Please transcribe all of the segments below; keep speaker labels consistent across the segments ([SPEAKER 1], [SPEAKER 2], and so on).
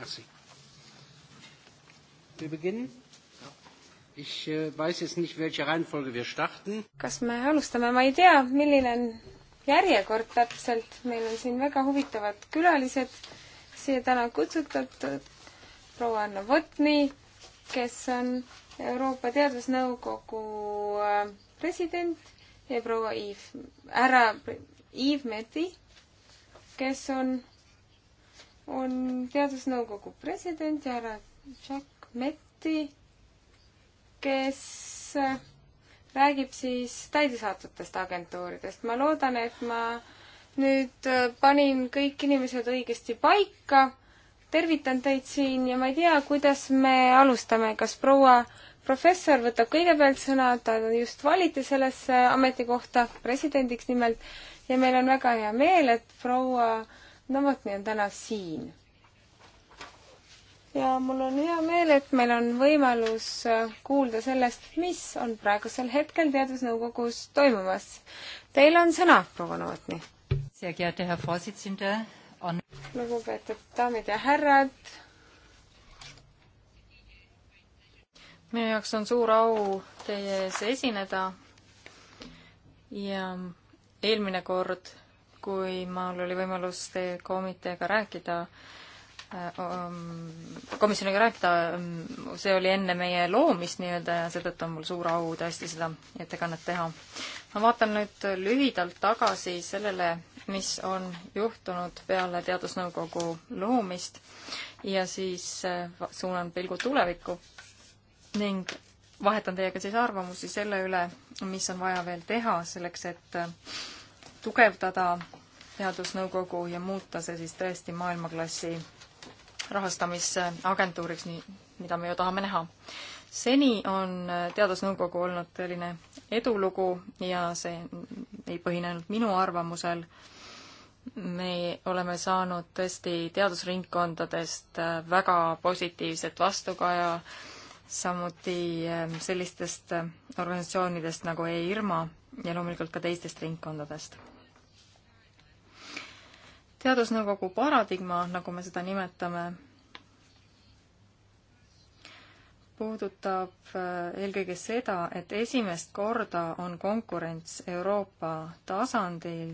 [SPEAKER 1] Merci.
[SPEAKER 2] Wir beginnen. Ich äh, weiß jetzt nicht, welche Reihenfolge wir starten. kas me alustame, ma ei tea, milline on järjekord täpselt, meil on siin väga huvitavad külalised siia täna kutsutatud, proua Anna Votni, kes on Euroopa Teadusnõukogu äh, president ja proua Yves, härra Yves Meti, kes on on teadusnõukogu president ja härra Jack Metti, kes räägib siis täidesaatvatest agentuuridest. ma loodan, et ma nüüd äh, panin kõik inimesed õigesti paika. tervitan teid siin ja ma ei tea, kuidas me alustame, kas proua professor võtab kõigepealt sõna, ta just valiti sellesse ametikohta presidendiks nimelt ja meil on väga hea meel, et proua äh, Novotni on täna siin. ja mul on hea meel, et meil on võimalus äh, kuulda sellest, mis on praegusel hetkel Teadusnõukogus toimumas. Teil on sõna, proua Novotni. lugupeetud daamid ja härrad
[SPEAKER 3] minu jaoks on suur au teie ees esineda ja eelmine kord kui mul oli võimalus teie komiteega rääkida, äh, um, komisjoniga rääkida, um, see oli enne meie loomist nii-öelda ja seetõttu on mul suur au tõesti seda ettekannet teha. ma vaatan nüüd lühidalt tagasi sellele, mis on juhtunud peale teadusnõukogu loomist ja siis äh, suunan pilgu tulevikku ning vahetan teiega siis arvamusi selle üle, mis on vaja veel teha selleks, et äh, tugevdada teadusnõukogu ja muuta see siis tõesti maailmaklassi rahastamisagentuuriks, nii, mida me ju tahame näha. seni on Teadusnõukogu olnud selline edulugu ja see ei põhinenud minu arvamusel. me oleme saanud tõesti teadusringkondadest väga positiivset vastukaja, samuti ehm, sellistest ehm, organisatsioonidest nagu EIRMA ja loomulikult ka teistest ringkondadest teadusnõukogu paradigma, nagu me seda nimetame, puudutab äh, eelkõige seda, et esimest korda on konkurents Euroopa tasandil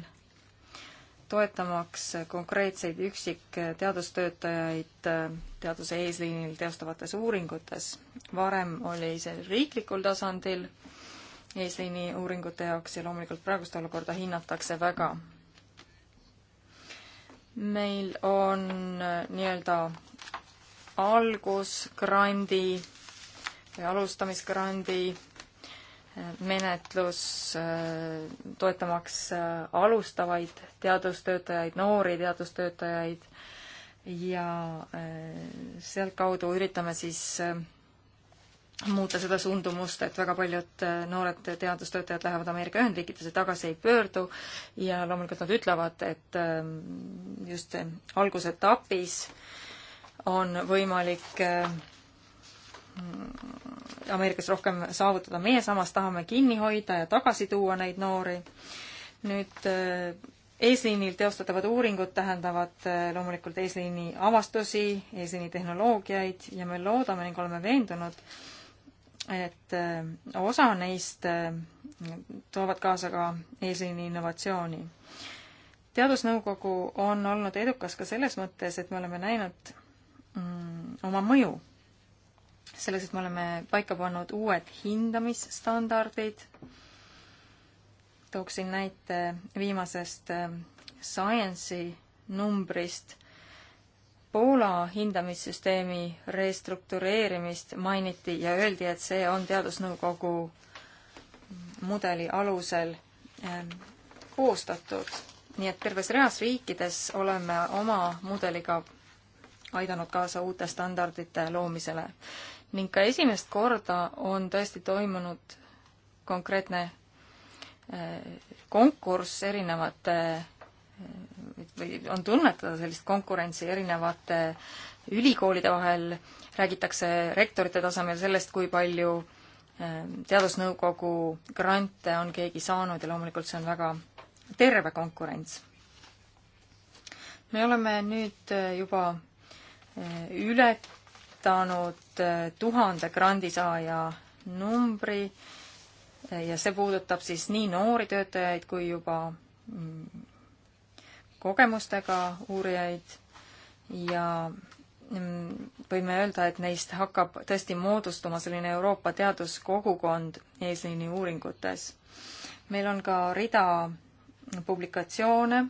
[SPEAKER 3] toetamaks konkreetseid üksikteadustöötajaid äh, teaduse eesliinil teostavates uuringutes. varem oli see riiklikul tasandil eesliini uuringute jaoks ja loomulikult praegust olukorda hinnatakse väga meil on äh, nii-öelda algusgrandi või alustamisgrandi äh, menetlus äh, toetamaks alustavaid teadustöötajaid, noori teadustöötajaid ja sealtkaudu üritame siis muuta seda suundumust, et väga paljud äh, noored teadustöötajad lähevad Ameerika Ühendriikidesse, tagasi ei pöördu ja loomulikult nad ütlevad, et ähm, just algusetapis on võimalik äh, Ameerikas rohkem saavutada, meie samas tahame kinni hoida ja tagasi tuua neid noori. nüüd äh, eesliinil teostatavad uuringud tähendavad loomulikult eesliini avastusi, eesliini tehnoloogiaid ja me loodame ning oleme veendunud, et äh, osa neist äh, toovad kaasa ka eesliini innovatsiooni. teadusnõukogu on olnud edukas ka selles mõttes, et me oleme näinud mm, oma mõju selles, et me oleme paika pannud uued hindamisstandardid. tooksin näite viimasest äh, Science'i numbrist Poola hindamissüsteemi restruktureerimist mainiti ja öeldi, et see on teadusnõukogu mudeli alusel ähm, koostatud. nii et terves reas riikides oleme oma mudeliga aidanud kaasa uute standardite loomisele. ning ka esimest korda on tõesti toimunud konkreetne äh, konkurss erinevate äh, või on tunnetada sellist konkurentsi erinevate ülikoolide vahel, räägitakse rektorite tasemel sellest, kui palju ähm, teadusnõukogu grante on keegi saanud ja loomulikult see on väga terve konkurents. me oleme nüüd äh, juba äh, ületanud äh, tuhande grandisaaja numbri ja see puudutab siis nii noori töötajaid kui juba mm, kogemustega uurijaid ja mm, võime öelda, et neist hakkab tõesti moodustuma selline Euroopa teaduskogukond eesliini uuringutes. meil on ka rida publikatsioone,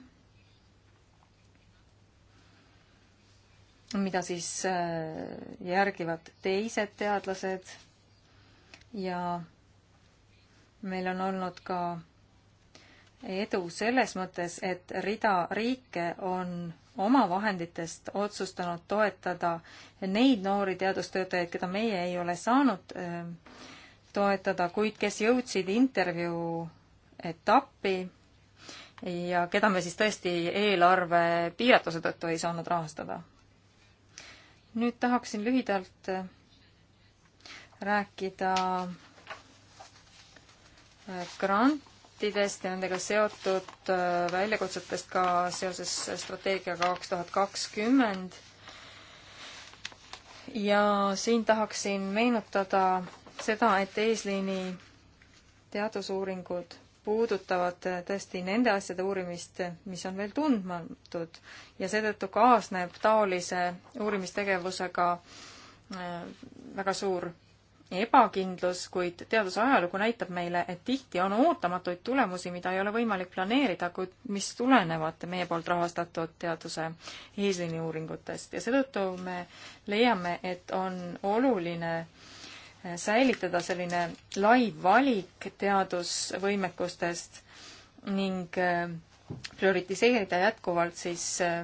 [SPEAKER 3] mida siis äh, järgivad teised teadlased ja meil on olnud ka edu selles mõttes, et rida riike on oma vahenditest otsustanud toetada neid noori teadustöötajaid, keda meie ei ole saanud ähm, toetada, kuid kes jõudsid intervjuu etappi ja keda me siis tõesti eelarve piiratuse tõttu ei saanud rahastada. nüüd tahaksin lühidalt äh, rääkida äh, grant debattidest ja nendega seotud äh, väljakutsetest ka seoses strateegiaga kaks tuhat kakskümmend. ja siin tahaksin meenutada seda, et eesliini teadusuuringud puudutavad tõesti nende asjade uurimist, mis on veel tundmatud ja seetõttu kaasneb taolise uurimistegevusega äh, väga suur ebakindlus, kuid teaduse ajalugu näitab meile, et tihti on ootamatuid tulemusi, mida ei ole võimalik planeerida, kuid mis tulenevad meie poolt rahastatud teaduse eesliiniuuringutest ja seetõttu me leiame, et on oluline eh, säilitada selline lai valik teadusvõimekustest ning eh, prioritiseerida jätkuvalt siis eh,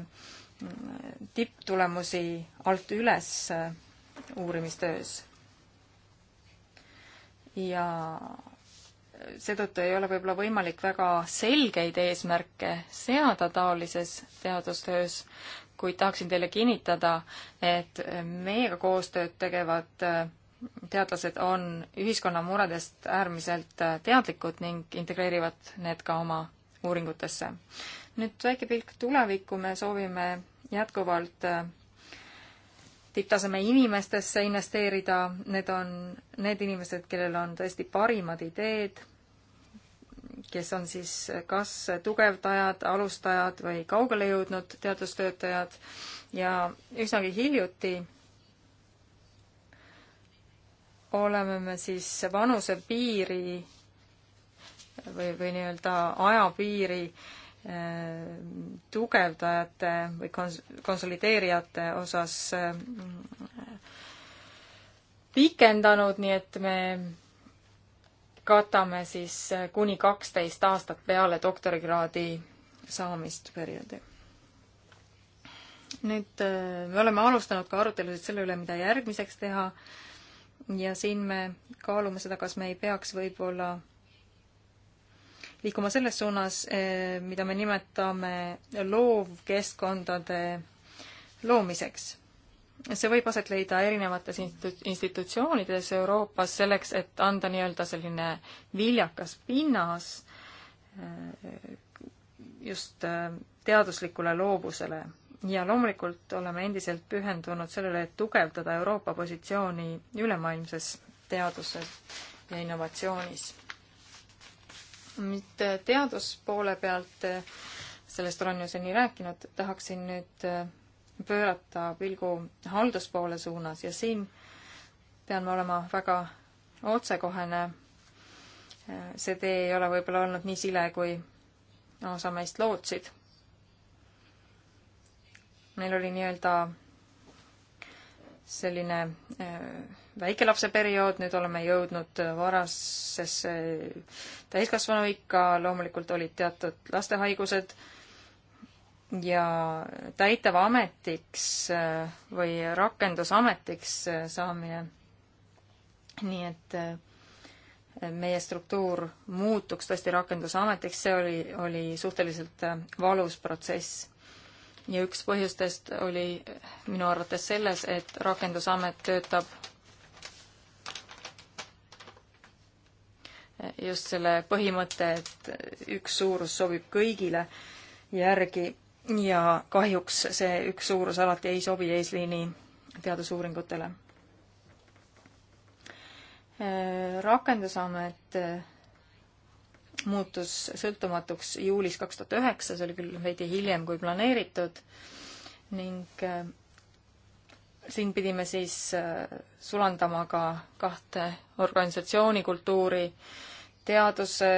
[SPEAKER 3] tipptulemusi alt üles uurimistöös ja seetõttu ei ole võib-olla võimalik väga selgeid eesmärke seada taolises teadustöös, kuid tahaksin teile kinnitada, et meiega koostööd tegevad äh, teadlased on ühiskonna muredest äärmiselt äh, teadlikud ning integreerivad need ka oma uuringutesse. nüüd väike pilk tulevikku, me soovime jätkuvalt äh, tipptaseme inimestesse investeerida, need on need inimesed, kellel on tõesti parimad ideed, kes on siis kas tugevdajad, alustajad või kaugele jõudnud teadustöötajad ja üsnagi hiljuti oleme me siis vanusepiiri või, või nii-öelda ajapiiri äh, tugevdajate või kons-, konsolideerijate osas mm, pikendanud, nii et me katame siis kuni kaksteist aastat peale doktorikraadi saamist perioodi. nüüd äh, me oleme alustanud ka arutelusid selle üle, mida järgmiseks teha ja siin me kaalume seda, kas me ei peaks võib-olla liikuma selles suunas, eh, mida me nimetame loovkeskkondade loomiseks. see võib aset leida erinevates institu-, institutsioonides Euroopas selleks, et anda nii-öelda selline viljakas pinnas eh, just eh, teaduslikule loovusele ja loomulikult oleme endiselt pühendunud sellele, et tugevdada Euroopa positsiooni ülemaailmses teaduses ja innovatsioonis mitte teaduspoole pealt, eh, sellest olen ju seni rääkinud, tahaksin nüüd eh, pöörata pilgu halduspoole suunas ja siin pean ma olema väga otsekohene. Eh, see tee ei ole võib-olla olnud nii sile, kui osa meist lootsid. meil oli nii-öelda selline äh, väikelapseperiood, nüüd oleme jõudnud äh, varasesse äh, täiskasvanuikka, loomulikult olid teatud lastehaigused ja täitevametiks või rakendusametiks saamine. nii et meie struktuur muutuks tõesti rakendusametiks, see oli, oli suhteliselt valus protsess ja üks põhjustest oli minu arvates selles, et rakendusamet töötab just selle põhimõtte, et üks suurus sobib kõigile järgi ja kahjuks see üks suurus alati ei sobi eesliini teadusuuringutele. Rakendusamet muutus sõltumatuks juulis kaks tuhat üheksa, see oli küll veidi hiljem kui planeeritud, ning äh, siin pidime siis äh, sulandama ka kahte organisatsiooni kultuuri, teaduse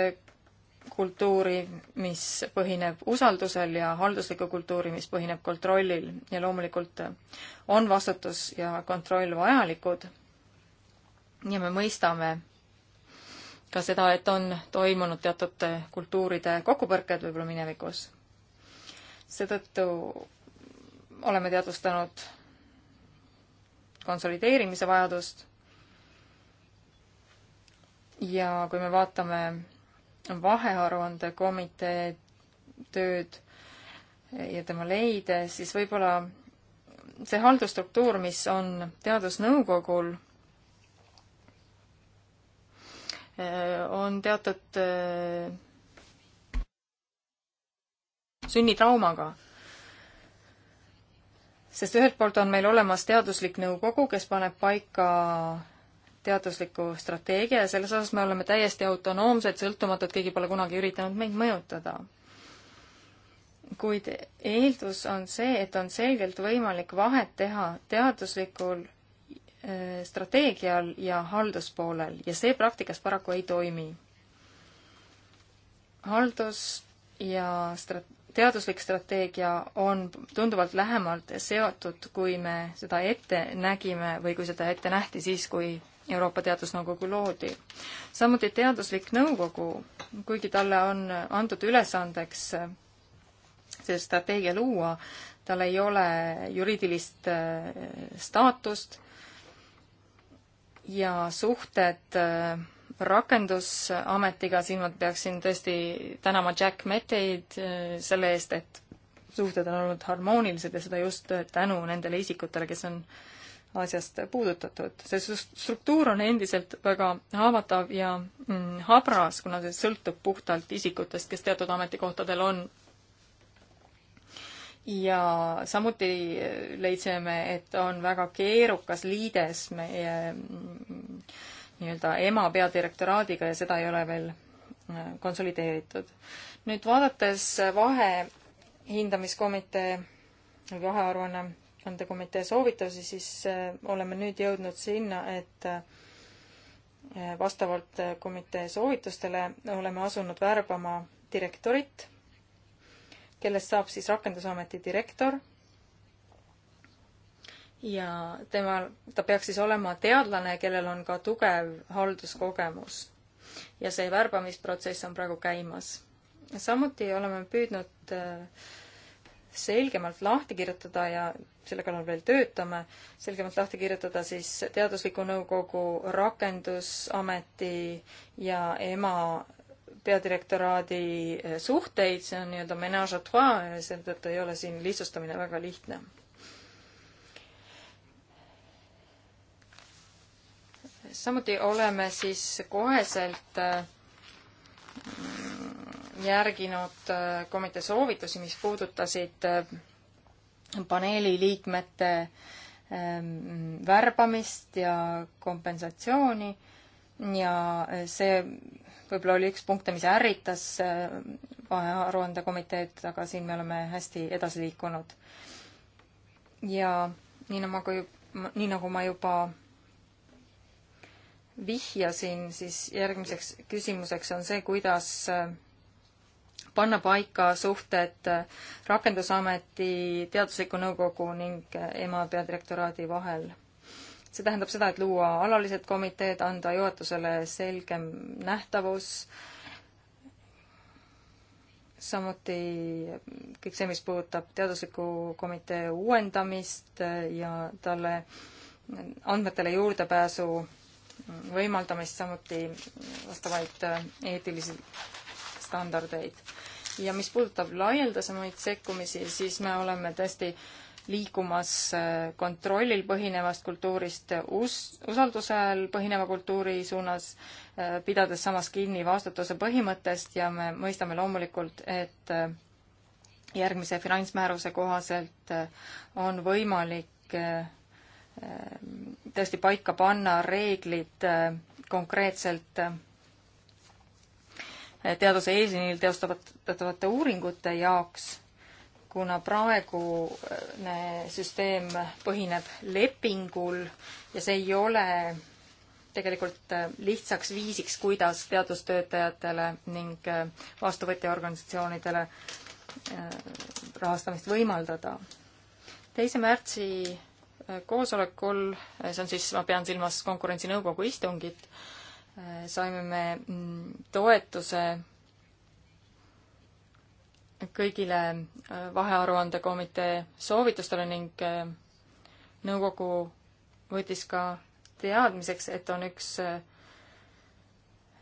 [SPEAKER 3] kultuuri, mis põhineb usaldusel ja halduslikku kultuuri, mis põhineb kontrollil ja loomulikult äh, on vastutus ja kontroll vajalikud ja me mõistame, ka seda, et on toimunud teatud kultuuride kokkupõrked võib-olla minevikus. seetõttu oleme teadvustanud konsolideerimise vajadust. ja kui me vaatame vahearuande komitee tööd ja tema leide, siis võib-olla see haldusstruktuur, mis on teadusnõukogul Äh, on teatud äh, sünnitraumaga. sest ühelt poolt on meil olemas teaduslik nõukogu, kes paneb paika teadusliku strateegia ja selles osas me oleme täiesti autonoomsed, sõltumatud, keegi pole kunagi üritanud meid mõjutada. kuid eeldus on see, et on selgelt võimalik vahet teha teaduslikul strateegial ja halduspoolel ja see praktikas paraku ei toimi. haldus ja strat-, teaduslik strateegia on tunduvalt lähemalt seotud, kui me seda ette nägime või kui seda ette nähti siis, kui Euroopa Teadusnõukogu loodi. samuti Teaduslik Nõukogu, kuigi talle on antud ülesandeks see strateegia luua, tal ei ole juriidilist äh, staatust ja suhted äh, rakendusametiga, siin ma peaksin tõesti tänama Jack Metteid äh, selle eest, et suhted on olnud harmoonilised ja seda just äh, tänu nendele isikutele, kes on asjast puudutatud. see struktuur on endiselt väga haavatav ja mm, habras, kuna see sõltub puhtalt isikutest, kes teatud ametikohtadel on ja samuti leidsime, et on väga keerukas liides meie mm, nii-öelda ema peadirektoraadiga ja seda ei ole veel äh, konsolideeritud. nüüd vaadates vahe hindamiskomitee, vahearuanne vandekomitee soovitusi, siis äh, oleme nüüd jõudnud sinna, et äh, vastavalt komitee soovitustele oleme asunud värbama direktorit kellest saab siis rakendusameti direktor ja tema, ta peaks siis olema teadlane, kellel on ka tugev halduskogemus. ja see värbamisprotsess on praegu käimas. samuti oleme püüdnud äh, selgemalt lahti kirjutada ja selle kallal veel töötame, selgemalt lahti kirjutada siis Teadusliku Nõukogu, Rakendusameti ja EMA peadirektoraadi eh, suhteid, see on nii-öelda menage à trois ja eh, seetõttu ei ole siin lihtsustamine väga lihtne. samuti oleme siis koheselt eh, järginud komitee soovitusi, mis puudutasid paneeli liikmete värbamist ja kompensatsiooni ja see võib-olla oli üks punkte, mis ärritas vahearuandekomiteed, äh, aga siin me oleme hästi edasi liikunud. ja nii nagu ma, kui, nii nagu ma juba vihjasin, siis järgmiseks küsimuseks on see, kuidas äh, panna paika suhted äh, Rakendusameti teadusliku nõukogu ning EMA peadirektoraadi vahel see tähendab seda, et luua alalised komiteed, anda juhatusele selgem nähtavus, samuti kõik see, mis puudutab teadusliku komitee uuendamist ja talle andmetele juurdepääsu võimaldamist, samuti vastavaid äh, eetilisi standardeid. ja mis puudutab laialdasemaid sekkumisi, siis me oleme tõesti äh, liikumas äh, kontrollil põhinevast kultuurist us-, usaldusel põhineva kultuuri suunas, äh, pidades samas kinni vastutuse põhimõttest ja me mõistame loomulikult, et äh, järgmise finantsmääruse kohaselt on võimalik tõesti paika panna reeglid konkreetselt teaduse eesliinil teostatavate uuringute jaoks kuna praegune süsteem põhineb lepingul ja see ei ole tegelikult lihtsaks viisiks, kuidas teadustöötajatele ning vastuvõtja organisatsioonidele äh, rahastamist võimaldada. teise märtsi äh, koosolekul, äh, see on siis, ma pean silmas konkurentsinõukogu istungit, saime me mm, toetuse kõigile äh, vahearuandekomitee soovitustele ning äh, nõukogu võttis ka teadmiseks, et on üks äh,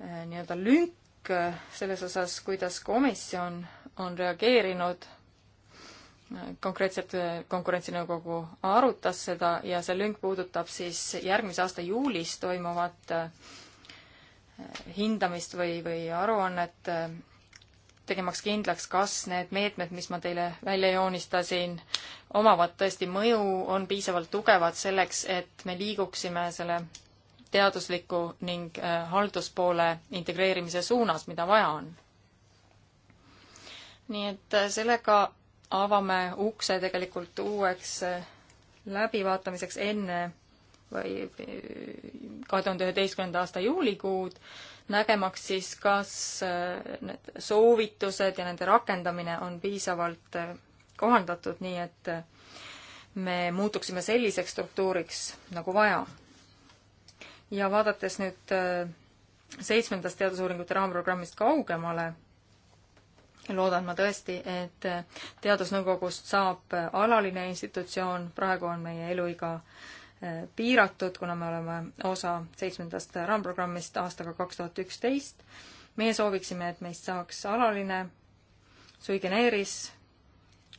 [SPEAKER 3] nii-öelda lünk selles osas, kuidas komisjon on reageerinud. konkreetselt Konkurentsinõukogu arutas seda ja see lünk puudutab siis järgmise aasta juulis toimuvat hindamist või, või aruannet tegemaks kindlaks, kas need meetmed, mis ma teile välja joonistasin, omavad tõesti mõju, on piisavalt tugevad selleks, et me liiguksime selle teadusliku ning äh, halduspoole integreerimise suunas, mida vaja on. nii et äh, sellega avame ukse tegelikult uueks äh, läbivaatamiseks enne või kahe tuhande üheteistkümnenda aasta juulikuud nägemaks siis, kas äh, need soovitused ja nende rakendamine on piisavalt äh, kohandatud, nii et äh, me muutuksime selliseks struktuuriks, nagu vaja. ja vaadates nüüd seitsmendast teadusuuringute raamprogrammist kaugemale, loodan ma tõesti, et Teadusnõukogust saab alaline institutsioon, praegu on meie eluiga piiratud, kuna me oleme osa seitsmendast raamprogrammist aastaga kaks tuhat üksteist. meie sooviksime, et meist saaks alaline sui generis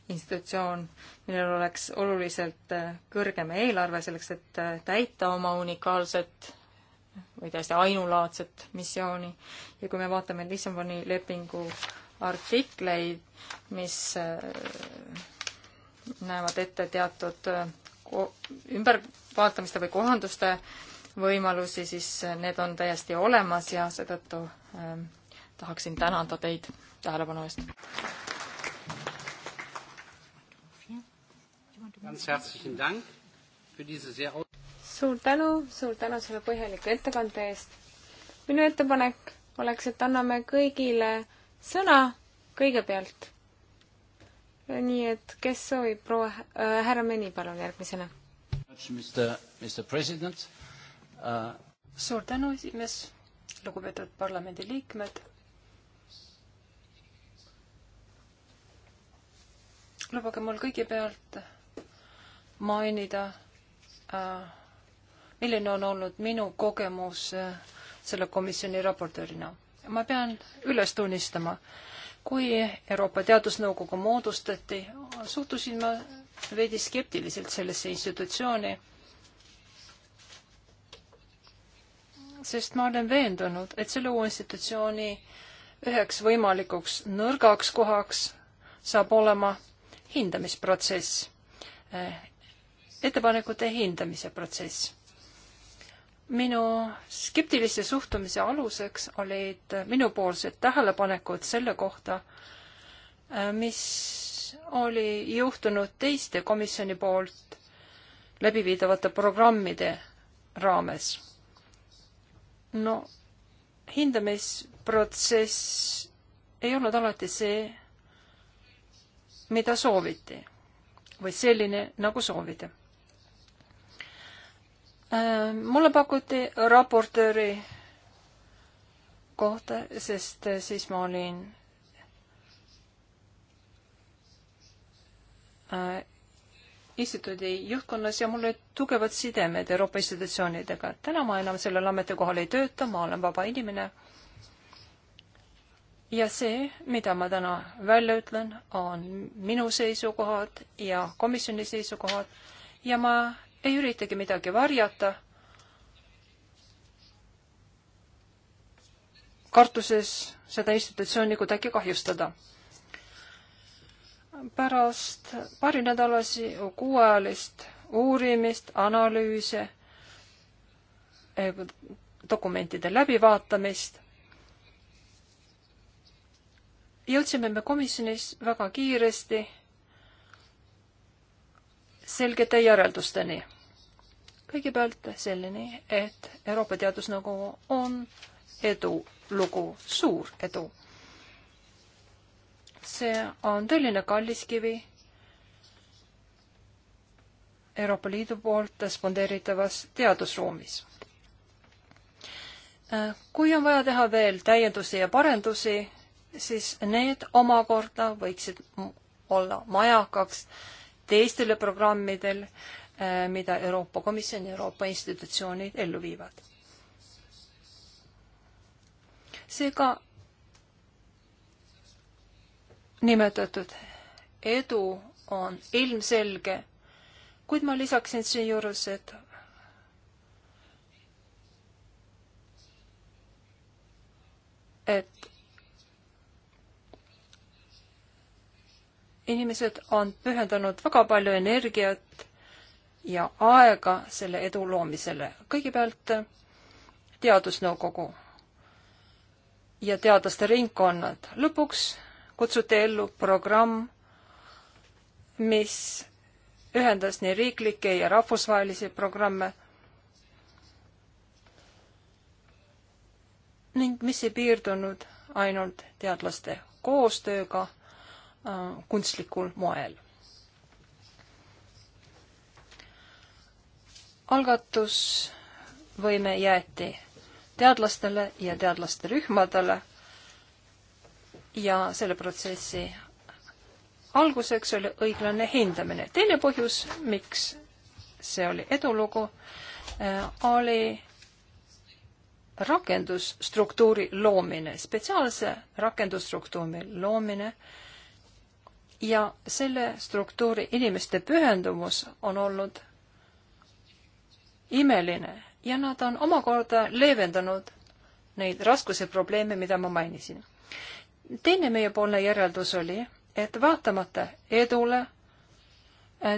[SPEAKER 3] institutsioon, millel oleks oluliselt äh, kõrgem eelarve selleks, et äh, täita oma unikaalset või täiesti ainulaadset missiooni. ja kui me vaatame Lissaboni lepingu artikleid, mis äh, näevad ette teatud ümbervaatamiste või kohanduste võimalusi, siis need on täiesti olemas ja seetõttu ähm, tahaksin tänada teid tähelepanu eest.
[SPEAKER 2] suur tänu, suur tänu selle põhjaliku ettekande eest. minu ettepanek oleks, et anname kõigile sõna kõigepealt nii et kes soovib, proua äh,, härra Meni, palun järgmisena.
[SPEAKER 1] Äh, suur tänu, esimees, lugupeetud parlamendiliikmed. lubage mul kõigepealt mainida äh,, milline on olnud minu kogemus äh, selle komisjoni raportöörina. ma pean üles tunnistama äh,, kui Euroopa Teadusnõukogu moodustati, suhtusin ma veidi skeptiliselt sellesse institutsiooni, sest ma olen veendunud, et selle uue institutsiooni üheks võimalikuks nõrgaks kohaks saab olema hindamisprotsess, eh, ettepanekute hindamise protsess minu skeptilise suhtumise aluseks olid minupoolsed tähelepanekud selle kohta, äh, mis oli juhtunud teiste komisjoni poolt läbiviidavate programmide raames. no hindamisprotsess ei olnud alati see, mida sooviti või selline, nagu sooviti Äh, mulle pakuti raportööri kohta, sest äh, siis ma olin äh, instituudi juhtkonnas ja mul olid tugevad sidemed Euroopa institutsioonidega. täna ma enam sellel ametikohal ei tööta, ma olen vaba inimene. ja see, mida ma täna välja ütlen, on minu seisukohad ja komisjoni seisukohad ja ma ei üritagi midagi varjata, kartuses seda institutsiooni kuidagi kahjustada. pärast paarinädalasi kuuajalist uurimist, analüüse, eh, dokumentide läbivaatamist, jõudsime me komisjonis väga kiiresti selgete järeldusteni kõigepealt selleni, et Euroopa Teadusnõukogu on edulugu, suur edu. see on tõeline kalliskivi Euroopa Liidu poolt spondeeritavas teadusruumis. kui on vaja teha veel täiendusi ja parendusi, siis need omakorda võiksid olla majakaks teistele programmidel äh, Eh, mida Euroopa Komisjon ja Euroopa institutsioonid ellu viivad. seega nimetatud edu on ilmselge, kuid ma lisaksin siinjuures, et et inimesed on pühendanud väga palju energiat ja aega selle edu loomisele. kõigepealt äh, teadusnõukogu ja teadlaste ringkonnad. lõpuks kutsuti ellu programm, mis ühendas nii riiklikke ja rahvusvahelisi programme ning mis ei piirdunud ainult teadlaste koostööga äh, kunstlikul moel. algatusvõime jäeti teadlastele ja teadlaste rühmadele ja selle protsessi alguseks oli õiglane hindamine. teine põhjus, miks see oli edulugu, äh, oli rakendusstruktuuri loomine, spetsiaalse rakendusstruktuuri loomine ja selle struktuuri inimeste pühendumus on olnud imeline ja nad on omakorda leevendanud neid raskuse probleeme, mida ma mainisin. teine meiepoolne järeldus oli, et vaatamata edule äh,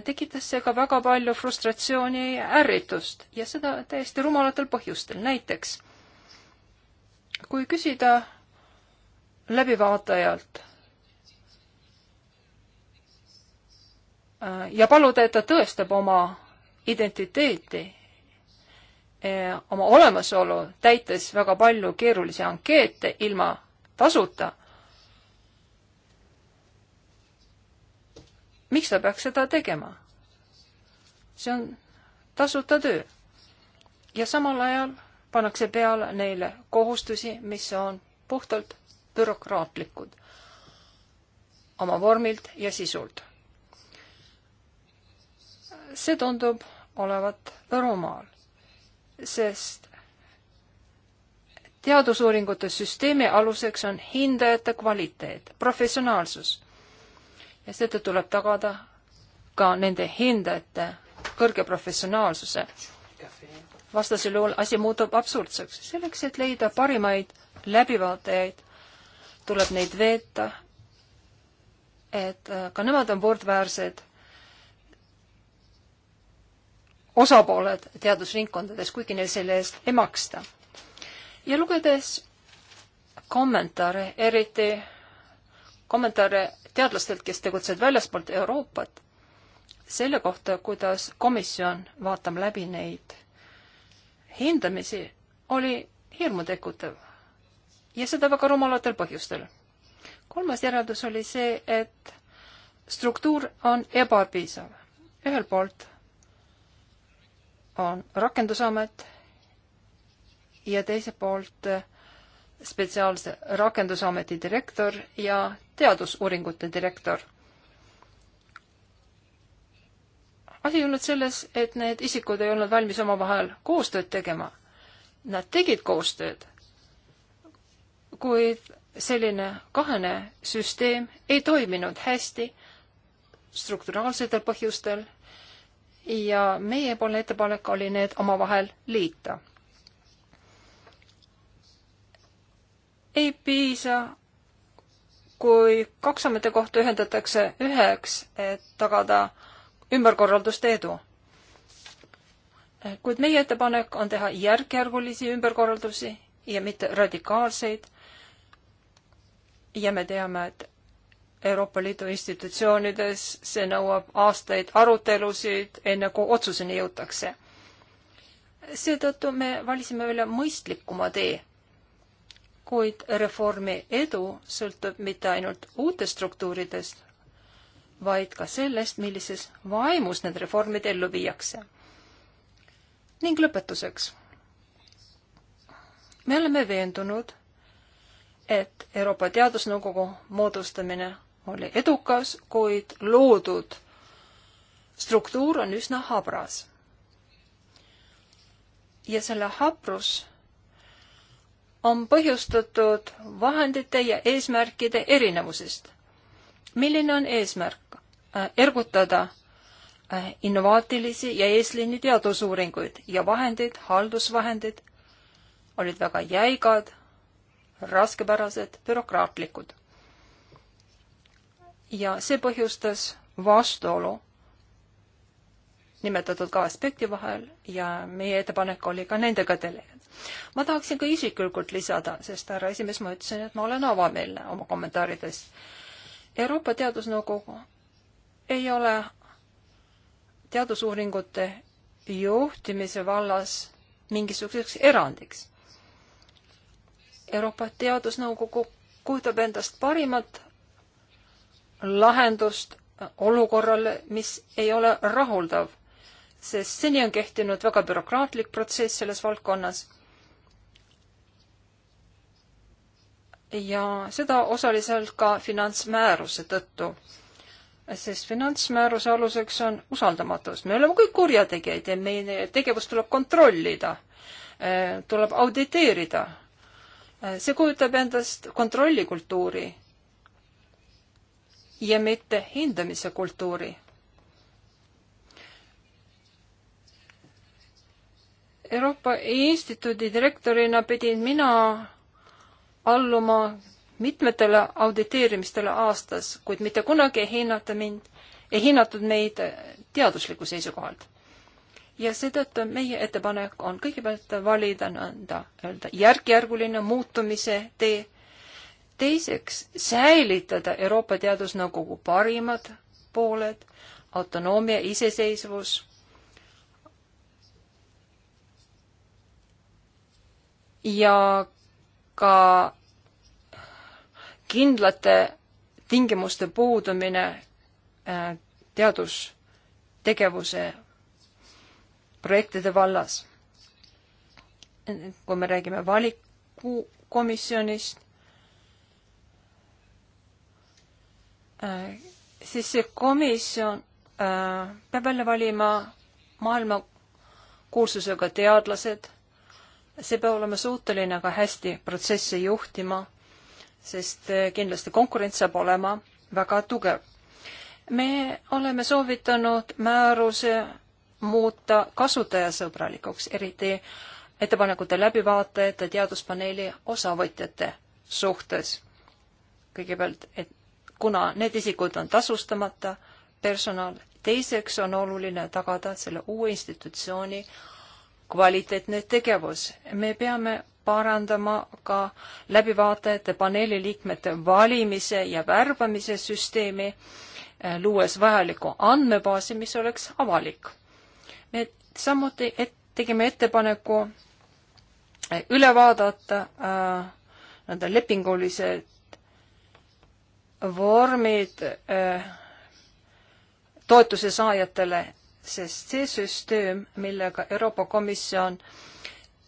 [SPEAKER 1] tekitas see ka väga palju frustratsiooni ja ärritust ja seda täiesti rumalatel põhjustel. näiteks kui küsida läbivaatajalt äh, ja paluda, et ta tõestab oma identiteeti Eh, oma olemasolu, täites väga palju keerulisi ankeete ilma tasuta. miks ta peaks seda tegema? see on tasuta töö. ja samal ajal pannakse peale neile kohustusi, mis on puhtalt bürokraatlikud oma vormilt ja sisult. see tundub olevat Võrumaal sest teadusuuringute süsteemi aluseks on hindajate kvaliteet, professionaalsus. ja seda tuleb tagada ka nende hindajate kõrge professionaalsuse. vastasel juhul asi muutub absurdseks. selleks, et leida parimaid läbivaatajaid, tuleb neid veeta, et äh, ka nemad on võrdväärsed osapooled teadusringkondades, kuigi neil selle eest ei maksta. ja lugedes kommentaare, eriti kommentaare teadlastelt, kes tegutsevad väljaspoolt Euroopat, selle kohta, kuidas komisjon vaatab läbi neid hindamisi, oli hirmutekutav. ja seda väga rumalatel põhjustel. kolmas järeldus oli see, et struktuur on ebapiisav. ühelt poolt on rakendusamet ja teiselt poolt eh, spetsiaalse rakendusameti direktor ja teadusuuringute direktor. asi ei olnud selles, et need isikud ei olnud valmis omavahel koostööd tegema. Nad tegid koostööd, kuid selline kahene süsteem ei toiminud hästi strukturaalsetel põhjustel ja meiepoolne ettepanek oli need omavahel liita. ei piisa, kui kaks ametikohta ühendatakse üheks, et tagada ümberkorralduste edu. kuid meie ettepanek on teha järkjärgulisi ümberkorraldusi ja mitte radikaalseid. ja me teame, et Euroopa Liidu institutsioonides, see nõuab aastaid arutelusid, enne kui otsuseni jõutakse. seetõttu me valisime välja mõistlikuma tee. kuid reformi edu sõltub mitte ainult uutest struktuuridest, vaid ka sellest, millises vaimus need reformid ellu viiakse. ning lõpetuseks. me oleme veendunud, et Euroopa Teadusnõukogu moodustamine oli edukas, kuid loodud struktuur on üsna habras. ja selle habrus on põhjustatud vahendite ja eesmärkide erinevusest. milline on eesmärk? Äh, ergutada äh, innovaatilisi ja eesliini teadusuuringuid ja vahendid, haldusvahendid olid väga jäigad, raskepärased, bürokraatlikud ja see põhjustas vastuolu nimetatud ka aspekti vahel ja meie ettepanek oli ka nendega tegeleda. ma tahaksin ka isiklikult lisada, sest härra esimees, ma ütlesin, et ma olen avameelne oma kommentaarides. Euroopa Teadusnõukogu ei ole teadusuuringute juhtimise vallas mingisuguseks erandiks. Euroopa Teadusnõukogu kujutab endast parimat lahendust olukorrale, mis ei ole rahuldav, sest seni on kehtinud väga bürokraatlik protsess selles valdkonnas. ja seda osaliselt ka finantsmääruse tõttu, sest finantsmääruse aluseks on usaldamatus. me oleme kõik kurjategijad ja meie tegevust tuleb kontrollida, tuleb auditeerida. see kujutab endast kontrollikultuuri ja mitte hindamise kultuuri. Euroopa Instituudi direktorina pidin mina alluma mitmetele auditeerimistele aastas, kuid mitte kunagi ei hinnata mind, ei hinnatud meid teadusliku seisukohalt. ja seetõttu meie ettepanek on kõigepealt valida nõnda öelda järk-järguline muutumise tee teiseks, säilitada Euroopa Teadusnõukogu parimad pooled, autonoomia, iseseisvus ja ka kindlate tingimuste puudumine äh, teadustegevuse projektide vallas. kui me räägime valikukomisjonist, Äh, siis see komisjon äh, peab välja valima maailma kuulsusega teadlased. see peab olema suuteline ka hästi protsesse juhtima, sest äh, kindlasti konkurents saab olema väga tugev. me oleme soovitanud määruse muuta kasutajasõbralikuks, eriti ettepanekute läbivaatajate, teaduspaneeli osavõtjate suhtes. kõigepealt, et kuna need isikud on tasustamata personal. teiseks on oluline tagada selle uue institutsiooni kvaliteetne tegevus. me peame parandama ka läbivaatajate paneeli liikmete valimise ja värbamise süsteemi, eh, luues vajaliku andmebaasi, mis oleks avalik. me samuti et, tegime ettepaneku eh, üle vaadata äh, eh, nii-öelda lepingulised vormid äh, toetuse saajatele, sest see süsteem, millega Euroopa Komisjon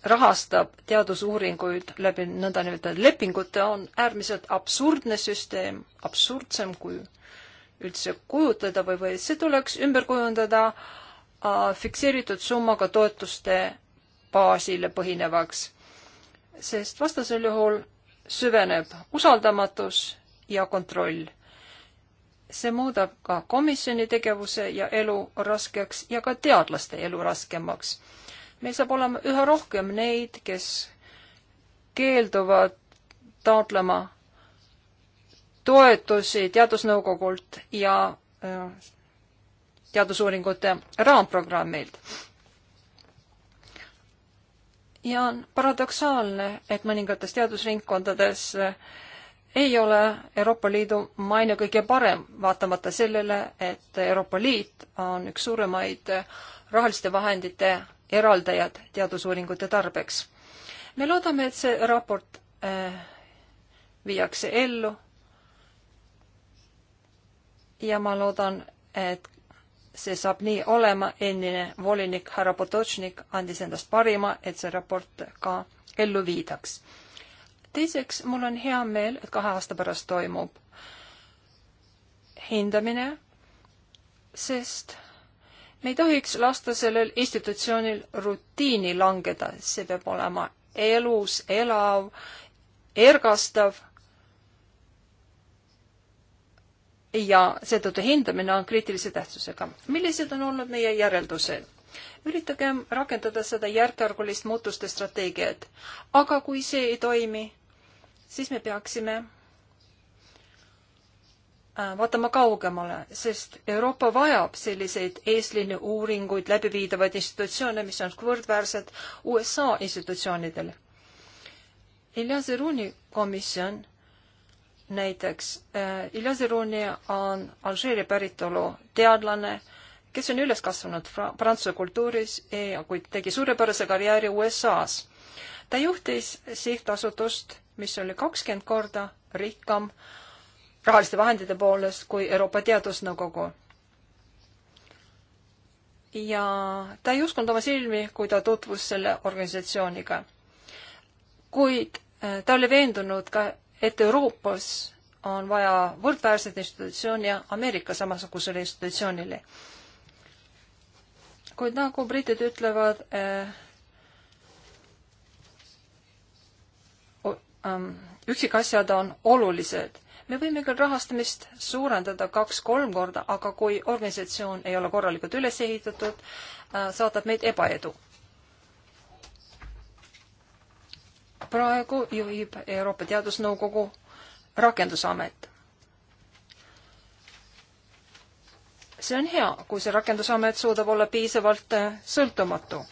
[SPEAKER 1] rahastab teadusuuringuid läbi nõndanimetatud lepingute, on äärmiselt absurdne süsteem, absurdsem kui üldse kujutada või, või see tuleks ümber kujundada äh, fikseeritud summaga toetuste baasile põhinevaks. sest vastasel juhul süveneb usaldamatus ja kontroll. see muudab ka komisjoni tegevuse ja elu raskeks ja ka teadlaste elu raskemaks. meil saab olema üha rohkem neid, kes keelduvad taotlema toetusi Teadusnõukogult ja äh, teadusuuringute raamprogrammilt. ja on paradoksaalne, et mõningates teadusringkondades äh, ei ole Euroopa Liidu maine kõige parem, vaatamata sellele, et Euroopa Liit on üks suuremaid rahaliste vahendite eraldajad teadusuuringute tarbeks. me loodame, et see raport äh, viiakse ellu. ja ma loodan, et see saab nii olema, endine volinik härra Potočnik andis endast parima, et see raport ka ellu viidaks teiseks, mul on hea meel, et kahe aasta pärast toimub hindamine, sest me ei tohiks lasta sellel institutsioonil rutiini langeda, see peab olema elus, elav, ergastav. ja seetõttu hindamine on kriitilise tähtsusega. millised on olnud meie järeldused? üritagem rakendada seda järk-järgulist muutuste strateegiat, aga kui see ei toimi, siis me peaksime äh, vaatama kaugemale, sest Euroopa vajab selliseid eesliini uuringuid läbiviidavaid institutsioone, mis on võrdväärsed USA institutsioonidele. Ilja Zeruni komisjon näiteks, äh, Ilja Zeruni on Alžeeria päritolu teadlane, kes on üles kasvanud prantsuse kultuuris ja kuid tegi suurepärase karjääri USA-s. ta juhtis sihtasutust mis oli kakskümmend korda rikkam rahaliste vahendite poolest kui Euroopa Teadusnõukogu. ja ta ei uskunud oma silmi, kui ta tutvus selle organisatsiooniga. kuid äh, ta oli veendunud ka, et Euroopas on vaja võrdväärset institutsiooni ja Ameerika samasugusele institutsioonile. kuid nagu britid ütlevad äh,, Ähm, üksikasjad on olulised. me võime küll rahastamist suurendada kaks-kolm korda, aga kui organisatsioon ei ole korralikult üles ehitatud, äh, saadab meid ebaedu. praegu juhib Euroopa Teadusnõukogu rakendusamet. see on hea, kui see rakendusamet suudab olla piisavalt äh, sõltumatu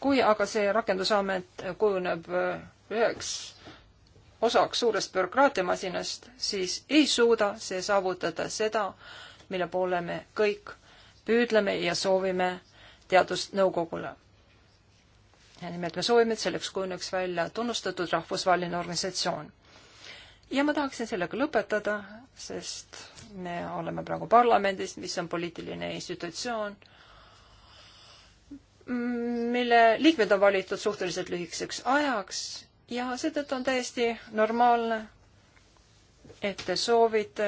[SPEAKER 1] kui aga see rakendusamet kujuneb äh, üheks osaks suurest bürokraatiamasinast, siis ei suuda see saavutada seda, mille poole me kõik püüdleme ja soovime teadusnõukogule. ja nimelt me soovime, et selleks kujuneks välja tunnustatud rahvusvaheline organisatsioon. ja ma tahaksin sellega lõpetada, sest me oleme praegu parlamendis, mis on poliitiline institutsioon mille liikmed on valitud suhteliselt lühikeseks ajaks ja seetõttu on täiesti normaalne, et te soovite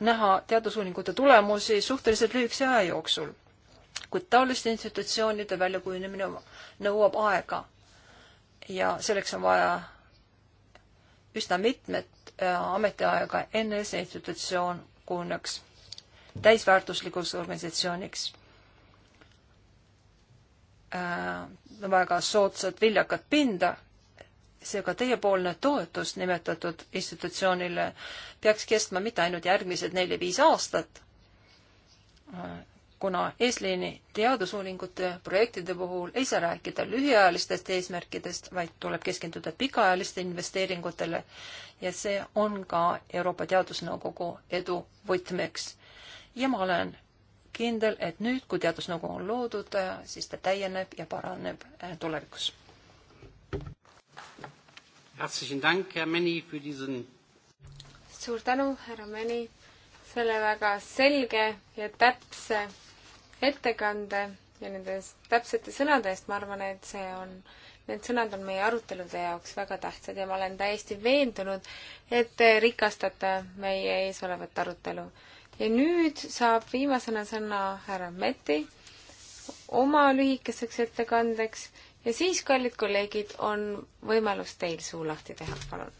[SPEAKER 1] näha teadusuuringute tulemusi suhteliselt lühikese aja jooksul. kuid taoliste institutsioonide väljakujunemine nõuab aega ja selleks on vaja üsna mitmet äh, ametiaega enne see institutsioon kujuneks täisväärtuslikuks organisatsiooniks Äh, väga soodsat viljakat pinda, seega teiepoolne toetus nimetatud institutsioonile peaks kestma mitte ainult järgmised neli-viis aastat, äh, kuna eesliini teadusuuringute projektide puhul ei saa rääkida lühiajalistest eesmärkidest, vaid tuleb keskenduda pikaajaliste investeeringutele ja see on ka Euroopa Teadusnõukogu edu võtmeks. ja ma olen kindel, et nüüd, kui teadusnõukogu on loodud, siis ta täieneb ja paraneb äh, tulevikus. suur tänu, härra
[SPEAKER 2] Mäni, selle väga selge ja täpse ettekande ja nende täpsete sõnade eest, ma arvan, et see on, need sõnad on meie arutelude jaoks väga tähtsad ja ma olen täiesti veendunud, et te rikastate meie ees olevat arutelu ja nüüd saab viimasena sõna härra Meti oma lühikeseks ettekandeks ja siis, kallid kolleegid, on võimalus teil suu lahti teha, palun.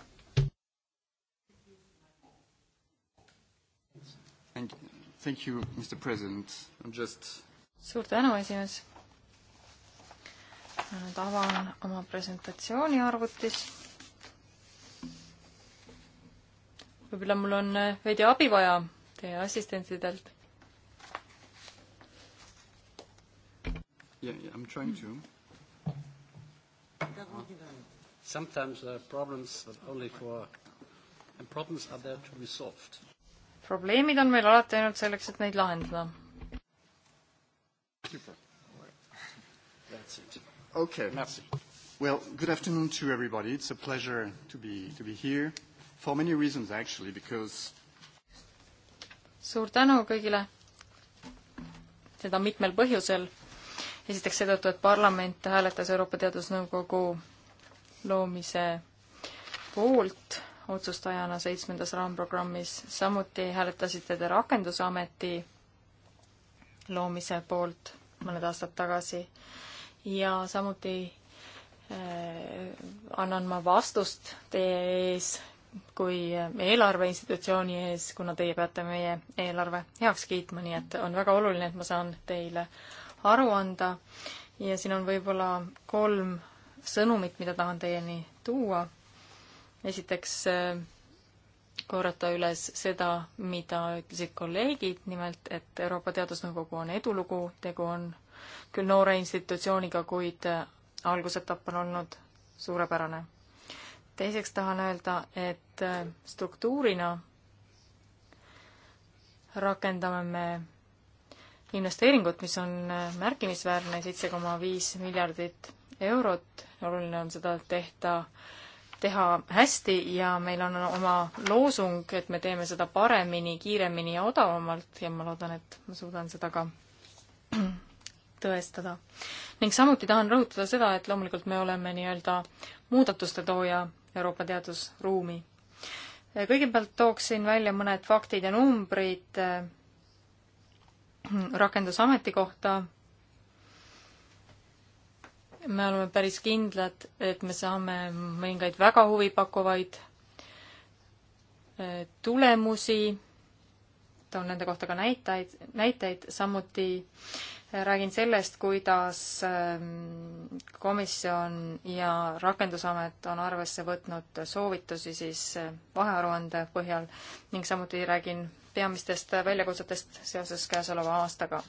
[SPEAKER 3] Thank you, Mr President, I m just suur tänu, esimees. ma nüüd avan oma presentatsiooni arvutis võib-olla mul on äh, veidi abi vaja teie assistentidelt.
[SPEAKER 2] Yeah, yeah, I'm trying to. Sometimes there are problems that only for and problems are there to be solved.
[SPEAKER 3] probleemid on meil alati ainult selleks, et neid lahendada. That's it. Okay. Merci. Well, good afternoon to everybody. It's a pleasure to be, to be here for many reasons, actually, because suur tänu kõigile. seda mitmel põhjusel. esiteks seetõttu, et parlament hääletas Euroopa Teadusnõukogu loomise poolt otsustajana seitsmendas raamprogrammis, samuti hääletasite te Rakendusameti loomise poolt mõned aastad tagasi ja samuti eh, annan ma vastust teie ees kui eelarveinstitutsiooni ees, kuna teie peate meie eelarve heaks kiitma, nii et on väga oluline, et ma saan teile aru anda. ja siin on võib-olla kolm sõnumit, mida tahan teieni tuua. esiteks äh, korrata üles seda, mida ütlesid kolleegid, nimelt et Euroopa Teadusnõukogu on edulugu, tegu on küll noore institutsiooniga, kuid äh, algusetap on olnud suurepärane teiseks tahan öelda, et äh, struktuurina rakendame me investeeringut, mis on äh, märkimisväärne, seitse koma viis miljardit eurot. oluline on seda tehta, teha hästi ja meil on oma loosung, et me teeme seda paremini, kiiremini ja odavamalt ja ma loodan, et ma suudan seda ka tõestada. ning samuti tahan rõhutada seda, et loomulikult me oleme nii-öelda muudatuste tooja Euroopa teadusruumi. kõigepealt tooksin välja mõned faktid ja numbrid eh, rakendusameti kohta. me oleme päris kindlad, et me saame mõningaid väga huvipakkuvaid eh, tulemusi, toon nende kohta ka näitajaid, näiteid, samuti räägin sellest, kuidas ähm, komisjon ja Rakendusamet on arvesse võtnud soovitusi siis äh, vahearuande põhjal ning samuti räägin peamistest väljakutsetest seoses käesoleva aastaga.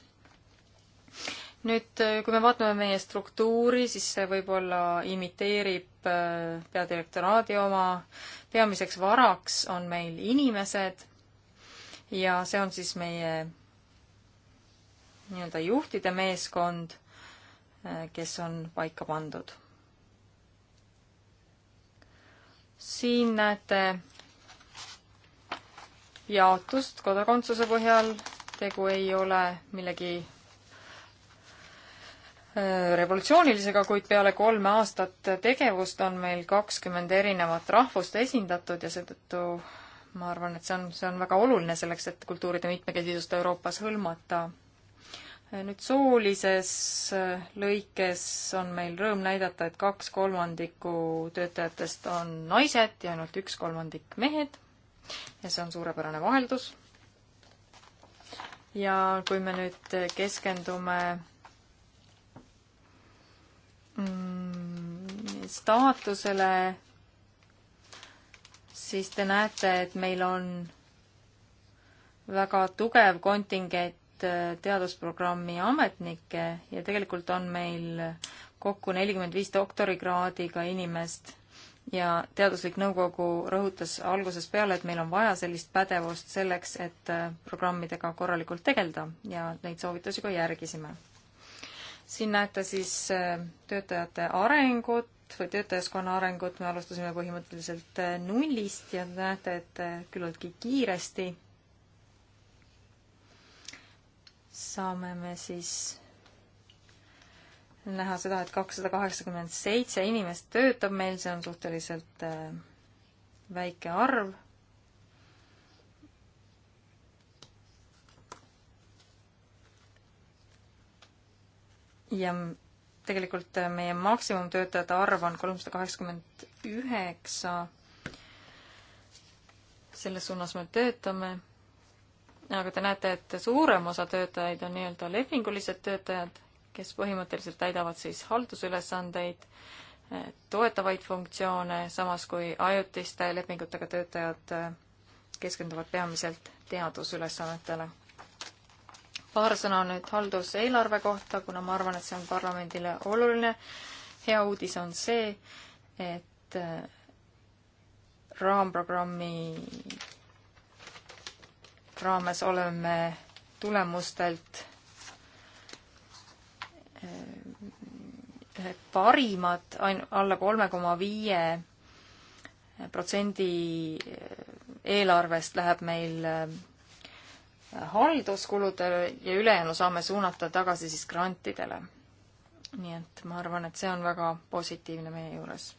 [SPEAKER 3] nüüd, äh, kui me vaatame meie struktuuri, siis see võib-olla imiteerib äh, peadirektoraadi oma. peamiseks varaks on meil inimesed ja see on siis meie nii-öelda juhtide meeskond, eh, kes on paika pandud. siin näete jaotust kodakondsuse põhjal, tegu ei ole millegi eh, revolutsioonilisega, kuid peale kolme aastat tegevust on meil kakskümmend erinevat rahvust esindatud ja seetõttu ma arvan, et see on, see on väga oluline selleks, et kultuuride mitmekesisust Euroopas hõlmata nüüd soolises äh, lõikes on meil rõõm näidata, et kaks kolmandikku töötajatest on naised ja ainult üks kolmandik mehed. ja see on suurepärane vaheldus. ja kui me nüüd keskendume mm, staatusele, siis te näete, et meil on väga tugev kontingent Äh, teadusprogrammi ametnikke ja tegelikult on meil kokku nelikümmend viis doktorikraadiga inimest ja teaduslik nõukogu rõhutas algusest peale, et meil on vaja sellist pädevust selleks, et äh, programmidega korralikult tegeleda ja neid soovitusi ka järgisime. siin näete siis äh, töötajate arengut või töötajaskonna arengut, me alustasime põhimõtteliselt nullist ja näete, et küllaltki kiiresti saame me siis näha seda, et kakssada kaheksakümmend seitse inimest töötab meil, see on suhteliselt äh, väike arv. ja tegelikult äh, meie maksimumtöötajate arv on kolmsada kaheksakümmend üheksa. selles suunas me töötame aga te näete, et suurem osa töötajaid on nii-öelda lepingulised töötajad, kes põhimõtteliselt täidavad siis haldusülesandeid, toetavaid funktsioone, samas kui ajutiste lepingutega töötajad äh, keskenduvad peamiselt teadusülesannetele. paar sõna nüüd halduseelarve kohta, kuna ma arvan, et see on parlamendile oluline. hea uudis on see, et äh, raamprogrammi raames oleme tulemustelt ühed eh, parimad, ain-, alla kolme koma viie protsendi eh, eelarvest läheb meil eh, halduskuludele ja ülejäänu saame suunata tagasi siis grantidele. nii et ma arvan, et see on väga positiivne meie juures.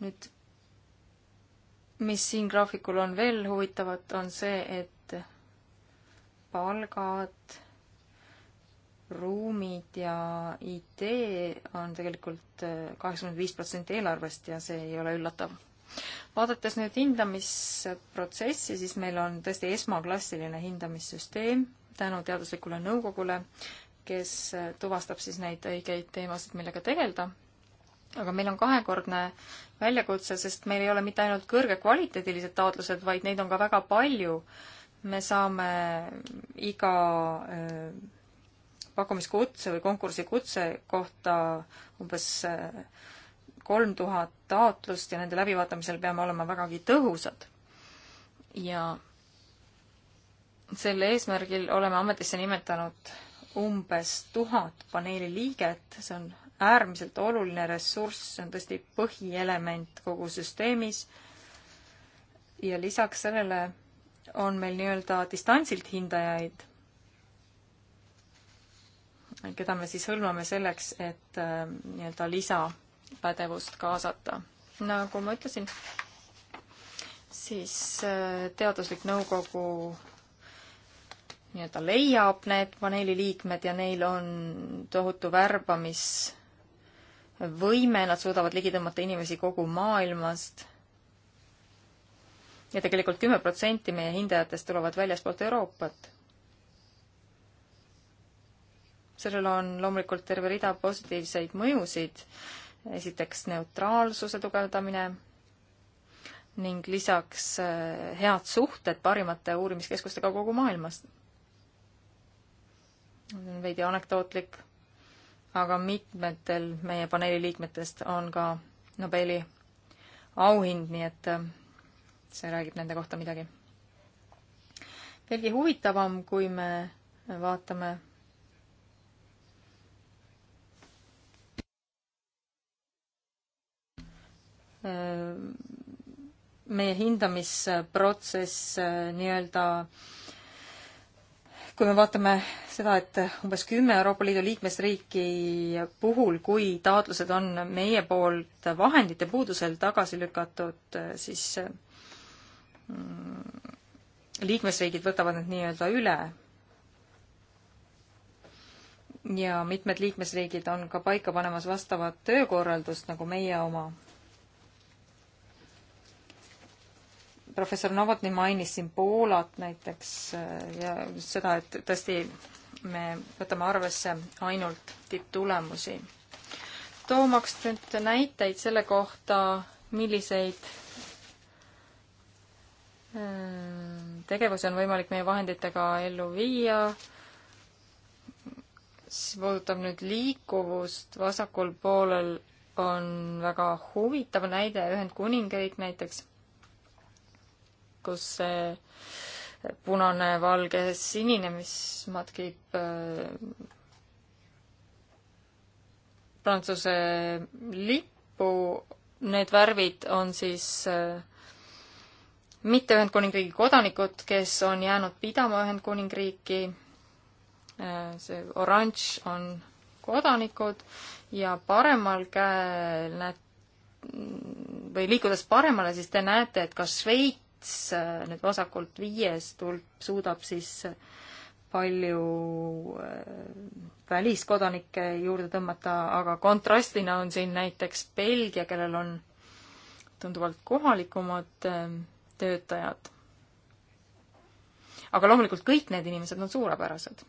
[SPEAKER 3] nüüd mis siin graafikul on veel huvitavat, on see, et palgad, ruumid ja IT on tegelikult äh, kaheksakümmend viis protsenti eelarvest ja see ei ole üllatav. vaadates nüüd hindamisprotsessi, siis meil on tõesti esmaklassiline hindamissüsteem tänu teaduslikule nõukogule, kes äh, tuvastab siis neid õigeid teemasid, millega tegeleda aga meil on kahekordne väljakutse, sest meil ei ole mitte ainult kõrgekvaliteedilised taotlused, vaid neid on ka väga palju. me saame iga äh, pakkumiskutse või konkursi kutse kohta umbes äh, kolm tuhat taotlust ja nende läbivaatamisel peame olema vägagi tõhusad. ja sel eesmärgil oleme ametisse nimetanud umbes tuhat paneeli liiget, see on äärmiselt oluline ressurss, see on tõesti põhielement kogu süsteemis. ja lisaks sellele on meil nii-öelda distantsilt hindajaid, keda me siis hõlmame selleks, et äh, nii-öelda lisapädevust kaasata. nagu ma ütlesin, siis äh, teaduslik nõukogu nii-öelda leiab need paneeli liikmed ja neil on tohutu värbamis võime, nad suudavad ligi tõmmata inimesi kogu maailmast. ja tegelikult kümme protsenti meie hindajatest tulevad väljaspoolt Euroopat. sellel on loomulikult terve rida positiivseid mõjusid. esiteks neutraalsuse tugevdamine ning lisaks eh, head suhted parimate uurimiskeskustega kogu maailmas. veidi anekdootlik aga mitmetel meie paneeli liikmetest on ka Nobeli auhind, nii et äh, see räägib nende kohta midagi. veelgi huvitavam, kui me vaatame äh, meie hindamisprotsess äh, nii-öelda kui me vaatame seda, et umbes kümme Euroopa Liidu liikmesriiki puhul, kui taotlused on meie poolt vahendite puudusel tagasi lükatud, siis mm, liikmesriigid võtavad need nii-öelda üle. ja mitmed liikmesriigid on ka paika panemas vastavat töökorraldust, nagu meie oma professor Novotny mainis siin Poolat näiteks äh, ja seda, et tõesti me võtame arvesse ainult tipptulemusi. toomaks nüüd näiteid selle kohta, milliseid äh, tegevusi on võimalik meie vahenditega ellu viia, mis puudutab nüüd liikuvust, vasakul poolel on väga huvitav näide, Ühendkuningriik näiteks kus see punane, valge, sinine, mis matkib äh, Prantsuse lippu, need värvid on siis äh, mitte Ühendkuningriigi kodanikud, kes on jäänud pidama Ühendkuningriiki, äh, see oranž on kodanikud ja paremal käel näete, või liikudes paremale, siis te näete, et ka Šveits kits äh, nüüd vasakult viies tulp suudab siis äh, palju äh, väliskodanikke juurde tõmmata, aga kontrastina on siin näiteks Belgia, kellel on tunduvalt kohalikumad töötajad. aga loomulikult kõik need inimesed on suurepärased.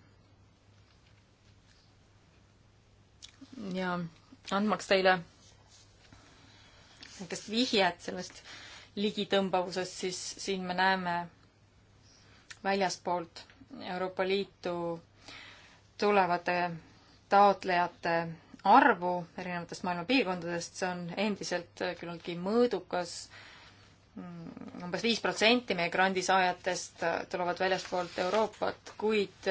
[SPEAKER 3] ja andmaks teile niisugust vihjet sellest äh, ligitõmbavusest, siis siin me näeme väljastpoolt Euroopa Liitu tulevate taotlejate arvu erinevatest maailma piirkondadest, see on endiselt küllaltki mõõdukas umbes, umbes viis protsenti meie grandisaajatest tulevad väljastpoolt Euroopat, kuid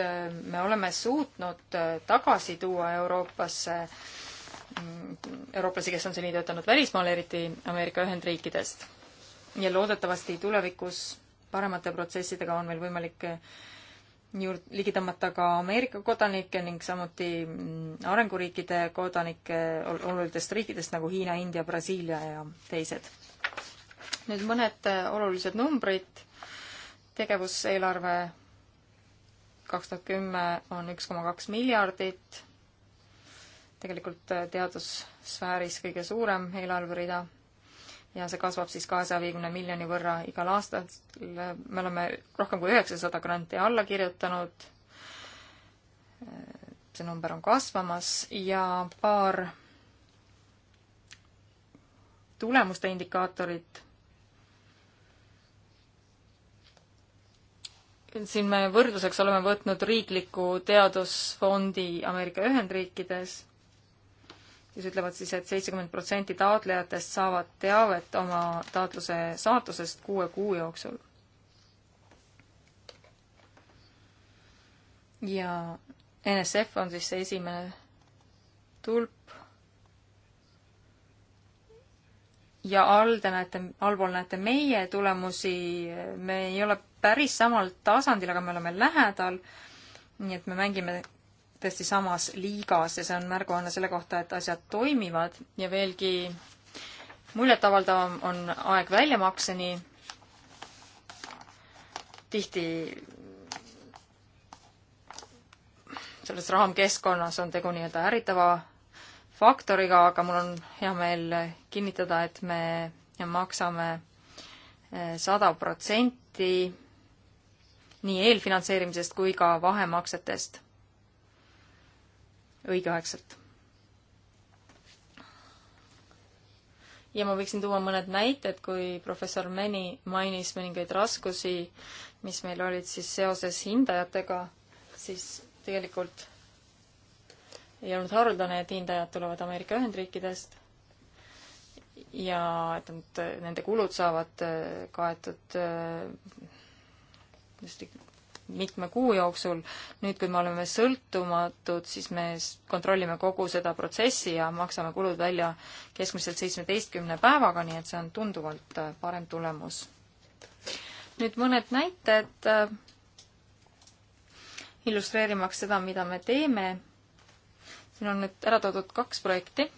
[SPEAKER 3] me oleme suutnud tagasi tuua Euroopasse mm, eurooplasi, kes on seni töötanud välismaal, eriti Ameerika Ühendriikidest ja loodetavasti tulevikus paremate protsessidega on meil võimalik juurde, ligi tõmmata ka Ameerika kodanikke ning samuti mm, arenguriikide kodanikke olulistest riikidest nagu Hiina, India, Brasiilia ja teised. nüüd mõned äh, olulised numbrid. tegevuseelarve kaks tuhat kümme on üks koma kaks miljardit, tegelikult äh, teadussfääris kõige suurem eelarverida ja see kasvab siis kahesaja viiekümne miljoni võrra igal aastal. me oleme rohkem kui üheksasada granti alla kirjutanud. see number on kasvamas ja paar tulemuste indikaatorit. siin me võrdluseks oleme võtnud riikliku teadusfondi Ameerika Ühendriikides kes ütlevad siis et, et seitsekümmend protsenti taotlejatest saavad teavet oma taotluse saatusest kuue kuu jooksul. ja NSF on siis see esimene tulp. ja all te näete, allpool näete meie tulemusi, me ei ole päris samal tasandil, aga me oleme lähedal. nii et me mängime tõesti samas liigas ja see on märguanne selle kohta, et asjad toimivad ja veelgi muljetavaldavam on aeg väljamakseni. tihti selles raamkeskkonnas on tegu nii-öelda ärritava faktoriga, aga mul on hea meel kinnitada, et me maksame eh, sada protsenti nii eelfinantseerimisest kui ka vahemaksetest õigeaegselt. ja ma võiksin tuua mõned näited, kui professor Meni mainis mõningaid raskusi, mis meil olid siis seoses hindajatega, siis tegelikult ei olnud haruldane, et hindajad tulevad Ameerika Ühendriikidest ja et nad, nende kulud saavad äh, kaetud äh, mitme kuu jooksul. nüüd, kui me oleme sõltumatud, siis me kontrollime kogu seda protsessi ja maksame kulud välja keskmiselt seitsmeteistkümne päevaga, nii et see on tunduvalt äh, parem tulemus. nüüd mõned näited äh, illustreerimaks seda, mida me teeme. siin on nüüd ära toodud kaks projekti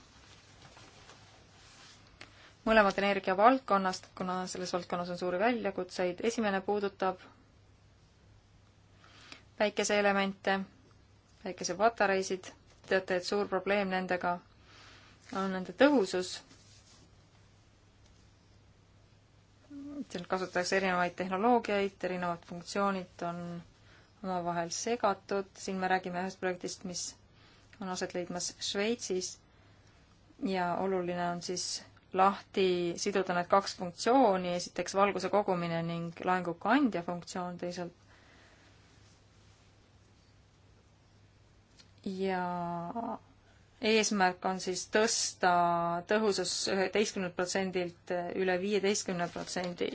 [SPEAKER 3] mõlemad energiavaldkonnast, kuna selles valdkonnas on suuri väljakutseid. esimene puudutab päikeseelemente, päikesepatareisid, teate, et suur probleem nendega on nende tõhusus. seal kasutatakse erinevaid tehnoloogiaid, erinevad funktsioonid on omavahel segatud, siin me räägime ühest projektist, mis on aset leidmas Šveitsis ja oluline on siis lahti siduda need kaks funktsiooni, esiteks valguse kogumine ning laengu kandja funktsioon teisalt ja eesmärk on siis tõsta tõhusus üheteistkümnelt protsendilt üle viieteistkümne protsendi.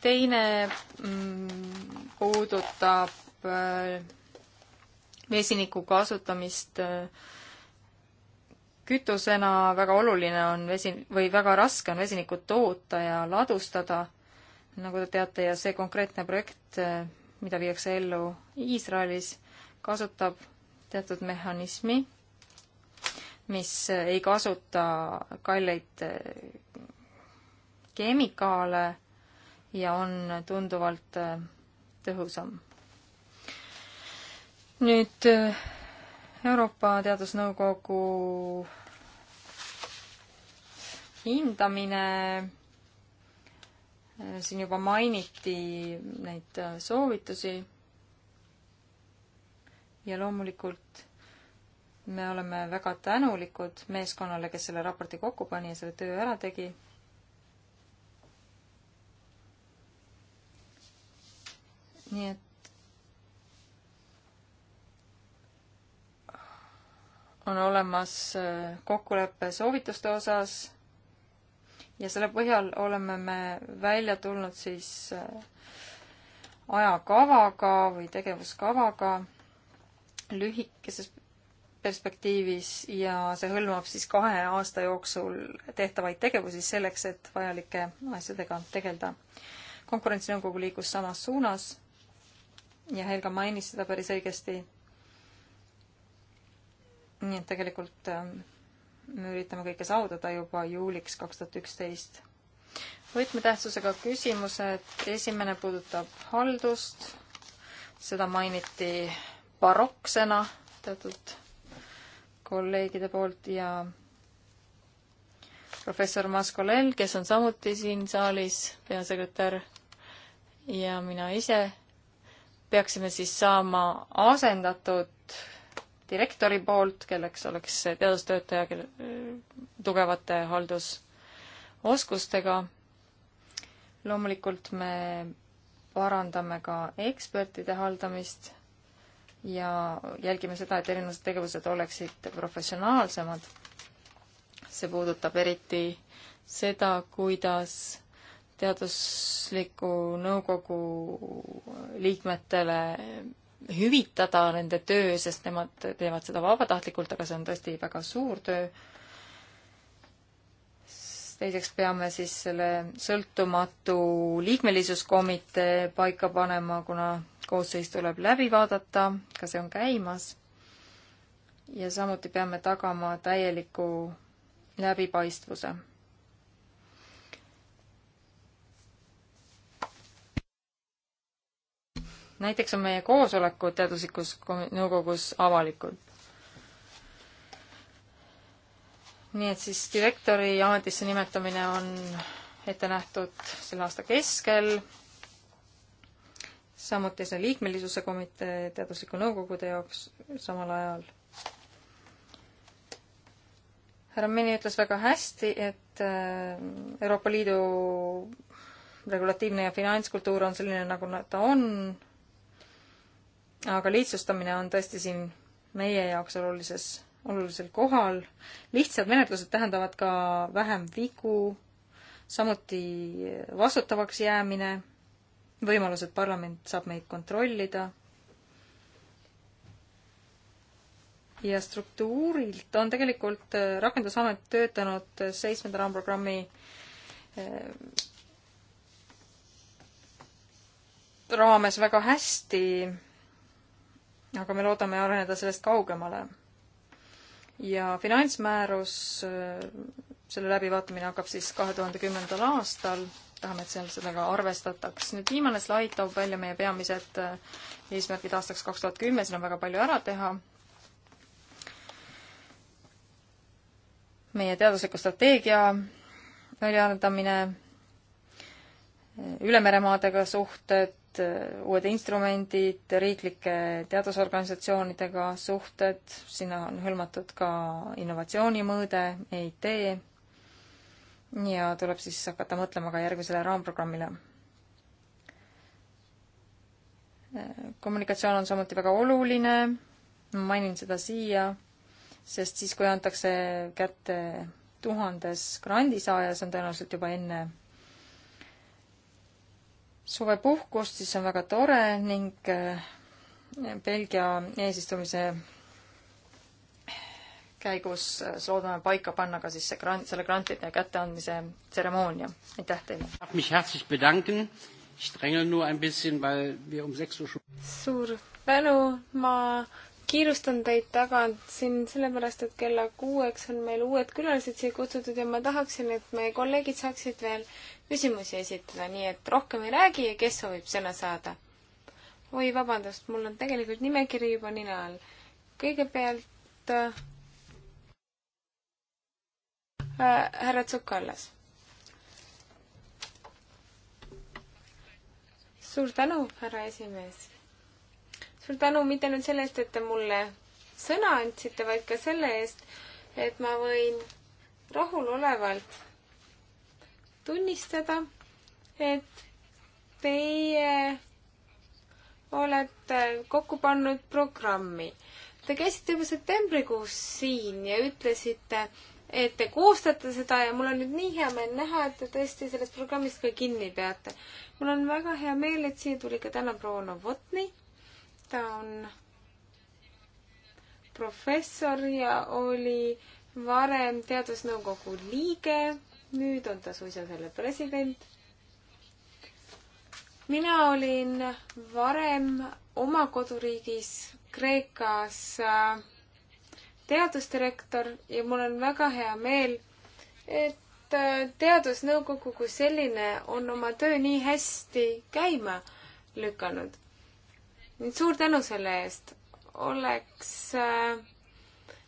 [SPEAKER 3] teine mm, puudutab äh, vesiniku kasutamist äh, kütusena, väga oluline on vesin- või väga raske on vesinikku toota ja ladustada, nagu te teate, ja see konkreetne projekt, äh, mida viiakse ellu Iisraelis, kasutab teatud mehhanismi, mis ei kasuta kalleid eh, keemikaale ja on tunduvalt eh, tõhusam. nüüd eh, Euroopa Teadusnõukogu hindamine, siin juba mainiti neid soovitusi ja loomulikult me oleme väga tänulikud meeskonnale, kes selle raporti kokku pani ja selle töö ära tegi. nii et on olemas äh, kokkulepe soovituste osas ja selle põhjal oleme me välja tulnud siis äh, ajakavaga või tegevuskavaga lühikeses perspektiivis ja see hõlmab siis kahe aasta jooksul tehtavaid tegevusi selleks, et vajalike asjadega tegeleda. konkurentsinõukogu liikus samas suunas ja Helga mainis seda päris õigesti. nii et tegelikult ähm, me üritame kõike saavutada juba juuliks kaks tuhat üksteist. võtmetähtsusega küsimused, esimene puudutab haldust, seda mainiti baroksena teatud kolleegide poolt ja professor Maskolel, kes on samuti siin saalis peasekretär ja mina ise, peaksime siis saama asendatud direktori poolt, kelleks oleks teadustöötaja kelle, tugevate haldusoskustega. loomulikult me parandame ka ekspertide haldamist ja jälgime seda, et erinevad tegevused oleksid professionaalsemad. see puudutab eriti seda, kuidas teadusliku nõukogu liikmetele hüvitada nende töö, sest nemad teevad seda vabatahtlikult, aga see on tõesti väga suur töö. teiseks peame siis selle sõltumatu liikmelisuskomitee paika panema, kuna koosseis tuleb läbi vaadata, ka see on käimas. ja samuti peame tagama täieliku läbipaistvuse. näiteks on meie koosolekud teaduslikus nõukogus avalikud. nii et siis direktori ametisse nimetamine on ette nähtud selle aasta keskel samuti see liikmelisuse komitee teadusliku nõukogude jaoks samal ajal. härra Mini ütles väga hästi, et äh, Euroopa Liidu regulatiivne ja finantskultuur on selline, nagu ta on, aga lihtsustamine on tõesti siin meie jaoks olulises, olulisel kohal. lihtsad menetlused tähendavad ka vähem vigu, samuti vastutavaks jäämine võimalus, et parlament saab meid kontrollida. ja struktuurilt on tegelikult äh, Rakendusamet töötanud seitsmenda raamprogrammi äh, raames väga hästi, aga me loodame areneda sellest kaugemale. ja finantsmäärus, äh, selle läbivaatamine hakkab siis kahe tuhande kümnendal aastal tahame, et seal sellega arvestataks. nüüd viimane slaid toob välja meie peamised äh, eesmärgid aastaks kaks tuhat kümme, siin on väga palju ära teha. meie teadusliku strateegia väljaarendamine, äh, ülemeremaadega suhted, äh, uued instrumendid, riiklike teadusorganisatsioonidega suhted, sinna on hõlmatud ka innovatsioonimõõde, EIT ja tuleb siis hakata mõtlema ka järgmisele raamprogrammile. kommunikatsioon on samuti väga oluline, ma mainin seda siia, sest siis, kui antakse kätte tuhandes grandisaaja, see on tõenäoliselt juba enne suvepuhkust, siis see on väga tore ning eh, Belgia eesistumise käigus äh, loodame paika panna ka siis see grant, selle grantide kätteandmise tseremoonia. aitäh teile!
[SPEAKER 1] Um
[SPEAKER 2] suur tänu, ma kiirustan teid tagant siin sellepärast, et kella kuueks on meil uued külalised siia kutsutud ja ma tahaksin, et meie kolleegid saaksid veel küsimusi esitada, nii et rohkem ei räägi ja kes soovib sõna saada? oi, vabandust, mul on tegelikult nimekiri juba nina all. kõigepealt äh, Äh, härra Tsukallas. suur tänu, härra esimees. suur tänu mitte ainult selle eest, et te mulle sõna andsite, vaid ka selle eest, et ma võin rahulolevalt tunnistada, et teie olete kokku pannud programmi. Te käisite juba septembrikuus siin ja ütlesite, et te koostate seda ja mul on nüüd nii hea meel näha, et te tõesti sellest programmist ka kinni peate. mul on väga hea meel, et siia tuli ka täna proua Novotni. ta on professor ja oli varem teadusnõukogu liige, nüüd on ta suisa selle president. mina olin varem oma koduriigis Kreekas äh, teadusdirektor ja mul on väga hea meel, et äh, teadusnõukogu kui selline on oma töö nii hästi käima lükanud. nüüd suur tänu selle eest. oleks äh,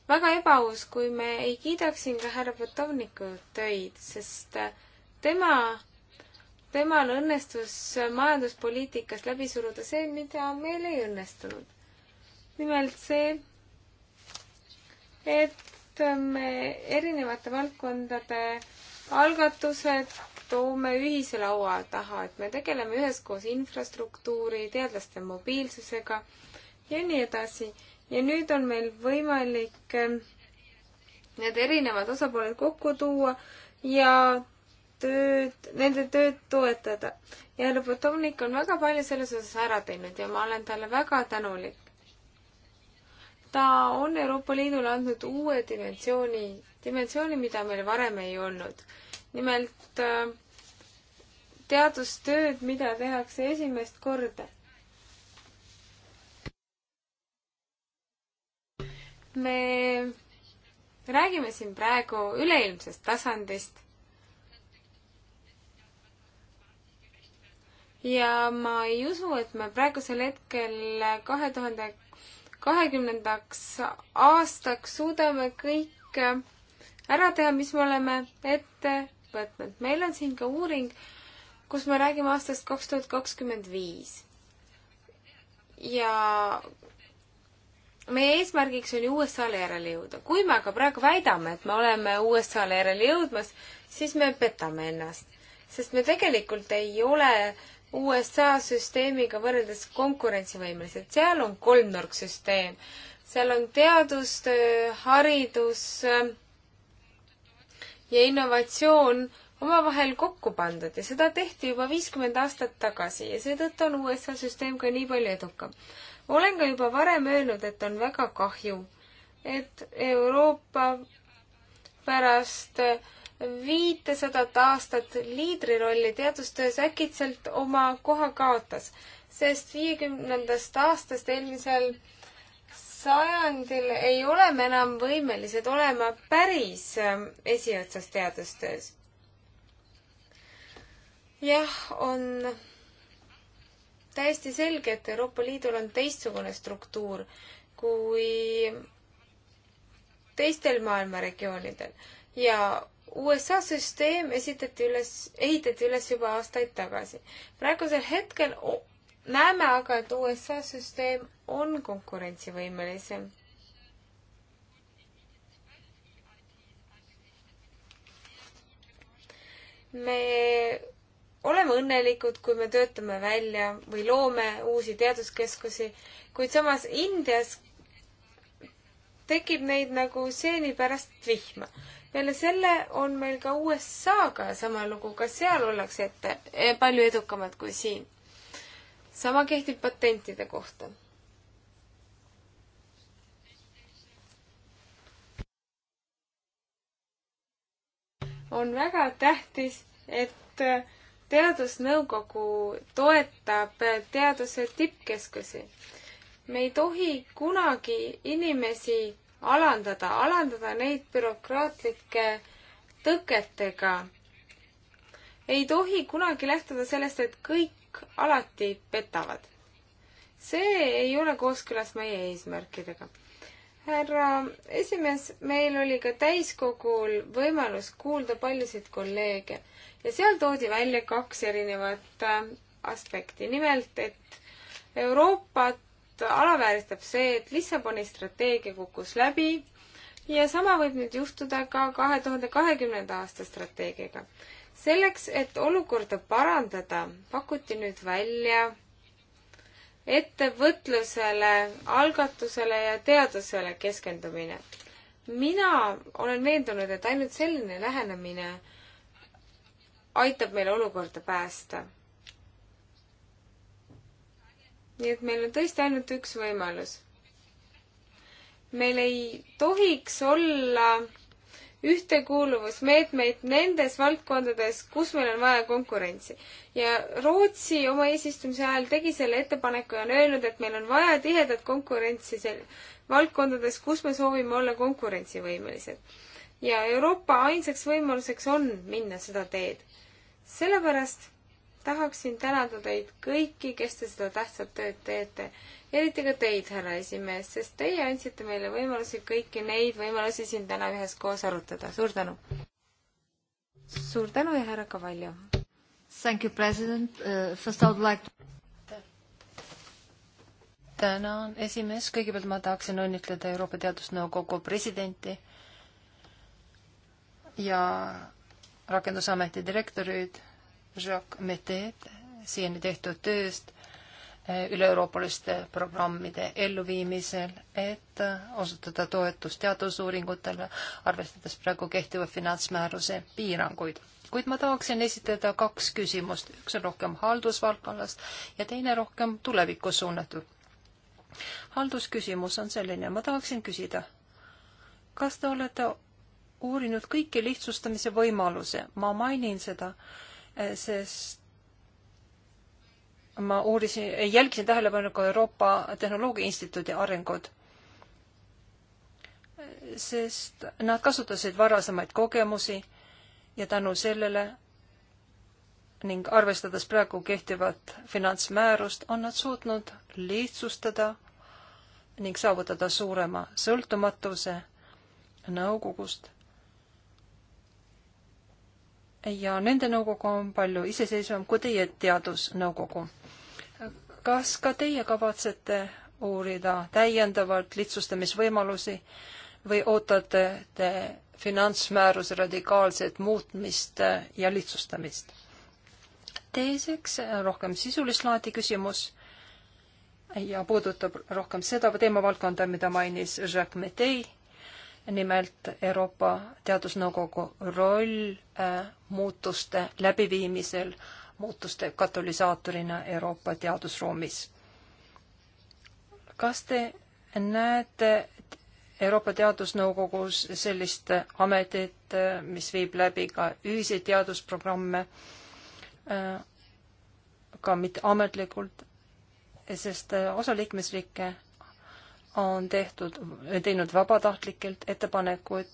[SPEAKER 2] väga ebaaus, kui me ei kiidaks siin ka härra Potovniku töid, sest äh, tema, temal õnnestus majanduspoliitikas läbi suruda see, mida meil ei õnnestunud. nimelt see, et me erinevate valdkondade algatused toome ühise laua taha, et me tegeleme üheskoos infrastruktuuri, teadlaste mobiilsusega ja nii edasi. ja nüüd on meil võimalik eh, need erinevad osapooled kokku tuua ja tööd, nende tööd toetada. ja Lubotovnik on väga palju selles osas ära teinud ja ma olen talle väga tänulik ta on Euroopa Liidule andnud uue dimensiooni, dimensiooni, mida meil varem ei olnud. nimelt äh, teadustööd, mida tehakse esimest korda. me räägime siin praegu üleilmsest tasandist, ja ma ei usu, et me praegusel hetkel kahe tuhande kahekümnendaks aastaks suudame kõik ära teha, mis me oleme ette võtnud. meil on siin ka uuring, kus me räägime aastast kaks tuhat kakskümmend viis. ja meie eesmärgiks oli USA-le järele jõuda. kui me aga praegu väidame, et me oleme USA-le järele jõudmas, siis me petame ennast, sest me tegelikult ei ole äh, USA süsteemiga võrreldes konkurentsivõimelised, seal on kolmnurksüsteem. seal on teadustöö, haridus äh, ja innovatsioon omavahel kokku pandud ja seda tehti juba viiskümmend aastat tagasi ja seetõttu on USA süsteem ka nii palju edukam. olen ka juba varem öelnud, et on väga kahju, et Euroopa pärast äh, viitesadat aastat liidrirolli teadustöös äkitselt oma koha kaotas, sest viiekümnendast aastast eelmisel sajandil ei ole me enam võimelised olema päris ähm, esiotsas teadustöös. jah, on täiesti selge, et Euroopa Liidul on teistsugune struktuur kui teistel maailma regioonidel ja USA süsteem esitati üles, ehitati üles juba aastaid tagasi. praegusel hetkel näeme aga, et USA süsteem on konkurentsivõimelisem. me oleme õnnelikud, kui me töötame välja või loome uusi teaduskeskusi, kuid samas Indias tekib neid nagu seeni pärast vihma peale selle on meil ka USA-ga sama lugu, ka seal ollakse ette eh, palju edukamad kui siin. sama kehtib patentide kohta on väga tähtis, et eh, teadusnõukogu toetab eh, teaduse tippkeskusi. me ei tohi kunagi inimesi alandada, alandada neid bürokraatlike tõketega. ei tohi kunagi lähtuda sellest, et kõik alati petavad. see ei ole kooskõlas meie eesmärkidega. härra esimees, meil oli ka täiskogul võimalus kuulda paljusid kolleege ja seal toodi välja kaks erinevat äh, aspekti. nimelt, et Euroopat alavääristab see, et Lissaboni strateegia kukkus läbi ja sama võib nüüd juhtuda ka kahe tuhande kahekümnenda aasta strateegiaga. selleks, et olukorda parandada, pakuti nüüd välja ettevõtlusele, algatusele ja teadusele keskendumine. mina olen veendunud, et ainult selline lähenemine aitab meil olukorda päästa nii et meil on tõesti ainult üks võimalus. meil ei tohiks olla ühtekuuluvusmeetmeid nendes valdkondades, kus meil on vaja konkurentsi. ja Rootsi oma eesistumise ajal tegi selle ettepaneku ja on öelnud, et meil on vaja tihedat konkurentsi sel-, valdkondades, kus me soovime olla konkurentsivõimelised. ja Euroopa ainsaks võimaluseks on minna seda teed. sellepärast tahaksin tänada teid kõiki, kes te seda tähtsat tööd teete. eriti ka teid, härra esimees, sest teie andsite meile võimalusi, kõiki neid võimalusi siin täna üheskoos arutada. suur tänu! suur tänu
[SPEAKER 1] ja härra Kavaljo! Thank you, president uh,. First I would like to tänan, esimees, kõigepealt ma tahaksin õnnitleda Euroopa Teadusnõukogu presidenti ja rakendusameti direktorid Jacques Metet siiani tehtud tööst eh, üle-euroopaliste programmide elluviimisel, et eh, osutada toetust teadusuuringutele, arvestades praegu kehtiva finantsmääruse piiranguid. kuid ma tahaksin esitada kaks küsimust, üks on rohkem haldusvaldkonnast ja teine rohkem tulevikku suunatud. haldusküsimus on selline, ma tahaksin küsida, kas te olete uurinud kõiki lihtsustamise võimaluse, ma mainin seda, Eh, sest ma uurisin, eh, jälgisin tähelepanelikult Euroopa Tehnoloogia Instituudi arengut, eh, sest nad kasutasid varasemaid kogemusi ja tänu sellele ning arvestades praegu kehtivat finantsmäärust, on nad suutnud lihtsustada ning saavutada suurema sõltumatuse nõukogust ja nende nõukogu on palju iseseisvam kui teie teadusnõukogu. kas ka teie kavatsete uurida täiendavalt lihtsustamisvõimalusi või ootate te finantsmääruse radikaalset muutmist ja lihtsustamist? teiseks rohkem sisulist laadi küsimus ja puudutab rohkem seda teemavaldkonda, mida mainis Jacques Metei nimelt Euroopa Teadusnõukogu roll äh, muutuste läbiviimisel, muutuste katalüsaatorina Euroopa teadusruumis. kas te näete Euroopa Teadusnõukogus sellist ametit, äh, mis viib läbi ka ühiseid teadusprogramme, äh, ka mitteametlikult, sest osa liikmesriike on tehtud, teinud vabatahtlikelt ettepanekuid,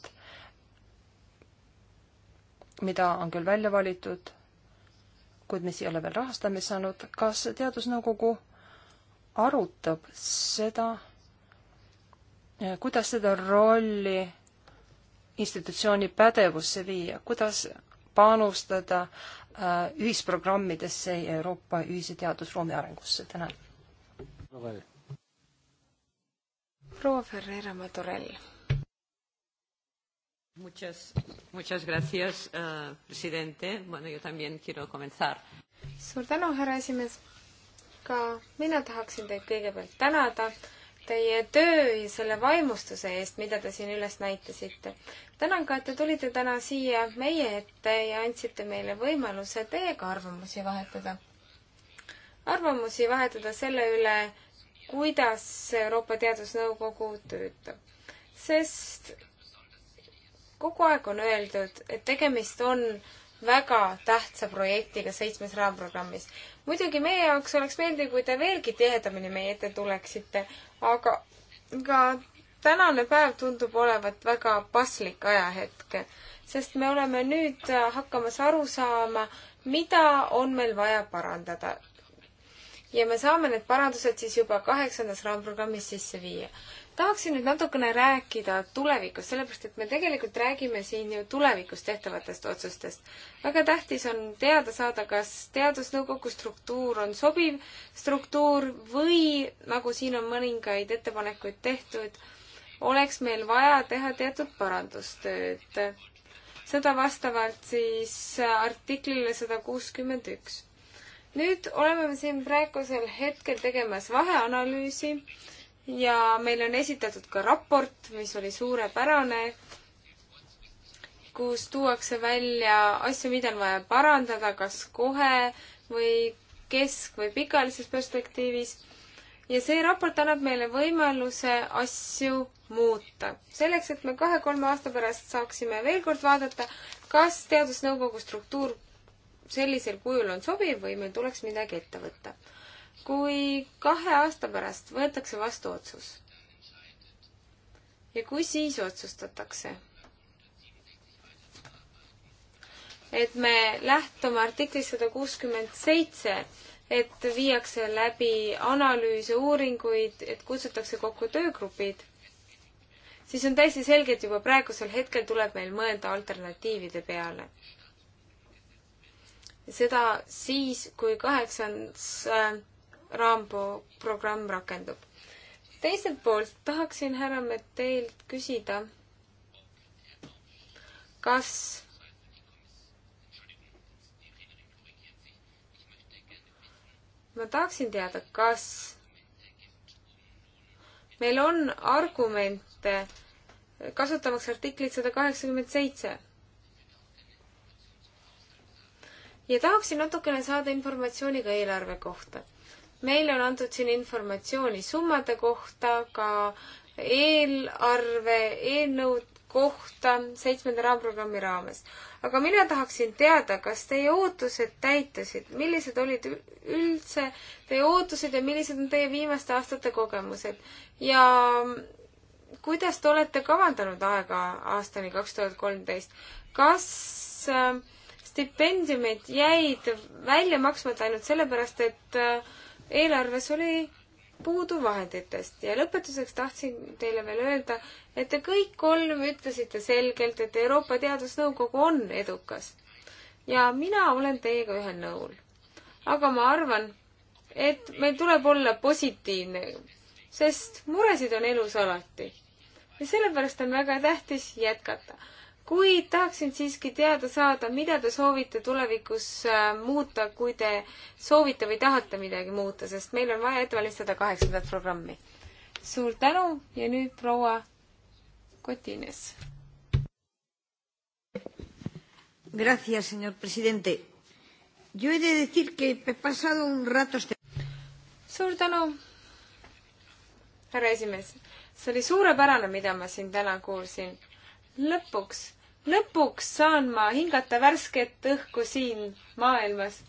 [SPEAKER 1] mida on küll välja valitud, kuid mis ei ole veel rahastamist saanud. kas Teadusnõukogu arutab seda, kuidas seda rolli institutsiooni pädevusse viia, kuidas panustada äh, ühisprogrammidesse ja Euroopa ühise teadusruumi arengusse? tänan proua Ferreira Madurell. Muchas, muchas gracias, uh, presidente. Bueno, yo también quiero comenzar.
[SPEAKER 2] Suur tänu, härra esimees. Ka mina tahaksin teid kõigepealt tänada teie töö ja selle vaimustuse eest, mida te siin üles näitasite. tänan ka, et te tulite täna siia meie ette ja andsite meile võimaluse teiega arvamusi vahetada. arvamusi vahetada selle üle, kuidas Euroopa Teadusnõukogu töötab. sest kogu aeg on öeldud, et tegemist on väga tähtsa projektiga seitsmes raamprogrammis. muidugi meie jaoks oleks meeldiv, kui te veelgi tihedamini meie ette tuleksite, aga ka tänane päev tundub olevat väga paslik ajahetk, sest me oleme nüüd hakkamas aru saama, mida on meil vaja parandada ja me saame need parandused siis juba kaheksandas raamprogrammis sisse viia. tahaksin nüüd natukene rääkida tulevikust, sellepärast et me tegelikult räägime siin ju tulevikus tehtavatest otsustest. väga tähtis on teada saada, kas teadusnõukogu struktuur on sobiv struktuur või nagu siin on mõningaid ettepanekuid tehtud, oleks meil vaja teha teatud parandustööd. seda vastavalt siis artiklile sada kuuskümmend üks nüüd oleme me siin praegusel hetkel tegemas vaheanalüüsi ja meile on esitatud ka raport, mis oli suurepärane, kus tuuakse välja asju, mida on vaja parandada, kas kohe või kesk- või pikaajalises perspektiivis. ja see raport annab meile võimaluse asju muuta. selleks, et me kahe-kolme aasta pärast saaksime veel kord vaadata, kas teadusnõukogu struktuur sellisel kujul on sobiv või meil tuleks midagi ette võtta. kui kahe aasta pärast võetakse vastu otsus ja kui siis otsustatakse, et me lähtume artiklist sada kuuskümmend seitse, et viiakse läbi analüüse, uuringuid, et kutsutakse kokku töögrupid, siis on täiesti selge, et juba praegusel hetkel tuleb meil mõelda alternatiivide peale seda siis, kui kaheksas äh, raamprogramm rakendub. teiselt poolt tahaksin härra Metteilt küsida, kas ma tahaksin teada, kas meil on argumente kasutamaks artiklit sada kaheksakümmend seitse ja tahaksin natukene saada informatsiooni ka eelarve kohta. meile on antud siin informatsiooni summade kohta, ka eelarve eelnõud kohta seitsmenda raamprogrammi raames. aga mina tahaksin teada, kas teie ootused täitusid, millised olid üldse teie ootused ja millised on teie viimaste aastate kogemused ja kuidas te olete kavandanud aega aastani kaks tuhat kolmteist? kas äh, stipendiumid jäid välja maksmata ainult sellepärast, et äh, eelarves oli puudu vahenditest ja lõpetuseks tahtsin teile veel öelda, et te kõik kolm ütlesite selgelt, et Euroopa Teadusnõukogu on edukas. ja mina olen teiega ühel nõul. aga ma arvan, et meil tuleb olla positiivne, sest muresid on elus alati. ja sellepärast on väga tähtis jätkata kuid tahaksin siiski teada saada, mida te soovite tulevikus äh, muuta, kui te soovite või tahate midagi muuta, sest meil on vaja ette valmistada kaheksandat programmi. suur tänu ja nüüd proua Kotines. Gracias, señor presidente. Yo he de decir que he pasado un rato este... suur tänu, härra esimees. see oli suurepärane, mida ma siin täna kuulsin lõpuks, lõpuks saan ma hingata värsket õhku siin maailmas.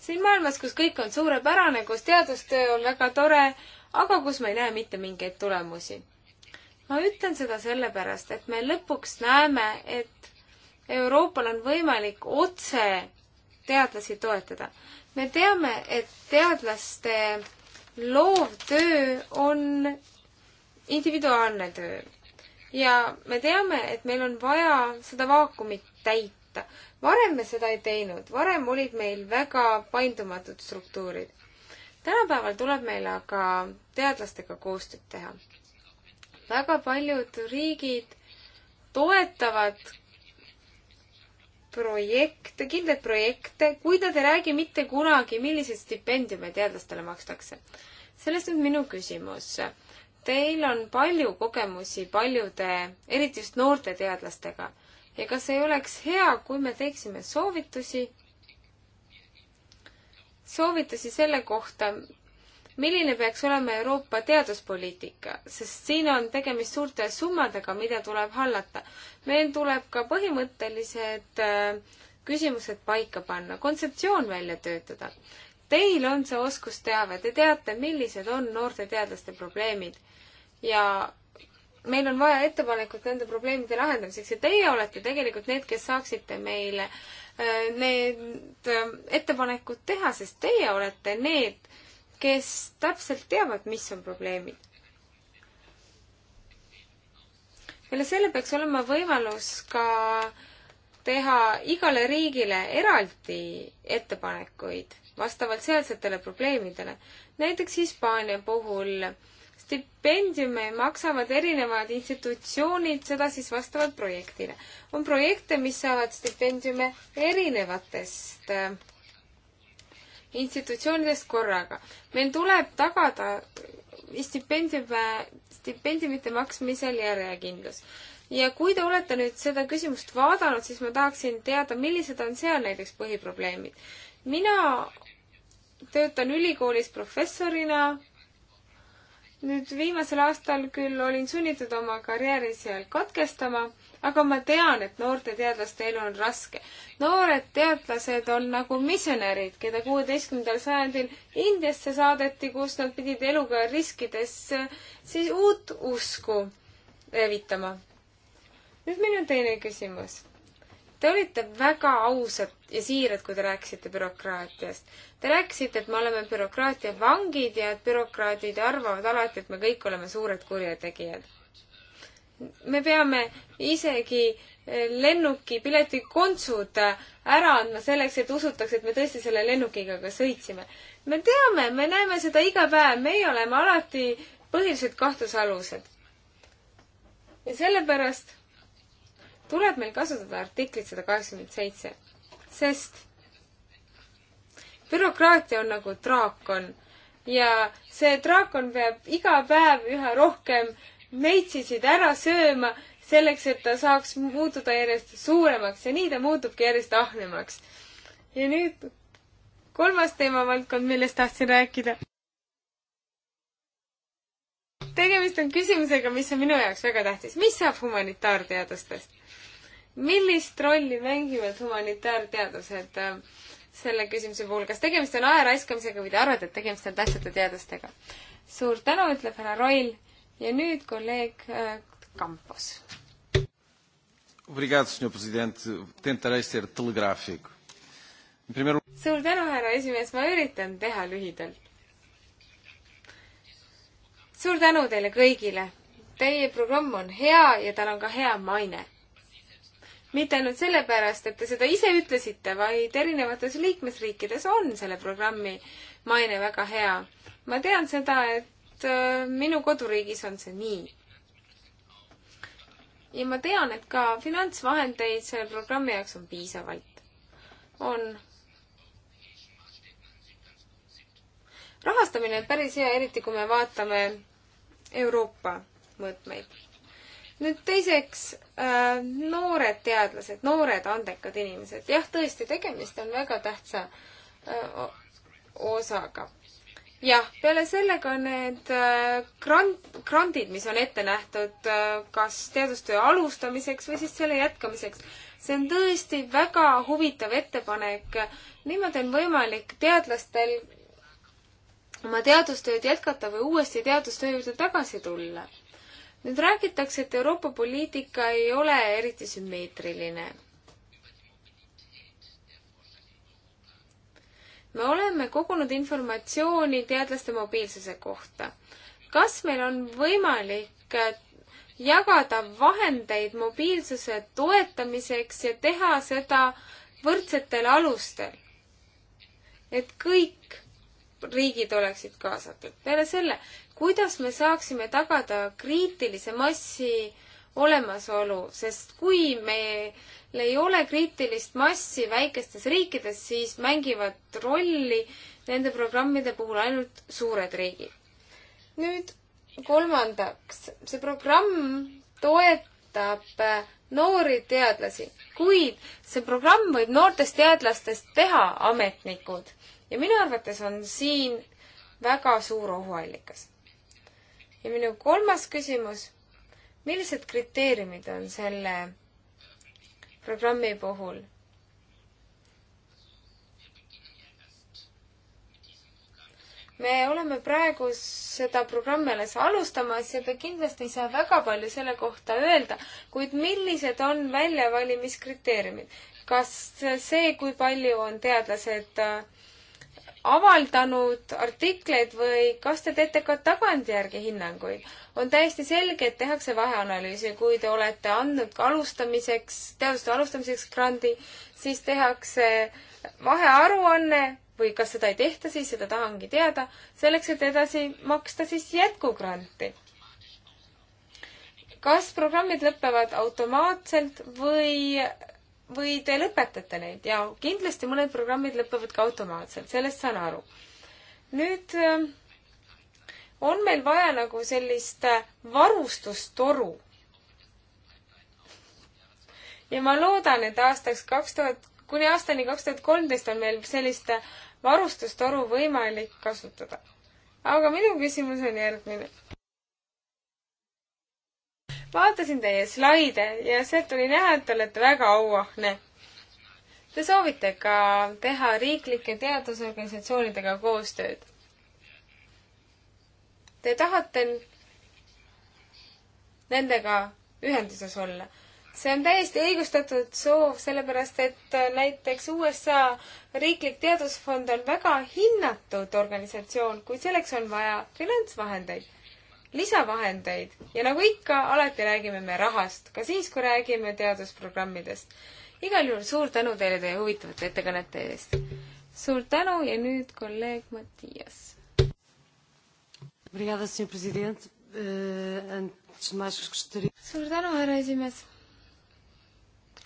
[SPEAKER 2] siin maailmas, kus kõik on suurepärane, kus teadustöö on väga tore, aga kus ma ei näe mitte mingeid tulemusi. ma ütlen seda sellepärast, et me lõpuks näeme, et Euroopal on võimalik otse teadlasi toetada. me teame, et teadlaste loovtöö on individuaalne töö ja me teame, et meil on vaja seda vaakumit täita. varem me seda ei teinud, varem olid meil väga paindumatud struktuurid. tänapäeval tuleb meil aga teadlastega koostööd teha. väga paljud riigid toetavad projekte, kindlaid projekte, kuid nad ei räägi mitte kunagi, milliseid stipendiume teadlastele makstakse. sellest nüüd minu küsimus. Teil on palju kogemusi paljude, eriti just noorte teadlastega. ja kas ei oleks hea, kui me teeksime soovitusi, soovitusi selle kohta, milline peaks olema Euroopa teaduspoliitika, sest siin on tegemist suurte summadega, mida tuleb hallata. meil tuleb ka põhimõttelised äh, küsimused paika panna, kontseptsioon välja töötada. Teil on see oskusteave, te teate, millised on noorte teadlaste probleemid ja meil on vaja ettepanekut nende probleemide lahendamiseks ja teie olete tegelikult need, kes saaksite meile äh, need ähm, ettepanekud teha, sest teie olete need, kes täpselt teavad, mis on probleemid. peale selle peaks olema võimalus ka teha igale riigile eraldi ettepanekuid vastavalt sealsetele probleemidele. näiteks Hispaania puhul äh, stipendiume maksavad erinevad institutsioonid, seda siis vastavalt projektile. on projekte, mis saavad stipendiume erinevatest äh, institutsioonidest korraga. meil tuleb tagada stipendiume, stipendiumite maksmisel järjekindlus. ja kui te olete nüüd seda küsimust vaadanud, siis ma tahaksin teada, millised on seal näiteks põhiprobleemid. mina töötan ülikoolis professorina nüüd viimasel aastal küll olin sunnitud oma karjääri seal katkestama, aga ma tean, et noorte teadlaste elu on raske. noored teadlased on nagu misjonärid, keda kuueteistkümnendal sajandil Indiasse saadeti, kus nad pidid eluga riskides siis uut usku levitama. nüüd meil on teine küsimus Te olite väga ausad ja siirad, kui te rääkisite bürokraatiast. Te rääkisite, et me oleme bürokraatia vangid ja et bürokraadid arvavad alati, et me kõik oleme suured kurjategijad. me peame isegi eh, lennukipileti kontsud eh, ära andma selleks, et usutakse, et me tõesti selle lennukiga ka sõitsime. me teame, me näeme seda iga päev, meie oleme alati põhiliselt kahtlusalused. ja sellepärast tuleb meil kasutada artiklit sada kaheksakümmend seitse, sest bürokraatia on nagu draakon ja see draakon peab iga päev üha rohkem meitsisid ära sööma, selleks et ta saaks muutuda järjest suuremaks ja nii ta muutubki järjest ahnemaks. ja nüüd kolmas teemavaldkond, millest tahtsin rääkida. tegemist on küsimusega, mis on minu jaoks väga tähtis. mis saab humanitaarteadustest? millist rolli mängivad humanitaarteadused äh, selle küsimuse puhul, kas tegemist on aja raiskamisega või te arvate, et tegemist on tähtsate teadustega? suur tänu, ütleb härra Roil ja nüüd kolleeg äh, Campos. suur tänu, härra esimees, ma üritan teha lühidalt. suur tänu teile kõigile. Teie programm on hea ja tal on ka hea maine mitte ainult sellepärast, et te seda ise ütlesite, vaid erinevates liikmesriikides on selle programmi maine väga hea. ma tean seda, et äh, minu koduriigis on see nii. ja ma tean, et ka finantsvahendeid selle programmi jaoks on piisavalt. on rahastamine on päris hea, eriti kui me vaatame Euroopa mõõtmeid nüüd teiseks, äh, noored teadlased, noored andekad inimesed. jah, tõesti, tegemist on väga tähtsa äh, osaga jah, peale selle ka need äh, grant, grandid, mis on ette nähtud kas teadustöö alustamiseks või siis selle jätkamiseks. see on tõesti väga huvitav ettepanek. niimoodi on võimalik teadlastel oma teadustööd jätkata või uuesti teadustöö juurde tagasi tulla nüüd räägitakse, et Euroopa poliitika ei ole eriti sümmeetriline. me oleme kogunud informatsiooni teadlaste mobiilsuse kohta. kas meil on võimalik äh, jagada vahendeid mobiilsuse toetamiseks ja teha seda võrdsetel alustel? et kõik riigid oleksid kaasatud. peale selle, kuidas me saaksime tagada kriitilise massi olemasolu, sest kui meil ei ole kriitilist massi väikestes riikides, siis mängivad rolli nende programmide puhul ainult suured riigid. nüüd kolmandaks, see programm toetab äh, noori teadlasi, kuid see programm võib noortest teadlastest teha ametnikud ja minu arvates on siin väga suur ohuallikas ja minu kolmas küsimus, millised kriteeriumid on selle programmi puhul? me oleme praegu seda programmi alles alustamas ja te kindlasti ei saa väga palju selle kohta öelda, kuid millised on väljavalimiskriteeriumid? kas see, kui palju on teadlased äh, avaldanud artikleid või kas te teete ka tagantjärgi hinnanguid? on täiesti selge, et tehakse vaheanalüüsi, kui te olete andnud ka alustamiseks, teaduste alustamiseks grandi, siis tehakse vahearuanne või kas seda ei tehta, siis seda tahangi teada, selleks, et edasi maksta siis jätkugranti. kas programmid lõpevad automaatselt või või te lõpetate neid ja kindlasti mõned programmid lõpevad ka automaatselt, sellest saan aru. nüüd äh, on meil vaja nagu sellist äh, varustustoru. ja ma loodan, et aastaks kaks tuhat, kuni aastani kaks tuhat kolmteist on meil sellist äh, varustustoru võimalik kasutada. aga minu küsimus on järgmine vaatasin teie slaide ja sealt oli näha, et te olete väga auahne. Te soovite ka teha riiklike teadusorganisatsioonidega koostööd. Te tahate nendega ühenduses olla. see on täiesti õigustatud soov, sellepärast et näiteks USA riiklik teadusfond on väga hinnatud organisatsioon, kuid selleks on vaja finantsvahendeid lisavahendeid ja nagu ikka, alati räägime me rahast, ka siis, kui räägime teadusprogrammidest. igal juhul suur tänu teile teie huvitavate ettekannete eest. suur tänu ja nüüd kolleeg Mattias.
[SPEAKER 1] Eh, suur tänu, härra
[SPEAKER 2] esimees.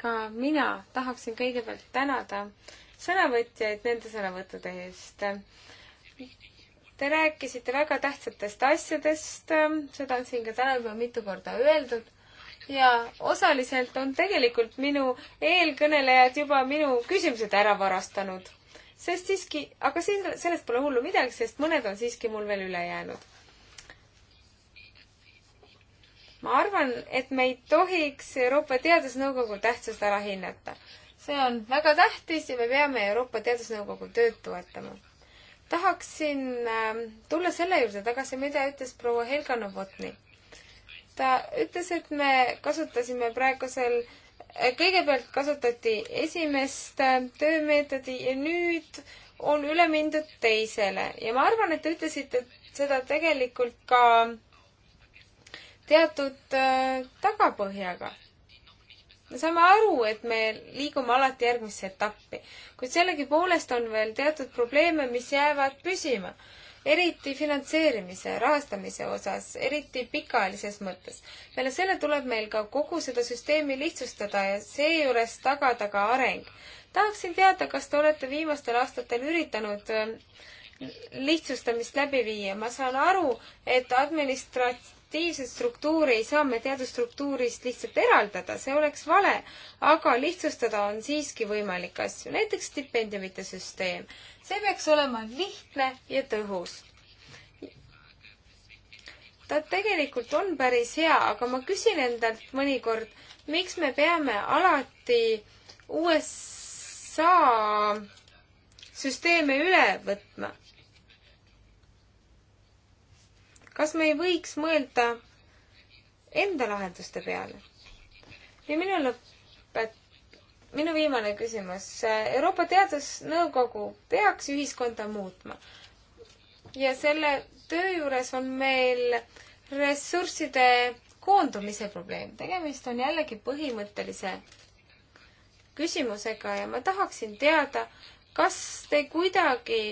[SPEAKER 2] ka mina tahaksin kõigepealt tänada sõnavõtjaid nende sõnavõttude eest Te rääkisite väga tähtsatest asjadest, ähm, seda on siin ka täna juba mitu korda öeldud ja osaliselt on tegelikult minu eelkõnelejad juba minu küsimused ära varastanud. sest siiski, aga siin, sellest pole hullu midagi, sest mõned on siiski mul veel üle jäänud. ma arvan, et me ei tohiks Euroopa Teadusnõukogu tähtsust ära hinnata. see on väga tähtis ja me peame Euroopa Teadusnõukogu tööd toetama tahaksin ähm, tulla selle juurde tagasi, mida ütles proua Helga Novotni. ta ütles, et me kasutasime praegusel, äh, kõigepealt kasutati esimest ähm, töömeetodi ja nüüd on üle mindud teisele ja ma arvan, et te ütlesite seda tegelikult ka teatud äh, tagapõhjaga me saame aru, et me liigume alati järgmisse etappi, kuid sellegipoolest on veel teatud probleeme, mis jäävad püsima. eriti finantseerimise, rahastamise osas, eriti pikaajalises mõttes. peale selle tuleb meil ka kogu seda süsteemi lihtsustada ja seejuures tagada ka areng. tahaksin teada, kas te olete viimastel aastatel üritanud lihtsustamist läbi viia. ma saan aru, et administratiivset struktuuri ei saa me teadusstruktuurist lihtsalt eraldada, see oleks vale, aga lihtsustada on siiski võimalik asju, näiteks stipendiumite süsteem. see peaks olema lihtne ja tõhus. ta tegelikult on päris hea, aga ma küsin endalt mõnikord, miks me peame alati USA süsteeme üle võtma kas me ei võiks mõelda enda lahenduste peale? ja minu lõpet-, minu viimane küsimus. Euroopa Teadusnõukogu peaks ühiskonda muutma. ja selle töö juures on meil ressursside koondumise probleem. tegemist on jällegi põhimõttelise küsimusega ja ma tahaksin teada, kas te kuidagi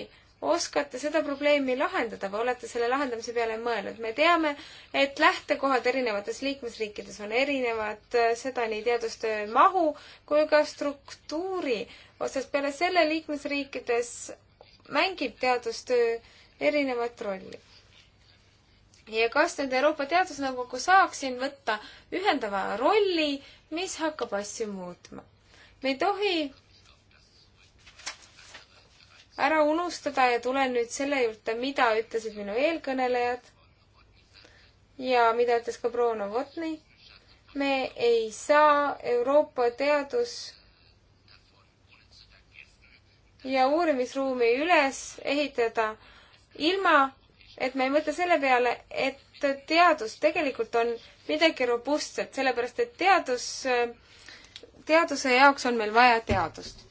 [SPEAKER 2] oskate seda probleemi lahendada või olete selle lahendamise peale mõelnud? me teame, et lähtekohad erinevates liikmesriikides on erinevad, seda nii teadustöö mahu kui ka struktuuri osas. peale selle liikmesriikides mängib teadustöö erinevat rolli. ja kas nüüd Euroopa Teadusnõukogu saaks siin võtta ühendava rolli, mis hakkab asju muutma? me ei tohi ära unustada ja tulen nüüd selle juurde, mida ütlesid minu eelkõnelejad ja mida ütles ka proua Novotny. me ei saa Euroopa teadus ja uurimisruumi üles ehitada ilma, et me ei mõtle selle peale, et teadus tegelikult on midagi robustset, sellepärast et teadus, teaduse jaoks on meil vaja teadust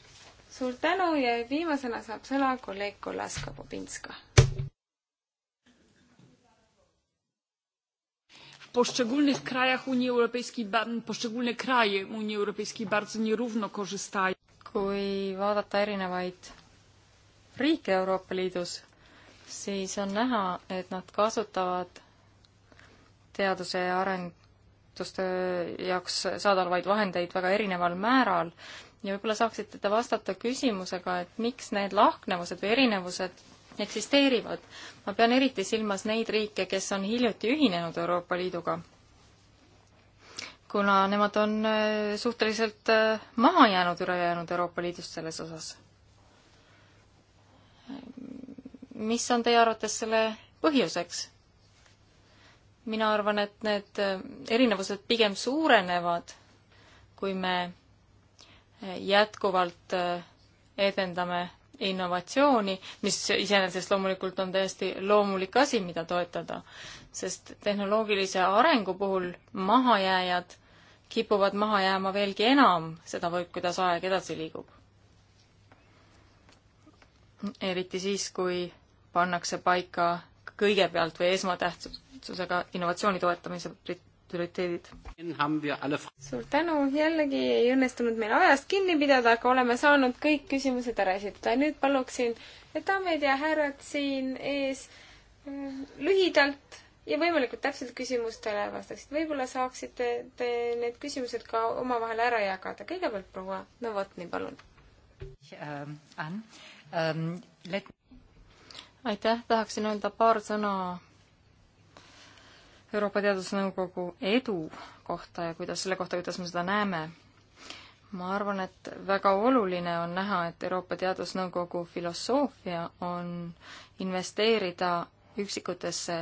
[SPEAKER 2] suur tänu ja viimasena saab sõna kolleeg Kolaska-Bobinska.
[SPEAKER 3] W poszczególnych krajach Unii Europejskiej, poszczególne kraje Unii Europejskiej bardzo nierówno korzystają. Kui vaadata erinevaid riike Euroopa Liidus, siis on näha, et nad kasutavad teaduse ja arendustöö jaoks saadalevaid vahendeid väga erineval määral ja võib-olla saaksite te vastata küsimusega, et miks need lahknevused või erinevused eksisteerivad. ma pean eriti silmas neid riike, kes on hiljuti ühinenud Euroopa Liiduga, kuna nemad on äh, suhteliselt äh, maha jäänud ülejäänud Euroopa Liidust selles osas. mis on teie arvates selle põhjuseks? mina arvan, et need äh, erinevused pigem suurenevad, kui me jätkuvalt äh, edendame innovatsiooni, mis iseenesest loomulikult on täiesti loomulik asi, mida toetada, sest tehnoloogilise arengu puhul mahajääjad kipuvad maha jääma veelgi enam sedavõrd, kuidas aeg edasi liigub. eriti siis, kui pannakse paika kõigepealt või esmatähtsusega innovatsiooni toetamise prioriteedid.
[SPEAKER 2] suur tänu, jällegi ei õnnestunud meil ajast kinni pidada, aga oleme saanud kõik küsimused ära esitada. nüüd paluksin, et daamid ja härrad siin ees äh, lühidalt ja võimalikult täpselt küsimustele vastaksid. võib-olla saaksite te need küsimused ka omavahel ära jagada. kõigepealt proua Novotni, palun.
[SPEAKER 3] aitäh, tahaksin öelda paar sõna Euroopa Teadusnõukogu edu kohta ja kuidas, selle kohta, kuidas me seda näeme. ma arvan, et väga oluline on näha, et Euroopa Teadusnõukogu filosoofia on investeerida üksikutesse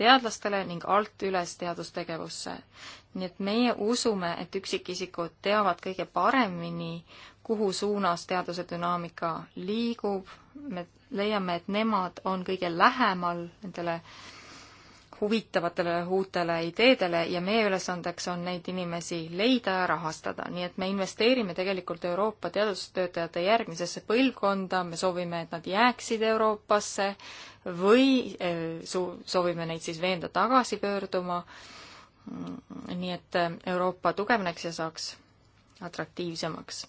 [SPEAKER 3] teadlastele ning alt üles teadustegevusse. nii et meie usume, et üksikisikud teavad kõige paremini, kuhu suunas teaduse dünaamika liigub, me leiame, et nemad on kõige lähemal nendele äh, huvitavatele uutele ideedele ja meie ülesandeks on neid inimesi leida ja rahastada, nii et me investeerime tegelikult Euroopa teadustöötajate järgmisesse põlvkonda, me soovime, et nad jääksid Euroopasse või eh, soovime neid siis veenda tagasi pöörduma, mm, nii et eh, Euroopa tugevneks ja saaks atraktiivsemaks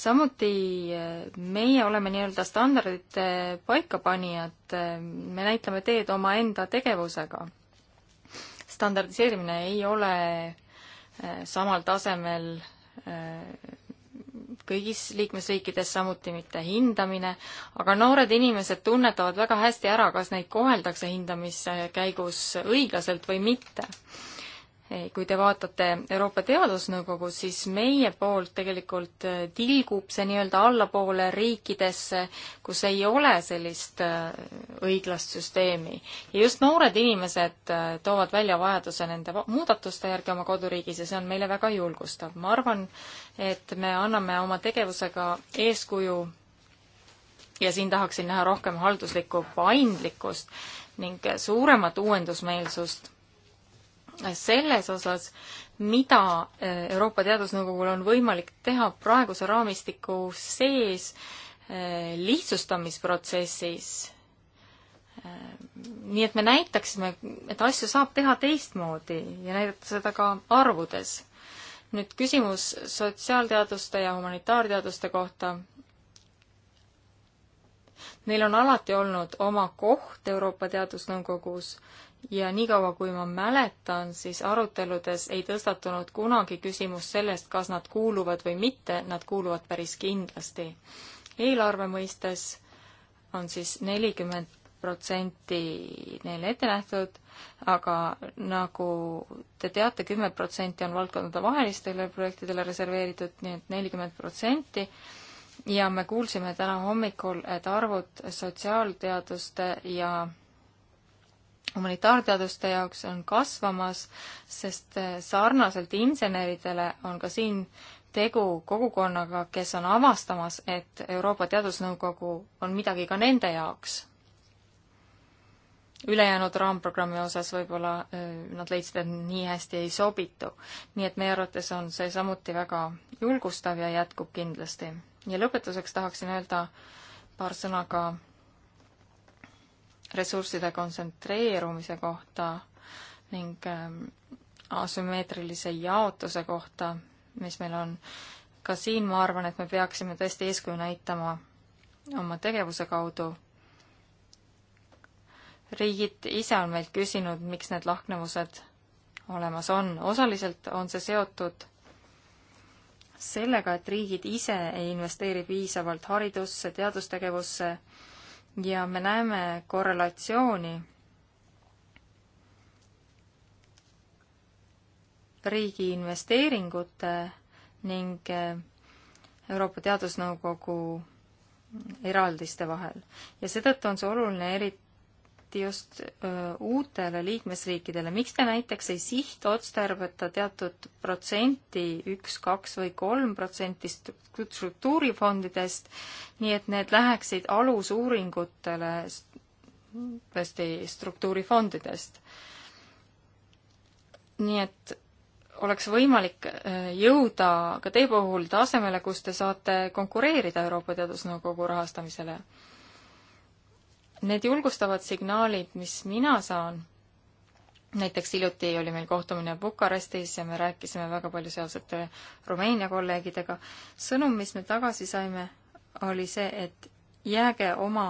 [SPEAKER 3] samuti eh, meie oleme nii-öelda standardite paikapanijad, eh, me näitame teed omaenda tegevusega. standardiseerimine ei ole eh, samal tasemel kõigis liikmesriikides, samuti mitte hindamine, aga noored inimesed tunnetavad väga hästi ära, kas neid koheldakse hindamise käigus õiglaselt või mitte Eh, kui te vaatate Euroopa Teadusnõukogu, siis meie poolt tegelikult eh, tilgub see nii-öelda allapoole riikidesse, kus ei ole sellist eh, õiglast süsteemi. ja just noored inimesed toovad välja vajaduse nende muudatuste järgi oma koduriigis ja see on meile väga julgustav. ma arvan, et me anname oma tegevusega eeskuju ja siin tahaksin näha rohkem halduslikku paindlikkust ning suuremat uuendusmeelsust selles osas, mida eh, Euroopa Teadusnõukogul on võimalik teha praeguse raamistiku sees eh, lihtsustamisprotsessis. Eh, nii et me näitaksime, et asju saab teha teistmoodi ja näidata seda ka arvudes. nüüd küsimus sotsiaalteaduste ja humanitaarteaduste kohta. Neil on alati olnud oma koht Euroopa Teadusnõukogus ja niikaua, kui ma mäletan, siis aruteludes ei tõstatunud kunagi küsimus sellest, kas nad kuuluvad või mitte, nad kuuluvad päris kindlasti. eelarve mõistes on siis nelikümmend protsenti neile ette nähtud, aga nagu te teate, kümme protsenti on valdkondadevahelistele projektidele reserveeritud, nii et nelikümmend protsenti ja me kuulsime täna hommikul, et arvud sotsiaalteaduste ja humanitaarteaduste jaoks on kasvamas, sest eh, sarnaselt inseneridele on ka siin tegu kogukonnaga, kes on avastamas, et Euroopa Teadusnõukogu on midagi ka nende jaoks. ülejäänud raamprogrammi osas võib-olla eh, nad leidsid, et nii hästi ei sobitu. nii et meie arvates on see samuti väga julgustav ja jätkub kindlasti. ja lõpetuseks tahaksin öelda paar sõna ka ressursside kontsentreerumise kohta ning ähm, asümmeetrilise jaotuse kohta, mis meil on. ka siin ma arvan, et me peaksime tõesti eeskuju näitama oma tegevuse kaudu. riigid ise on meilt küsinud, miks need lahknevused olemas on. osaliselt on see seotud sellega, et riigid ise ei investeeri piisavalt haridusse, teadustegevusse ja me näeme korrelatsiooni riigi investeeringute ning Euroopa Teadusnõukogu eraldiste vahel. ja seetõttu on see oluline eriti eriti just öö, uutele liikmesriikidele, miks te näiteks ei sihtotstarbeta teatud protsenti, üks, kaks või kolm protsenti struktuurifondidest, nii et need läheksid alusuuringutele tõesti struktuurifondidest? nii et oleks võimalik jõuda ka teie puhul tasemele, kus te saate konkureerida Euroopa Teadusnõukogu rahastamisele Need julgustavad signaalid, mis mina saan, näiteks hiljuti oli meil kohtumine Bukarestis ja me rääkisime väga palju sealsete Rumeenia kolleegidega, sõnum, mis me tagasi saime, oli see, et jääge oma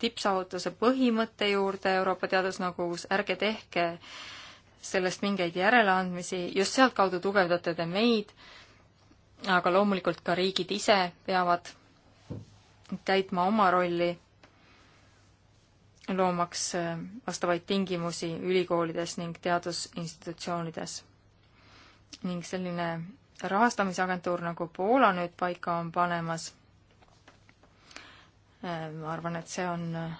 [SPEAKER 3] tippsaavutuse põhimõtte juurde Euroopa Teadusnõukogus, ärge tehke sellest mingeid järeleandmisi, just sealtkaudu tugevdate te meid, aga loomulikult ka riigid ise peavad täitma oma rolli loomaks äh, vastavaid tingimusi ülikoolides ning teadusinstitutsioonides. ning selline rahastamisagentuur nagu Poola nüüd paika on panemas, äh, ma arvan, et see on äh,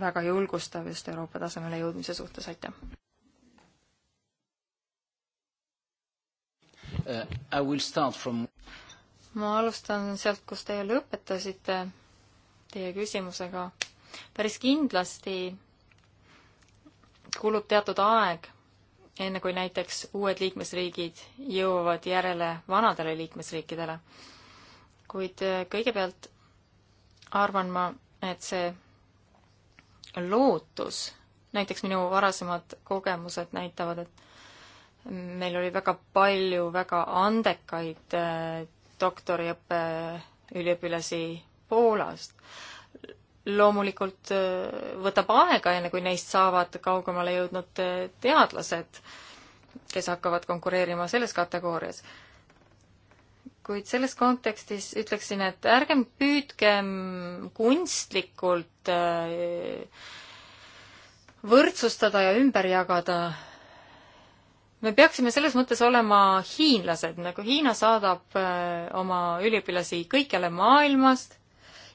[SPEAKER 3] väga julgustav just Euroopa tasemele jõudmise suhtes, aitäh!
[SPEAKER 1] I will start from
[SPEAKER 3] ma alustan sealt, kus teie lõpetasite, teie küsimusega päris kindlasti kulub teatud aeg, enne kui näiteks uued liikmesriigid jõuavad järele vanadele liikmesriikidele. kuid äh, kõigepealt arvan ma, et see lootus, näiteks minu varasemad kogemused näitavad, et meil oli väga palju väga andekaid äh, doktoriõppe üliõpilasi Poolast, loomulikult äh, võtab aega, enne kui neist saavad kaugemale jõudnud äh, teadlased, kes hakkavad konkureerima selles kategoorias. kuid selles kontekstis ütleksin, et ärgem püüdkem kunstlikult äh, võrdsustada ja ümber jagada me peaksime selles mõttes olema hiinlased, nagu Hiina saadab oma üliõpilasi kõikjale maailmast,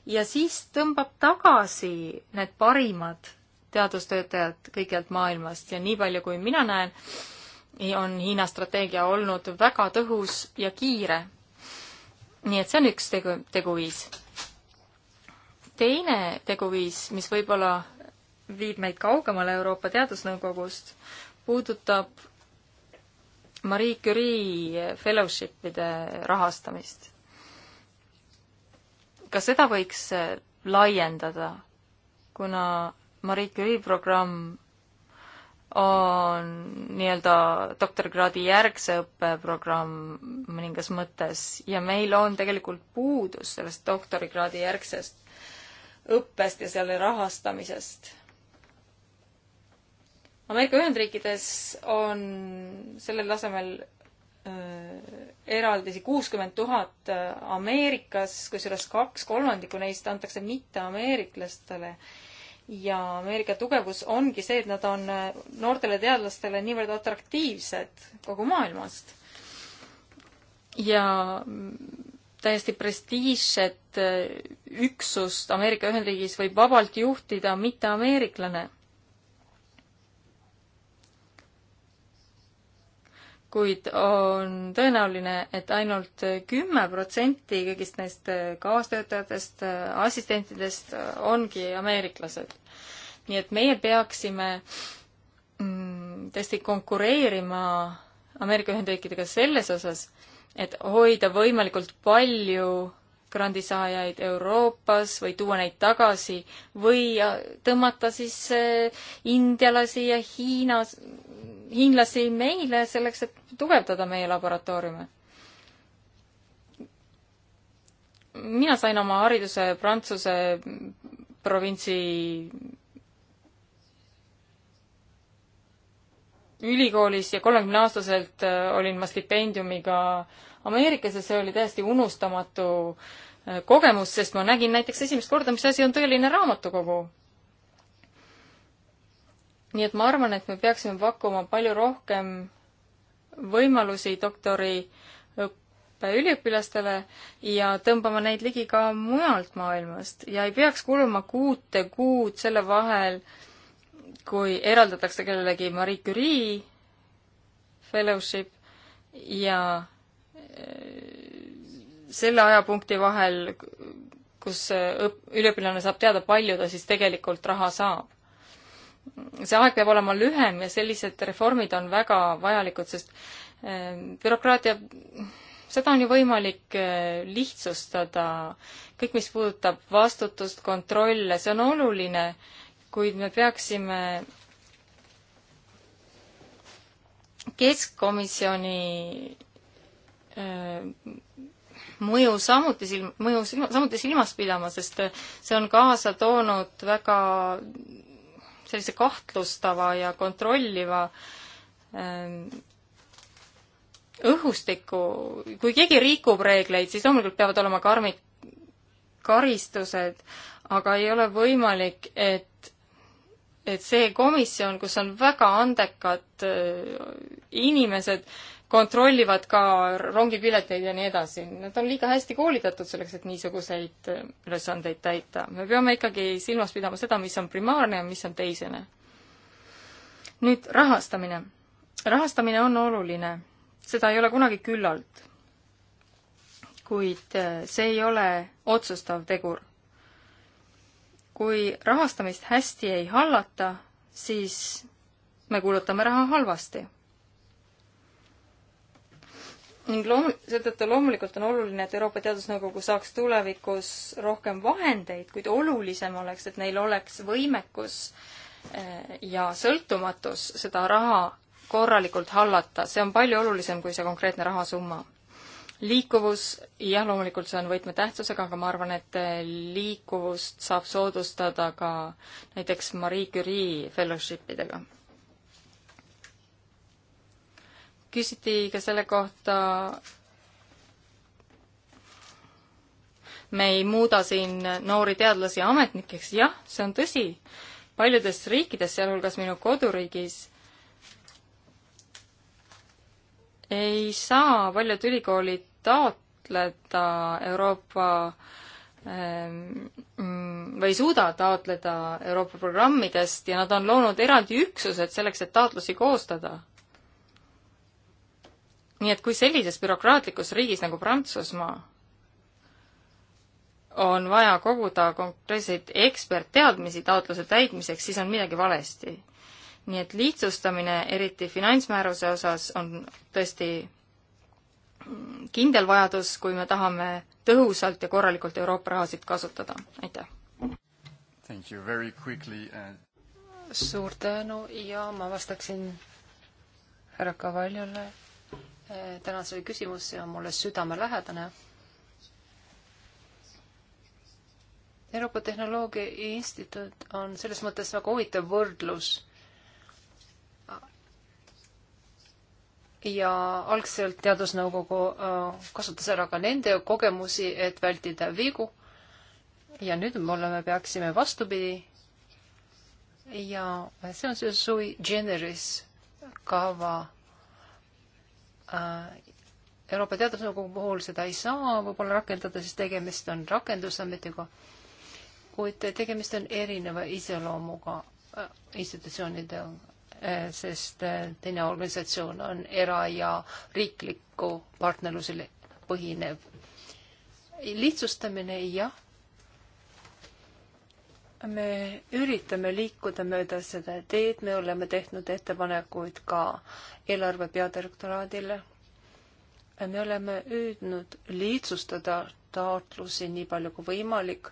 [SPEAKER 3] ja siis tõmbab tagasi need parimad teadustöötajad kõikjalt maailmast ja nii palju, kui mina näen, on Hiina strateegia olnud väga tõhus ja kiire. nii et see on üks tegu, teguviis. teine teguviis, mis võib-olla viib meid kaugemale Euroopa Teadusnõukogust, puudutab Marie Curie fellowship'ide rahastamist ka seda võiks äh, laiendada, kuna Marie Curie programm on nii-öelda doktorikraadi järgse õppeprogramm mõningas mõttes ja meil on tegelikult puudus sellest doktorikraadi järgsest õppest ja selle rahastamisest. Ameerika Ühendriikides on sellel tasemel Äh, eraldisi kuuskümmend tuhat äh, Ameerikas, kusjuures kaks kolmandikku neist antakse mitteameeriklastele. ja Ameerika tugevus ongi see, et nad on äh, noortele teadlastele niivõrd atraktiivsed kogu maailmast. ja mm, täiesti prestiižset üksust Ameerika Ühendriigis võib vabalt juhtida mitteameeriklane kuid on tõenäoline, et ainult kümme protsenti kõigist neist kaastöötajatest, assistentidest ongi ameeriklased. nii et meie peaksime mm, tõesti konkureerima Ameerika Ühendriikidega selles osas, et hoida võimalikult palju grandisaajaid Euroopas või tuua neid tagasi või tõmmata siis äh, indialasi ja Hiinas hiinlasi meile selleks, et tugevdada meie laboratooriume. mina sain oma hariduse Prantsuse provintsi ülikoolis ja kolmekümne aastaselt äh, olin ma stipendiumiga Ameerikas ja see oli täiesti unustamatu äh, kogemus, sest ma nägin näiteks esimest korda, mis asi on tõeline raamatukogu nii et ma arvan, et me peaksime pakkuma palju rohkem võimalusi doktoriõppe üliõpilastele ja tõmbama neid ligi ka mujalt maailmast ja ei peaks kuluma kuute kuud selle vahel, kui eraldatakse kellelegi Marie Curie fellowship ja äh, selle ajapunkti vahel, kus äh, õp-, üliõpilane saab teada, palju ta siis tegelikult raha saab see aeg peab olema lühem ja sellised reformid on väga vajalikud, sest eh, bürokraatia, seda on ju võimalik eh, lihtsustada. kõik, mis puudutab vastutust, kontrolle, see on oluline, kuid me peaksime keskkomisjoni eh, mõju samuti silm, mõju silma, samuti silmas pidama, sest see on kaasa toonud väga sellise kahtlustava ja kontrolliva ähm, õhustikku, kui keegi rikub reegleid, siis loomulikult peavad olema karmid karistused, aga ei ole võimalik, et, et see komisjon, kus on väga andekad äh, inimesed, kontrollivad ka rongipileteid ja nii edasi. Nad on liiga hästi koolitatud selleks, et niisuguseid äh, ülesandeid täita. me peame ikkagi silmas pidama seda, mis on primaarne ja mis on teisene. nüüd rahastamine. rahastamine on oluline, seda ei ole kunagi küllalt. kuid äh, see ei ole otsustav tegur. kui rahastamist hästi ei hallata, siis me kulutame raha halvasti ning loom-, seetõttu loomulikult on oluline, et Euroopa Teadusnõukogu saaks tulevikus rohkem vahendeid, kuid olulisem oleks, et neil oleks võimekus eh, ja sõltumatus seda raha korralikult hallata, see on palju olulisem kui see konkreetne rahasumma. liikuvus, jah, loomulikult see on võtmetähtsusega, aga ma arvan, et eh, liikuvust saab soodustada ka näiteks Marie Curie fellowship idega küsiti ka selle kohta, me ei muuda siin noori teadlasi ametnikeks, jah, see on tõsi. paljudes riikides, sealhulgas minu koduriigis, ei saa paljud ülikoolid taotleda Euroopa ehm, mm, või ei suuda taotleda Euroopa programmidest ja nad on loonud eraldi üksused selleks, et taotlusi koostada nii et kui sellises bürokraatlikus riigis nagu Prantsusmaa on vaja koguda konkreetseid ekspertteadmisi taotluse täitmiseks, siis on midagi valesti. nii et lihtsustamine, eriti finantsmääruse osas, on tõesti kindel vajadus, kui me tahame tõhusalt ja korralikult Euroopa rahasid kasutada.
[SPEAKER 1] aitäh! And... Uh, suur tänu ja ma vastaksin härra Kavaljale tänan selle küsimuse, see on mulle südamelähedane. Euroopa Tehnoloogia Instituut on selles mõttes väga huvitav võrdlus. ja algselt Teadusnõukogu äh, kasutas ära ka nende kogemusi, et vältida vigu. ja nüüd me oleme, peaksime vastupidi. ja see on see sui generis kava Äh, Euroopa Teadusnõukogu puhul seda ei saa võib-olla rakendada, sest tegemist on rakendusametiga, kuid tegemist on erineva iseloomuga äh, institutsioonidega, äh, sest teine organisatsioon on era- ja riikliku partnerlusele põhinev. lihtsustamine jah, me üritame liikuda mööda seda teed, me oleme tehnud ettepanekuid ka eelarve peadirektoraadile. me oleme püüdnud lihtsustada taotlusi nii palju kui võimalik.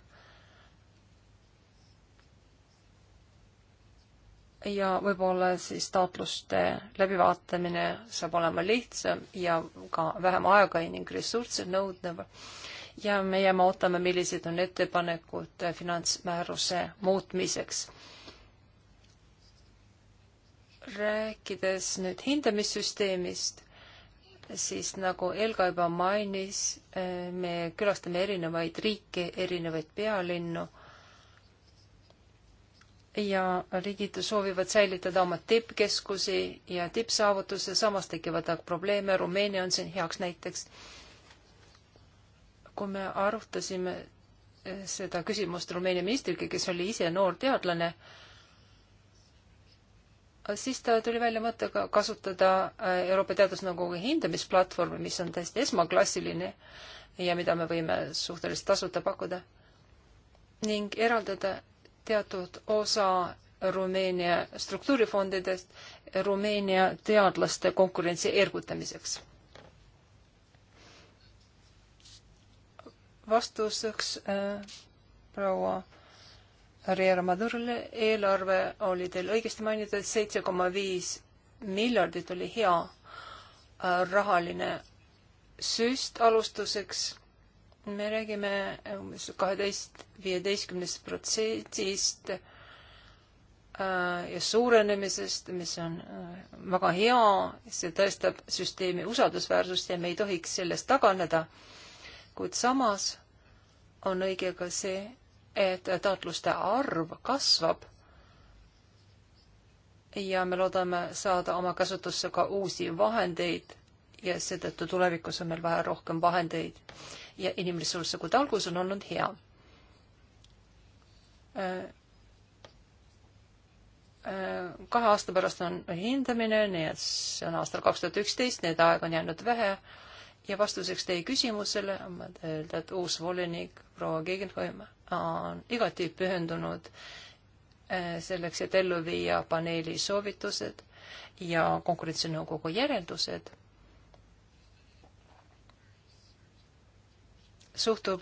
[SPEAKER 1] ja võib-olla siis taotluste läbivaatamine saab olema lihtsam ja ka vähem aega ning ressursse nõudnev ja me jääme ootama, millised on ettepanekud finantsmääruse muutmiseks. rääkides nüüd hindamissüsteemist, siis nagu Elga juba mainis, eh, me külastame erinevaid riike, erinevaid pealinnu ja riigid soovivad säilitada oma tippkeskusi ja tippsaavutuse, samas tekivad aga probleeme, Rumeenia on siin heaks näiteks kui me arutasime eh, seda küsimust Rumeenia ministriga, kes oli ise noor teadlane, siis ta tuli välja mõttega kasutada eh, Euroopa Teadusnõukogu hindamisplatvormi, mis on täiesti esmaklassiline ja mida me võime suhteliselt tasuta pakkuda, ning eraldada teatud osa Rumeenia struktuurifondidest Rumeenia teadlaste konkurentsi ergutamiseks vastuseks äh, proua Riera Madurile eelarve oli teil õigesti mainitud, seitse koma viis miljardit oli hea äh, rahaline süst alustuseks. me räägime umbes kaheteist, viieteistkümnest protsendist äh, ja suurenemisest, mis on äh, väga hea, see tõestab süsteemi usaldusväärsust ja me ei tohiks sellest taganeda. kuid samas on õige ka see, et taotluste arv kasvab ja me loodame saada oma kasutusse ka uusi vahendeid ja seetõttu tulevikus on meil vähe rohkem vahendeid ja inimressursse, kuid algus on olnud hea. Äh, äh, kahe aasta pärast on hindamine, nii et see on aastal kaks tuhat üksteist, nii et aega on jäänud vähe ja vastuseks teie küsimusele on ma öelda, et uus volinik proua Kegenholm on igati pühendunud eh, selleks, et ellu viia paneeli soovitused ja konkurentsinõukogu järeldused. suhtub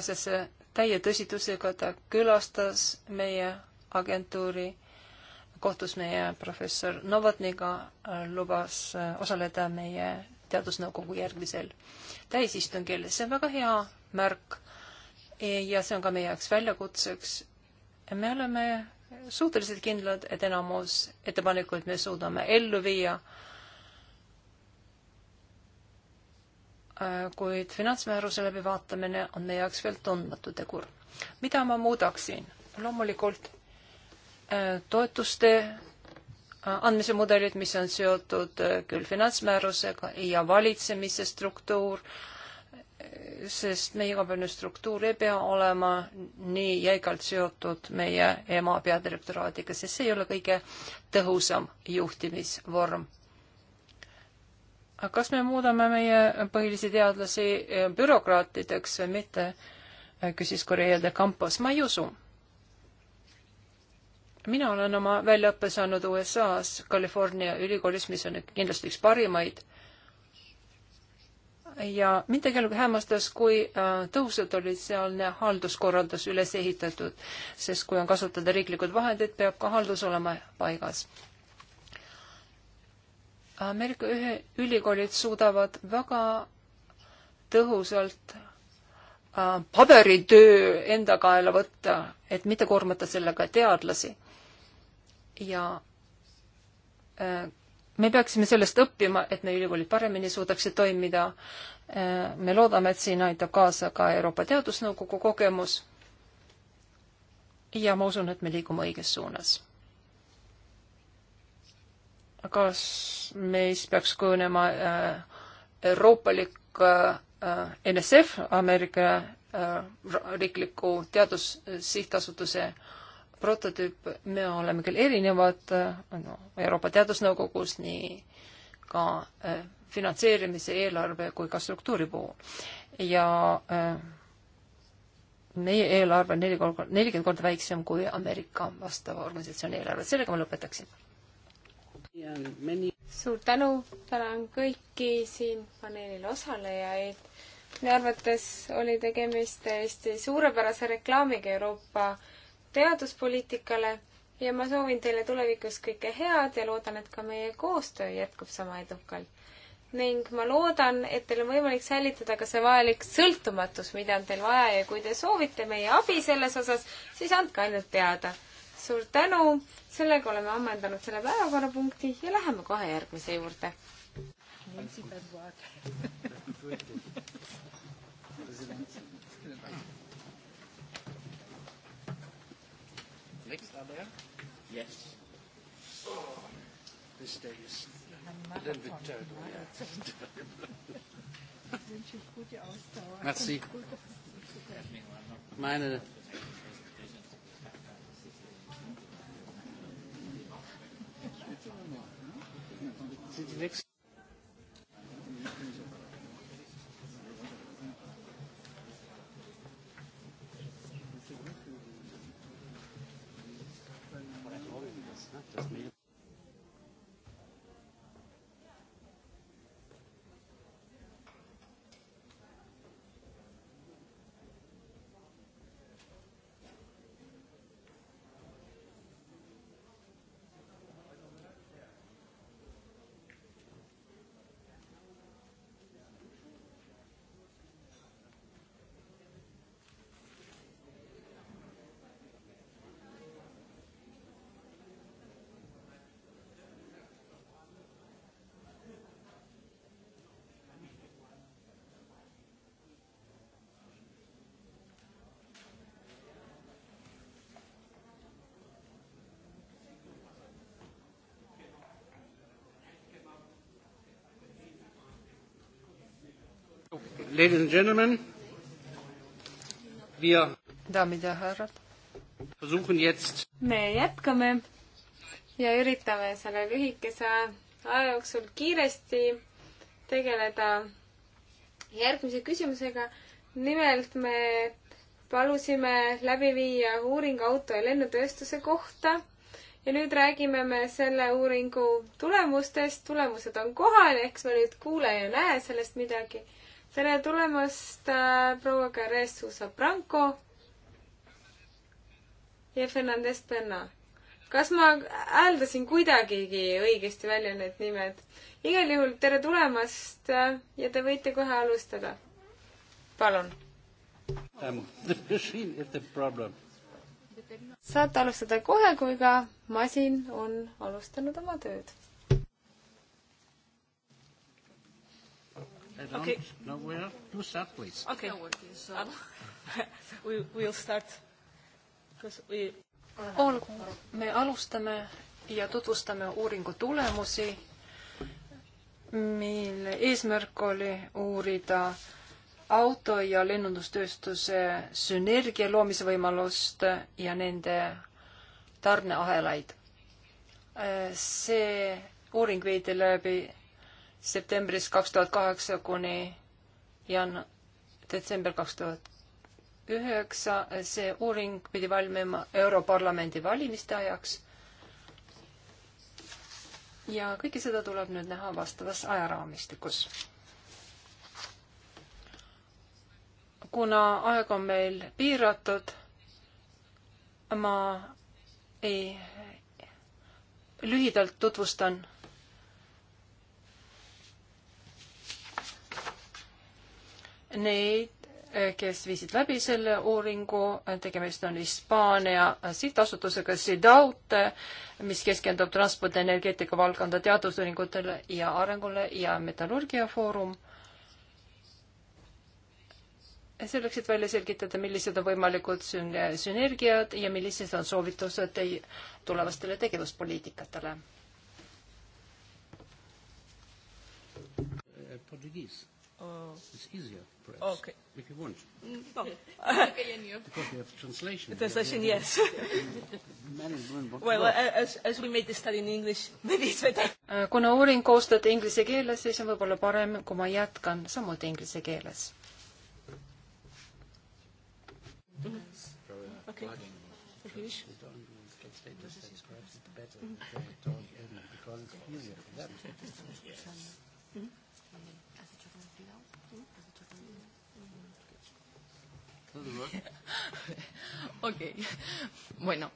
[SPEAKER 1] asjasse täie tõsidusega, ta külastas meie agentuuri kohtus meie professor Novotniga, lubas eh, osaleda meie teadusnõukogu järgmisel täisistungil. see on väga hea märk ja see on ka meie jaoks väljakutseks. me oleme suhteliselt kindlad, et enamus ettepanekuid me suudame ellu viia. kuid finantsmääruse läbivaatamine on meie jaoks veel tundmatu tegur. mida ma muudaksin? loomulikult eh, toetuste andmise mudelid, mis on seotud äh, küll finantsmäärusega ja valitsemise struktuur, sest meie igapäevane struktuur ei pea olema nii jäigalt seotud meie ema peadirektoraadiga, sest see ei ole kõige tõhusam juhtimisvorm. kas me muudame meie põhilisi teadlasi äh, bürokraatideks või mitte, äh, küsis Korea de Campos, ma ei usu mina olen oma väljaõppe saanud USA-s California ülikoolis, mis on kindlasti üks parimaid. ja mind tegelikult hämmastas, kui äh, tõhusalt oli sealne halduskorraldus üles ehitatud, sest kui on kasutada riiklikud vahendid, peab ka haldus olema paigas. Ameerika ühe ülikoolid suudavad väga tõhusalt äh, paberitöö enda kaela võtta, et mitte koormata sellega teadlasi ja äh, me peaksime sellest õppima, et meie ülikoolid paremini suudaksid toimida. Äh, me loodame, et siin aitab kaasa ka Euroopa Teadusnõukogu kogemus. ja ma usun, et me liigume õiges suunas. kas meis peaks kujunema äh, euroopalik NSF, Ameerika riikliku teadussihtasutuse prototüüp, me oleme küll erinevad no, Euroopa Teadusnõukogus nii ka äh, finantseerimise, eelarve kui ka struktuuri puhul. ja äh, meie eelarve on neli korda, nelikümmend korda väiksem kui Ameerika vastava organisatsiooni eelarve, sellega ma lõpetaksin. Meni...
[SPEAKER 2] suur tänu, tänan kõiki siin paneelil osalejaid. minu arvates oli tegemist täiesti suurepärase reklaamiga Euroopa teaduspoliitikale ja ma soovin teile tulevikus kõike head ja loodan, et ka meie koostöö jätkub sama edukalt. ning ma loodan, et teil on võimalik säilitada ka see vajalik sõltumatus, mida on teil vaja ja kui te soovite meie abi selles osas, siis andke ainult teada. suur tänu, sellega oleme ammendanud selle päevakorrapunkti ja läheme kohe järgmise juurde. Nancy Bedward.
[SPEAKER 3] these days. A little bit terrible, yeah.
[SPEAKER 1] Merci. Meine Sind die nächsten Ladies and gentlemen, wir daamid ja härrad. Versuchen jetzt.
[SPEAKER 2] me jätkame ja üritame selle lühikese aja jooksul kiiresti tegeleda järgmise küsimusega. nimelt me palusime läbi viia uuring auto ja lennutööstuse kohta ja nüüd räägime me selle uuringu tulemustest. tulemused on kohal, eks me nüüd kuule ja näe sellest midagi tere tulemast äh,, proua Carres Susa Branco ja Fernandez Penna. kas ma hääldasin kuidagigi õigesti välja need nimed? igal juhul tere tulemast äh, ja te võite kohe alustada. palun um,. saate alustada kohe, kui ka masin on alustanud oma tööd I don't okay. know where to start, please.
[SPEAKER 3] Okay. Working, um, we, we'll start.
[SPEAKER 1] We... olgu, me alustame ja tutvustame uuringu tulemusi, mille eesmärk oli uurida auto- ja lennundustööstuse sünergia loomise võimalust ja nende tarneahelaid. Äh, see uuring viidi läbi septembrist kaks tuhat kaheksa kuni jaan-, detsember kaks tuhat üheksa, see uuring pidi valmima Europarlamendi valimiste ajaks. ja kõike seda tuleb nüüd näha vastavas ajaraamistikus. kuna aeg on meil piiratud, ma ei, lühidalt tutvustan neid, kes viisid läbi selle uuringu, tegemist on Hispaania sihtasutusega SIDAUT, mis keskendub transpordi, energeetika valdkonda teadusuuringutele ja arengule ja metallurgiafoorum selleks, et välja selgitada, millised on võimalikud sünergiad ja millised on soovitused teie tulevastele tegevuspoliitikatele. Eh, Portugiis Oh. It's easier, perhaps. Oh, okay. If you want. Mm, no. because we have translation. Translation, yes. well, uh, as, as we made the study in English, maybe it's better. Uh, kuna uuring koostati inglise keeles, siis on võib-olla parem, kui ma jätkan samuti inglise keeles. Okay. If you wish. Mm-hmm. ok.
[SPEAKER 3] Bueno,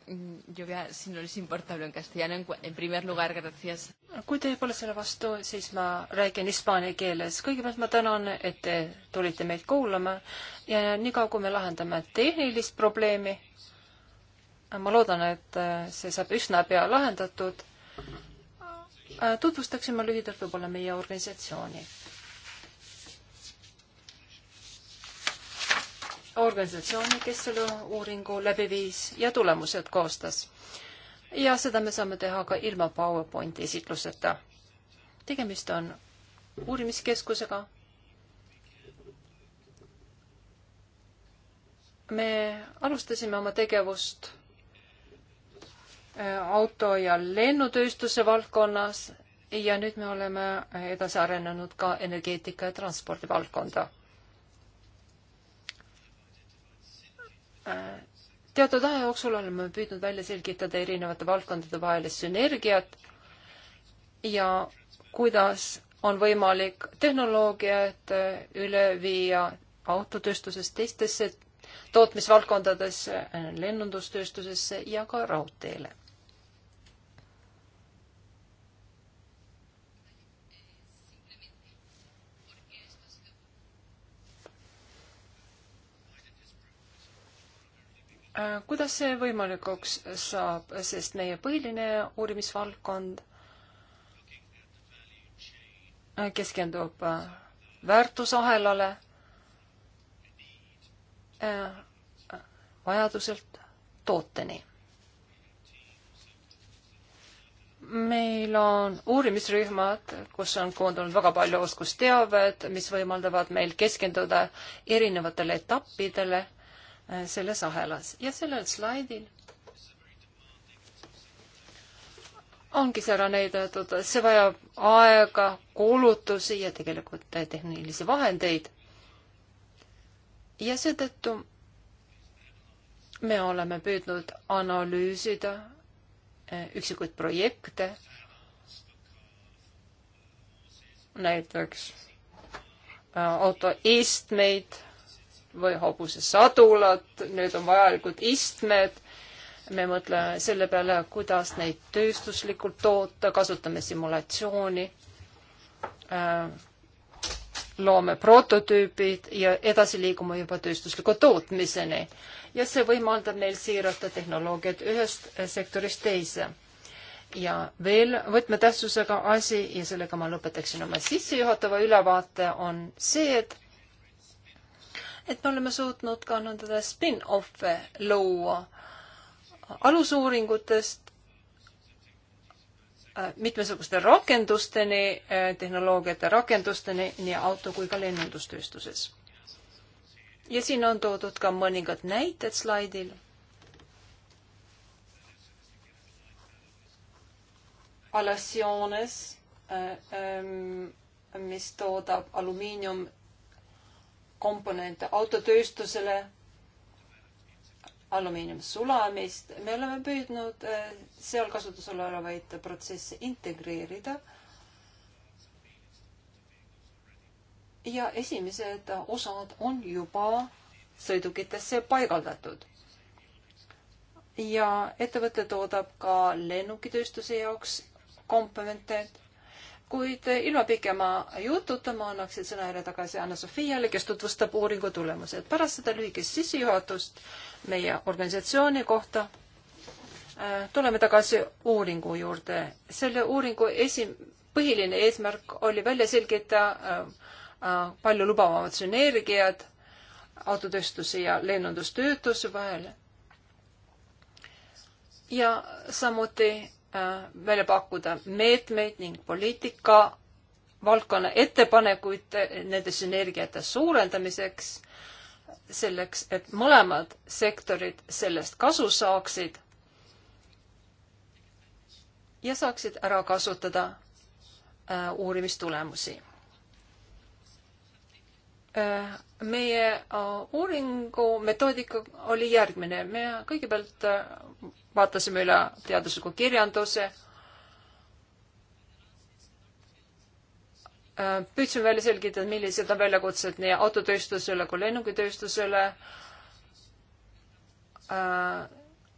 [SPEAKER 3] yo voy a, si no les importa, hablo en castellano. En, en primer lugar, gracias.
[SPEAKER 1] Kui teie pole selle vastu, siis ma räägin hispaania keeles. Kõigepealt ma tänan, et te tulite meid kuulama ja niikaua, kui me lahendame tehnilist probleemi, ma loodan, et see saab üsna pea lahendatud, tutvustaksin ma lühidalt võib-olla meie organisatsiooni organisatsiooni, kes selle uuringu läbi viis ja tulemused koostas. ja seda me saame teha ka ilma PowerPointi esitluseta. tegemist on uurimiskeskusega. me alustasime oma tegevust äh, auto- ja lennutööstuse valdkonnas ja nüüd me oleme edasi arenenud ka energeetika ja transpordi valdkonda teatud aja jooksul oleme püüdnud välja selgitada erinevate valdkondade vahelist sünergiat ja kuidas on võimalik tehnoloogiat eh, üle viia autotööstusest teistesse tootmisvaldkondadesse, lennundustööstusesse ja ka raudteele. Äh, kuidas see võimalikuks saab, sest meie põhiline uurimisvaldkond äh, keskendub äh, väärtusahelale vajaduselt tooteni. meil on uurimisrühmad, kus on koondunud väga palju oskusteavet, mis võimaldavad meil keskenduda erinevatele etappidele Äh, selles ahelas ja sellel slaidil ongi see ära näidatud, see vajab aega, kulutusi ja tegelikult äh, tehnilisi vahendeid. ja seetõttu me oleme püüdnud analüüsida äh, üksikuid projekte, näiteks autoistmeid või hobuse sadulat, need on vajalikud istmed. me mõtleme selle peale, kuidas neid tööstuslikult toota, kasutame simulatsiooni, äh, loome prototüübid ja edasi liigume juba tööstusliku tootmiseni. ja see võimaldab neil siirata tehnoloogiat ühest äh, sektorist teise ja veel võtmetähtsusega asi ja sellega ma lõpetaksin oma sissejuhatava ülevaate, on see, et et me oleme suutnud ka nõnda spin-off'e luua alusuuringutest äh, mitmesuguste rakendusteni, äh, tehnoloogiate rakendusteni nii auto kui ka lennundustööstuses. ja siin on toodud ka mõningad näited slaidil. Alaciones, äh, ähm, mis toodab alumiinium komponente autotööstusele, alumiiniumi sulamist, me oleme püüdnud eh, seal kasutusel olevaid protsesse integreerida. ja esimesed osad on juba sõidukitesse paigaldatud. ja ettevõte toodab ka lennukitööstuse jaoks komponente kuid ilma pikema jututa ma annaksin sõna jälle tagasi Anna-Sofiale, kes tutvustab uuringu tulemused. pärast seda lühikest sissejuhatust meie organisatsiooni kohta äh, tuleme tagasi uuringu juurde. selle uuringu esi-, põhiline eesmärk oli välja selgitada äh, äh, paljulubavamad sünergiad autotööstuse ja lennundustöötluse vahel ja samuti Äh, välja pakkuda meetmeid ning poliitika valdkonna ettepanekuid äh, nende sünergiate suurendamiseks, selleks, et mõlemad sektorid sellest kasu saaksid ja saaksid ära kasutada äh, uurimistulemusi. meie uuringu metoodika oli järgmine. me kõigepealt vaatasime üle teadusliku kirjanduse, äh, püüdsime välja selgitada, millised on väljakutsed nii autotööstusele kui lennukitööstusele, äh,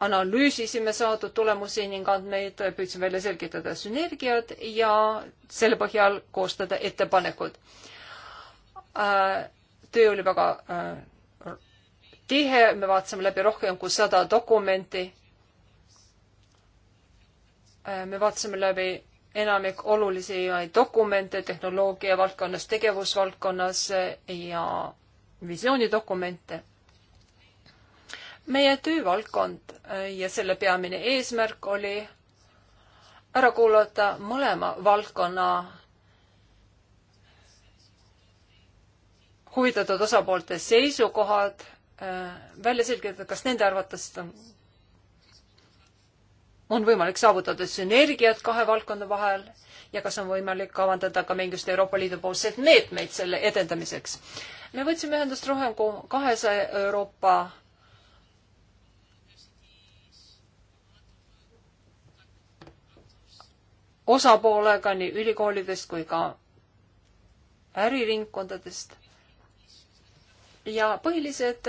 [SPEAKER 1] analüüsisime saadud tulemusi ning andmeid, püüdsime välja selgitada sünergiad ja selle põhjal koostada ettepanekud. Äh, töö oli väga tihe, me vaatasime läbi rohkem kui sada dokumenti Äh, me vaatasime läbi enamik olulisi dokumente tehnoloogia valdkonnas, tegevusvaldkonnas äh, ja visioonidokumente. meie töövaldkond äh, ja selle peamine eesmärk oli ära kuulata mõlema valdkonna huvitatud osapoolte seisukohad, välja selgitada, kas nende arvates on on võimalik saavutada sünergiat kahe valdkonna vahel ja kas on võimalik kavandada ka mingisuguseid Euroopa Liidu poolseid meetmeid selle edendamiseks. me võtsime ühendust rohkem kui kahesaja Euroopa osapoolega nii ülikoolidest kui ka äriringkondadest ja põhilised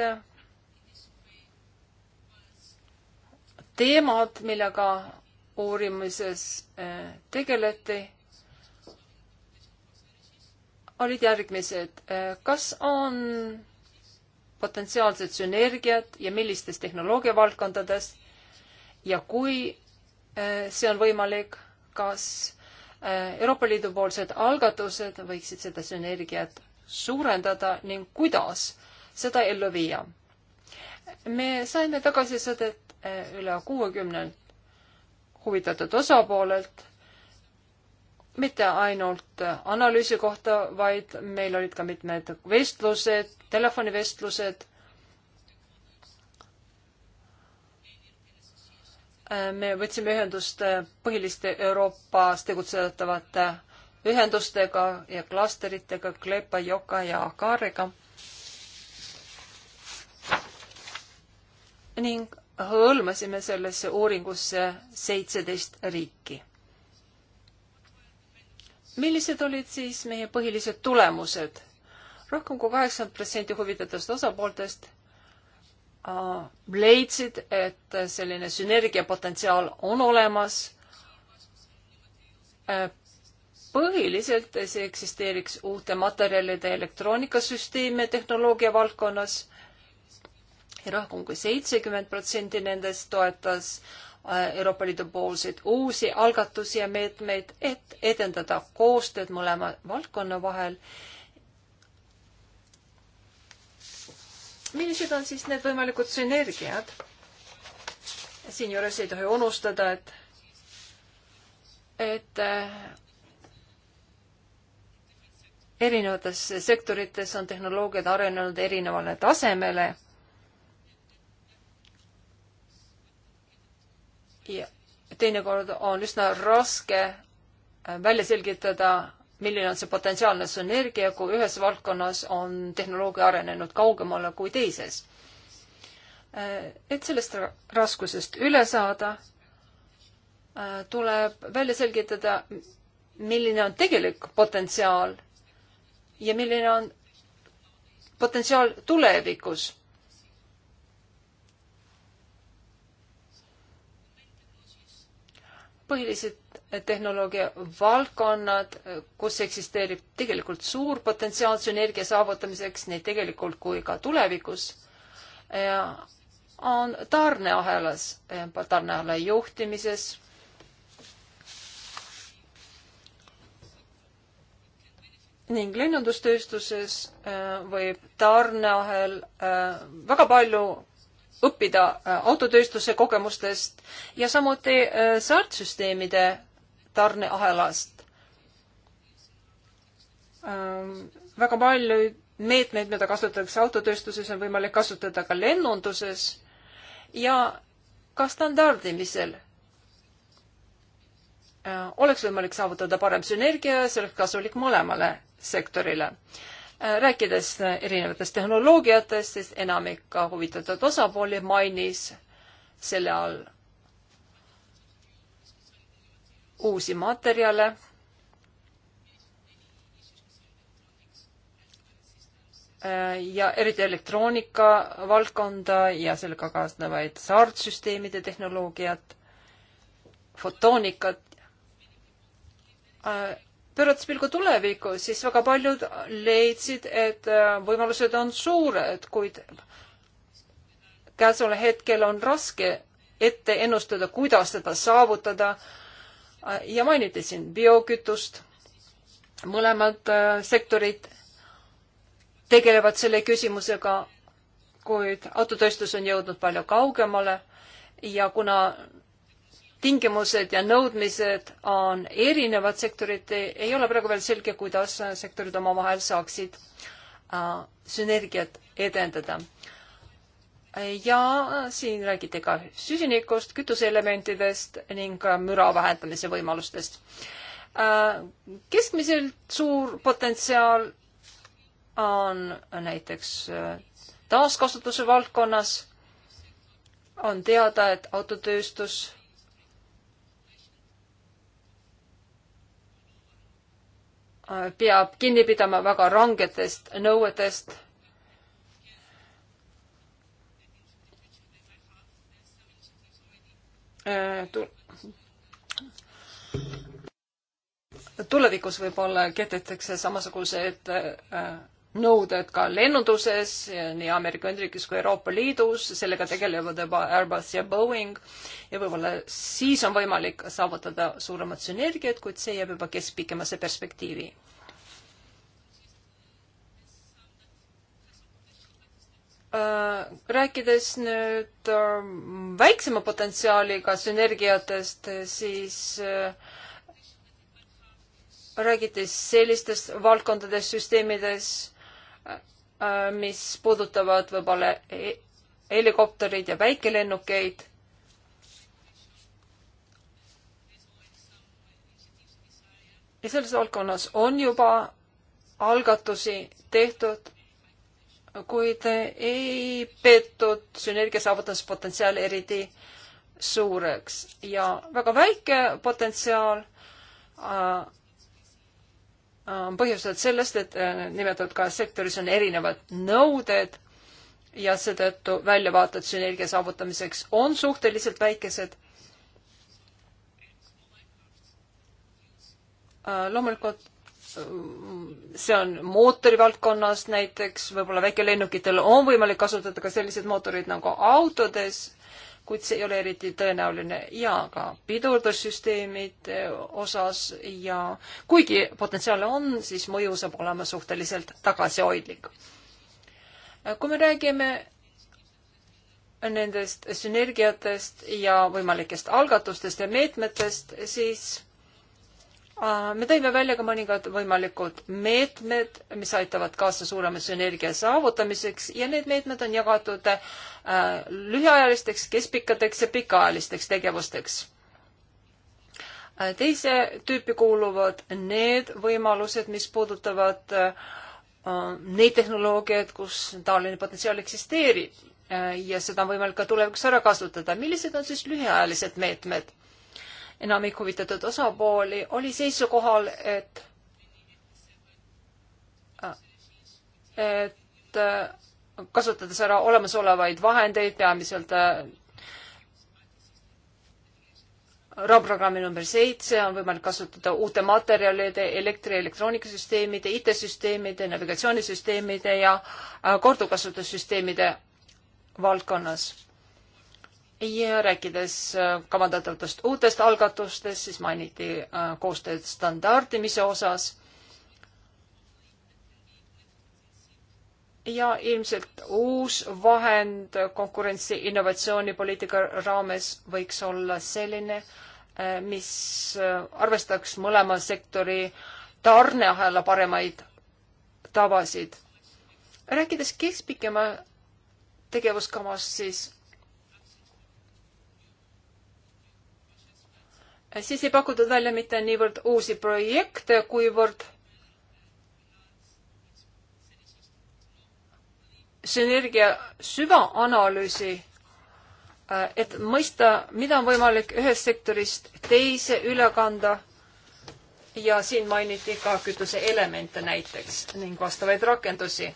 [SPEAKER 1] teemad, millega uurimises eh, tegeleti, olid järgmised. Eh, kas on potentsiaalsed sünergiad ja millistes tehnoloogiavaldkondades ja kui eh, see on võimalik, kas Euroopa Liidu poolsed algatused võiksid seda sünergiat suurendada ning kuidas seda ellu viia? me saime tagasisidet eh, üle kuuekümnelt huvitatud osapoolelt, mitte ainult eh, analüüsi kohta, vaid meil olid ka mitmed vestlused, telefonivestlused. Eh, me võtsime ühendust põhiliste Euroopas tegutsetavate ühendustega ja klastritega, Klepa, Joka ja Akariga ning hõlmasime sellesse uuringusse seitseteist riiki. millised olid siis meie põhilised tulemused? rohkem kui kaheksakümmend protsenti huvitatavast osapooltest äh, leidsid, et selline sünergiapotentsiaal on olemas. Äh, põhiliselt see eksisteeriks uute materjalide elektroonikasüsteemi tehnoloogia valdkonnas ja rohkem kui seitsekümmend protsenti nendest toetas äh, Euroopa Liidu poolseid uusi algatusi ja meetmeid, et edendada koostööd mõlema valdkonna vahel. millised on siis need võimalikud sünergiad? siinjuures ei tohi unustada, et, et äh, erinevates sektorites on tehnoloogiad arenenud erinevale tasemele ja teinekord on üsna raske äh, välja selgitada, milline on see potentsiaalne sünergia, kui ühes valdkonnas on tehnoloogia arenenud kaugemale kui teises. Äh, et sellest raskusest üle saada, äh, tuleb välja selgitada, milline on tegelik potentsiaal ja milline on potentsiaal tulevikus põhilised tehnoloogia valdkonnad, kus eksisteerib tegelikult suur potentsiaal sünergia saavutamiseks nii tegelikult kui ka tulevikus, on tarneahelas, tarneahela juhtimises, ning lennundustööstuses äh, võib tarneahel äh, väga palju õppida äh, autotööstuse kogemustest ja samuti äh, saartsüsteemide tarneahelast. Ähm, väga palju meetmeid, mida kasutatakse autotööstuses, on võimalik kasutada ka lennunduses ja ka standardimisel äh, oleks võimalik saavutada parem sünergia ja see oleks kasulik mõlemale sektorile Äh, rääkides äh, erinevatest tehnoloogiatest, siis enamik ka huvitatud osapooli mainis selle all uusi materjale äh, ja eriti elektroonika valdkonda ja sellega kaasnevaid saartsüsteemide tehnoloogiat, fotoonikat pöörates pilgu tulevikku, siis väga paljud leidsid, et äh, võimalused on suured, kuid käesoleval hetkel on raske ette ennustada, kuidas seda saavutada. Äh, ja mainiti siin biokütust. mõlemad äh, sektorid tegelevad selle küsimusega, kuid autotööstus on jõudnud palju kaugemale ja kuna tingimused ja nõudmised on erinevad sektorite, ei ole praegu veel selge, kuidas sektorid omavahel saaksid äh, sünergiat edendada. ja siin räägiti ka süsinikust, kütuseelementidest ning müra vähendamise võimalustest äh,. keskmiselt suur potentsiaal on näiteks äh, taaskasutuse valdkonnas on teada, et autotööstus Äh, peab kinni pidama väga rangetest nõuetest. Äh, tulevikus võib-olla kehtestatakse samasugused äh, nõuded ka lennunduses, nii Ameerika Ühendriikides kui Euroopa Liidus, sellega tegelevad juba Airbus ja Boeing ja võib-olla siis on võimalik saavutada suuremat sünergiat, kuid see jääb juba keskpikemasse perspektiivi. Äh, rääkides nüüd äh, väiksema potentsiaaliga sünergiatest, siis äh, räägiti sellistest valdkondades, süsteemides Äh, mis puudutavad võib-olla e-, helikopterid ja väikelennukeid. ja selles valdkonnas on juba algatusi tehtud, kuid ei peetud sünergia saavutuspotentsiaali eriti suureks ja väga väike potentsiaal äh, on põhjustatud sellest, et äh, nimetatud kahes sektoris on erinevad nõuded ja seetõttu väljavaated sünergia saavutamiseks on suhteliselt väikesed. Äh, loomulikult äh, see on mootori valdkonnas näiteks, võib-olla väikelennukitel on võimalik kasutada ka selliseid mootoreid nagu autodes kuid see ei ole eriti tõenäoline ja ka pidurdussüsteemide eh, osas ja kuigi potentsiaale on, siis mõju saab olema suhteliselt tagasihoidlik. Eh, kui me räägime nendest sünergiatest ja võimalikest algatustest ja meetmetest, siis Äh, me tõime välja ka mõningad võimalikud meetmed, mis aitavad kaasa suurema sünergia saavutamiseks ja need meetmed on jagatud äh, lühiajalisteks, keskpikkadeks ja pikaajalisteks tegevusteks. Äh, teise tüüpi kuuluvad need võimalused, mis puudutavad äh, neid tehnoloogiaid, kus taoline potentsiaal eksisteerib äh, ja seda on võimalik ka tulevikus ära kasutada. millised on siis lühiajalised meetmed? enamik huvitatud osapooli oli seisukohal, et, et kasutades ära olemasolevaid vahendeid, peamiselt äh, raamprogrammi number seitse on võimalik kasutada uute materjalide, elektri- ja elektroonikasüsteemide, IT-süsteemide, navigatsioonisüsteemide ja äh, korduvkasutussüsteemide valdkonnas ja rääkides äh, kavandatavatest uutest algatustest, siis mainiti äh, koostööd standardimise osas. ja ilmselt uus vahend konkurentsi innovatsioonipoliitika raames võiks olla selline, äh, mis arvestaks mõlema sektori tarneahela paremaid tavasid. rääkides keskpikema tegevuskavast, siis siis ei pakutud välja mitte niivõrd uusi projekte, kuivõrd sünergia süvaanalüüsi, äh, et mõista, mida on võimalik ühest sektorist teise üle kanda. ja siin mainiti ka kütuseelemente näiteks ning vastavaid rakendusi.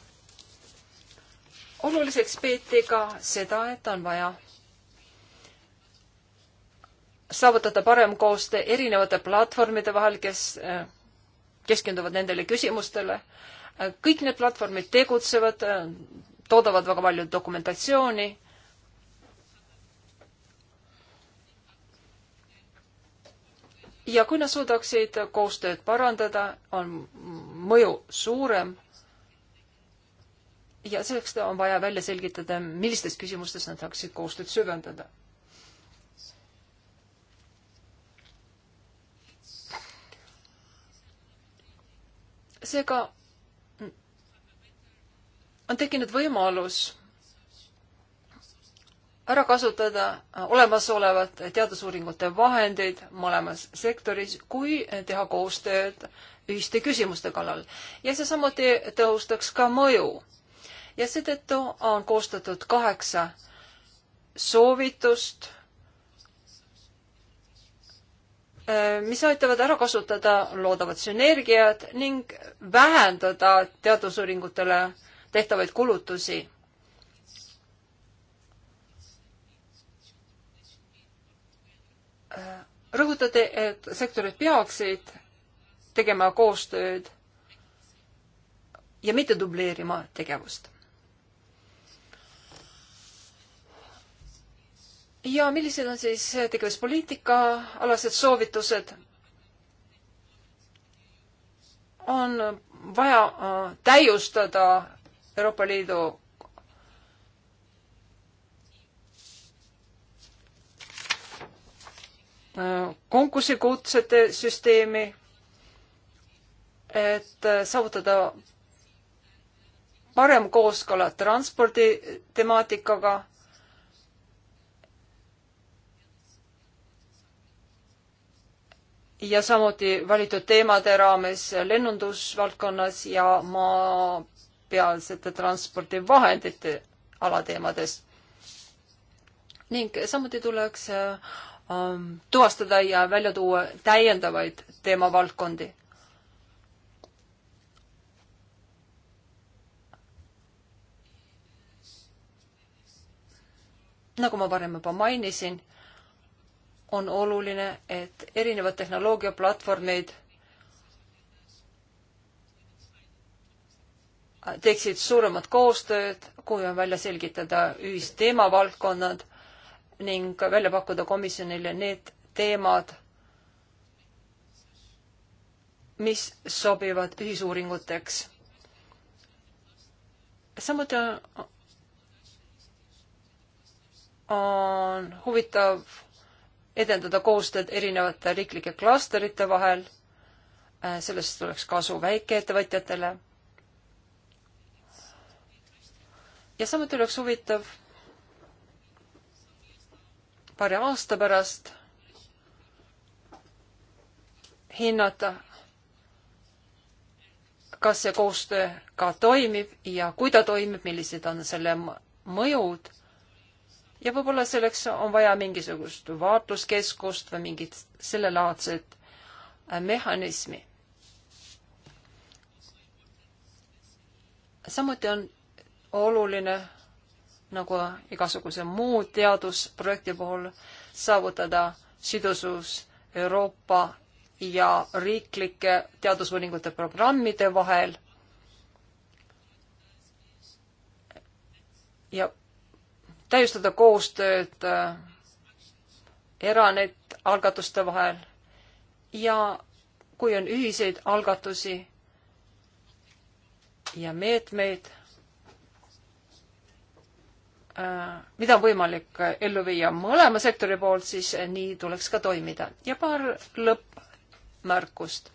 [SPEAKER 1] oluliseks peeti ka seda, et on vaja saavutada parem koostöö erinevate platvormide vahel, kes äh, keskenduvad nendele küsimustele. Äh, kõik need platvormid tegutsevad, äh, toodavad väga palju dokumentatsiooni ja kui nad suudaksid koostööd parandada, on mõju suurem. ja selleks on vaja välja selgitada, millistes küsimustes nad saaksid koostööd süvendada. seega on tekkinud võimalus ära kasutada olemasolevat teadusuuringute vahendeid mõlemas sektoris, kui teha koostööd ühiste küsimuste kallal. ja see samuti tõhustaks ka mõju. ja seetõttu on koostatud kaheksa soovitust Äh, mis aitavad ära kasutada loodavat sünergiat ning vähendada teadusuuringutele tehtavaid kulutusi äh, rõhutate, et sektorid peaksid tegema koostööd ja mitte dubleerima tegevust. ja millised on siis tegevuspoliitika alased soovitused? on vaja äh, täiustada Euroopa Liidu konkursikutsete süsteemi, et äh, saavutada parem kooskõla transpordi temaatikaga ja samuti valitud teemade raames lennundusvaldkonnas ja maapealsete transpordivahendite alateemades. ning samuti tuleks äh, ähm, tuvastada ja välja tuua täiendavaid teemavaldkondi. nagu ma varem juba mainisin on oluline, et erinevad tehnoloogiaplatvormid teeksid suuremat koostööd, kui on välja selgitada ühisteemavaldkonnad ning välja pakkuda komisjonile need teemad, mis sobivad ühisuuringuteks. samuti on, on huvitav edendada koostööd erinevate riiklike klasterite vahel. Äh, sellest oleks kasu väikeettevõtjatele. ja samuti oleks huvitav paari aasta pärast hinnata, kas see koostöö ka toimib ja kui ta toimib, millised on selle mõjud ja võib-olla selleks on vaja mingisugust vaatluskeskust või mingit sellelaadset äh, mehhanismi. samuti on oluline nagu igasuguse muu teadusprojekti puhul saavutada sidusus Euroopa ja riiklike teadusuuringute programmide vahel ja täiustada koostööd äh, eranet algatuste vahel ja kui on ühiseid algatusi ja meetmeid, äh, mida on võimalik ellu viia mõlema sektori poolt, siis nii tuleks ka toimida. ja paar lõppmärkust.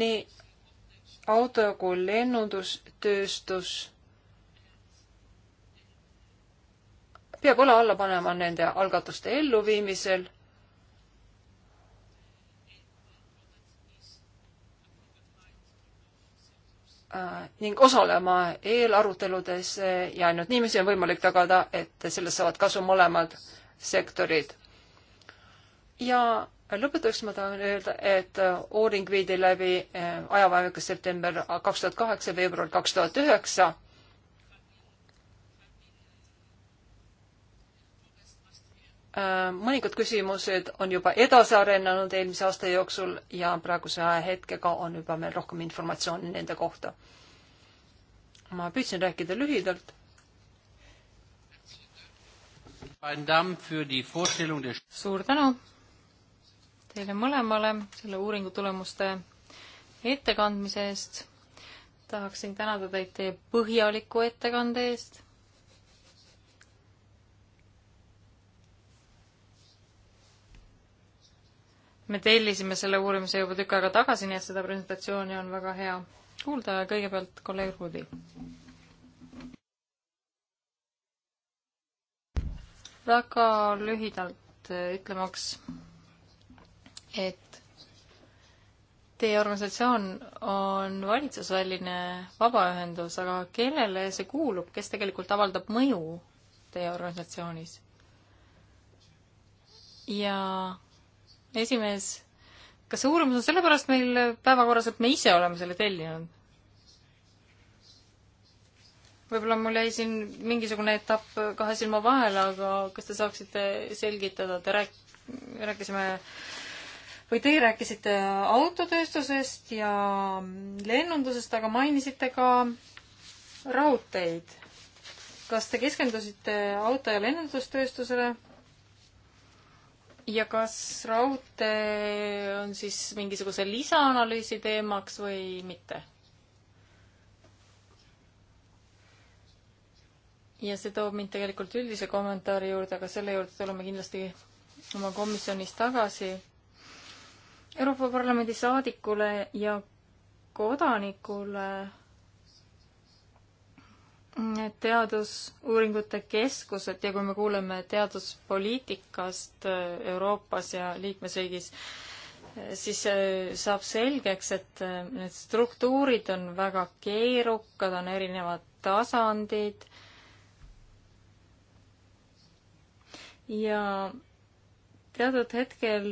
[SPEAKER 1] nii auto kui lennundustööstus peab õla alla panema nende algatuste elluviimisel äh, ning osalema eelaruteludes äh, ja ainult niiviisi on võimalik tagada, et sellest saavad kasu mõlemad sektorid. ja lõpetuseks ma tahan öelda, et äh, uuring viidi läbi ajavahemikus september kaks tuhat kaheksa, veebruar kaks tuhat üheksa Äh, mõningad küsimused on juba edasi arenenud eelmise aasta jooksul ja praeguse hetkega on juba meil rohkem informatsiooni nende kohta. ma püüdsin rääkida lühidalt. suur tänu
[SPEAKER 3] teile mõlemale selle uuringu tulemuste ettekandmise eest. tahaksin tänada teid teie põhjaliku ettekande eest me tellisime selle uurimise juba tükk aega tagasi, nii et seda presentatsiooni on väga hea kuulda ja kõigepealt kolleeg Rudi.
[SPEAKER 1] väga lühidalt ütlemaks,
[SPEAKER 3] et teie organisatsioon on valitsusväline vabaühendus, aga kellele see kuulub, kes tegelikult avaldab mõju teie organisatsioonis? ja esimees, kas see uurimus on sellepärast meil päevakorras, et me ise oleme selle tellinud? võib-olla mul jäi siin mingisugune etapp kahe silma vahele, aga kas te saaksite selgitada, te rääk-, rääkisime või teie rääkisite autotööstusest ja lennundusest, aga mainisite ka raudteid. kas te keskendusite auto- ja lennundustööstusele? ja kas raudtee on siis mingisuguse lisaanalüüsi teemaks või mitte? ja see toob mind tegelikult üldise kommentaari juurde, aga selle juurde tuleme kindlasti oma komisjonis tagasi. Euroopa Parlamendi saadikule ja kodanikule teadusuuringute keskused ja kui me kuuleme teaduspoliitikast äh, Euroopas ja liikmesriigis, äh, siis äh, saab selgeks, et need struktuurid on väga keerukad, on erinevad tasandid ja teatud hetkel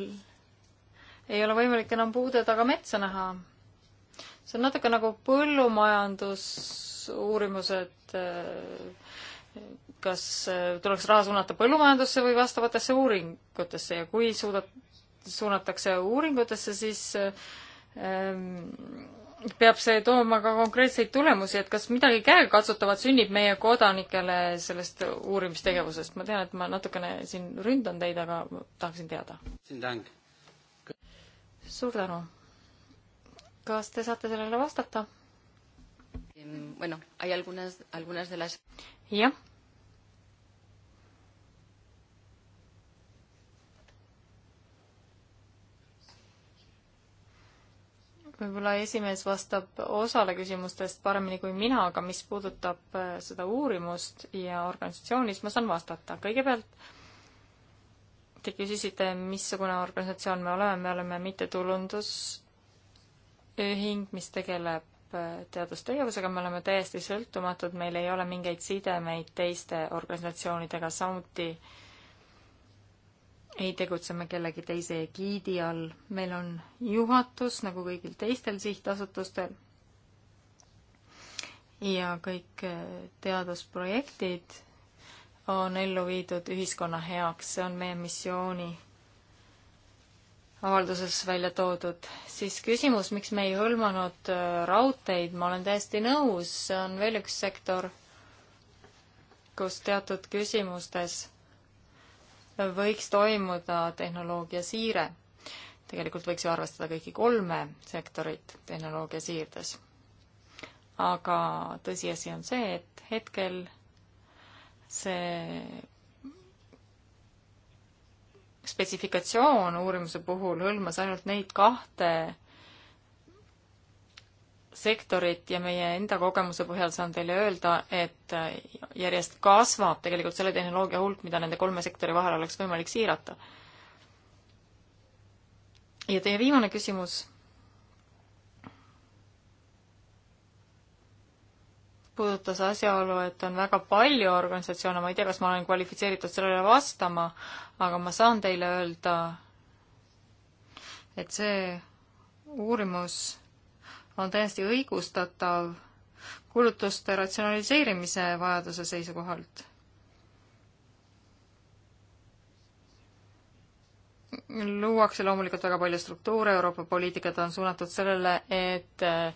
[SPEAKER 3] ei ole võimalik enam puude taga metsa näha. see on natuke nagu põllumajandus uurimused, kas tuleks raha suunata põllumajandusse või vastavatesse uuringutesse ja kui suudat-, suunatakse uuringutesse, siis ähm, peab see tooma ka konkreetseid tulemusi, et kas midagi käegakatsutavat sünnib meie kodanikele sellest uurimistegevusest. ma tean, et ma natukene siin ründan teid, aga tahaksin teada. suur tänu. kas te saate sellele vastata? bueno, hay algunas, algunas de las... jah. võib-olla esimees vastab osale küsimustest paremini kui mina, aga mis puudutab äh, seda uurimust ja organisatsiooni, siis ma saan vastata. kõigepealt te küsisite, missugune organisatsioon me oleme, me oleme mittetulundusühing, mis tegeleb Äh, teadustegevusega, me oleme täiesti sõltumatud, meil ei ole mingeid sidemeid teiste organisatsioonidega, samuti ei tegutse me kellegi teise egiidi all. meil on juhatus, nagu kõigil teistel sihtasutustel, ja kõik äh, teadusprojektid on ellu viidud ühiskonna heaks, see on meie missiooni avalduses välja toodud, siis küsimus, miks me ei hõlmanud äh, raudteid, ma olen täiesti nõus, see on veel üks sektor, kus teatud küsimustes võiks toimuda tehnoloogia siire. tegelikult võiks ju arvestada kõiki kolme sektorit tehnoloogia siirdes. aga tõsiasi on see, et hetkel see spetsifikatsioon uurimuse puhul hõlmas ainult neid kahte sektorit ja meie enda kogemuse põhjal saan teile öelda, et järjest kasvab tegelikult selle tehnoloogia hulk, mida nende kolme sektori vahel oleks võimalik siirata. ja teie viimane küsimus puudutas asjaolu, et on väga palju organisatsioone, ma ei tea, kas ma olen kvalifitseeritud sellele vastama, aga ma saan teile öelda, et see uurimus on täiesti õigustatav kulutuste ratsionaliseerimise vajaduse seisukohalt luuakse loomulikult väga palju struktuure, Euroopa poliitikad on suunatud sellele, et äh,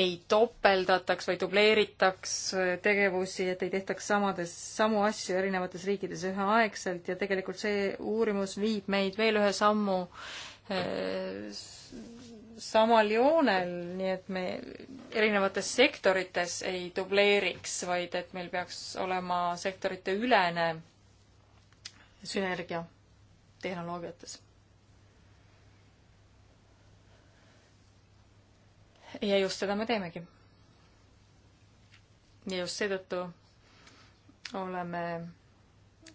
[SPEAKER 3] ei topeldataks või dubleeritaks äh, tegevusi, et ei tehtaks samades, samu asju erinevates riikides üheaegselt ja tegelikult see uurimus viib meid veel ühe sammu äh, samal joonel, nii et me erinevates sektorites ei dubleeriks, vaid et meil peaks olema sektorite ülene sünergia tehnoloogiates. ja just seda me teemegi. ja just seetõttu oleme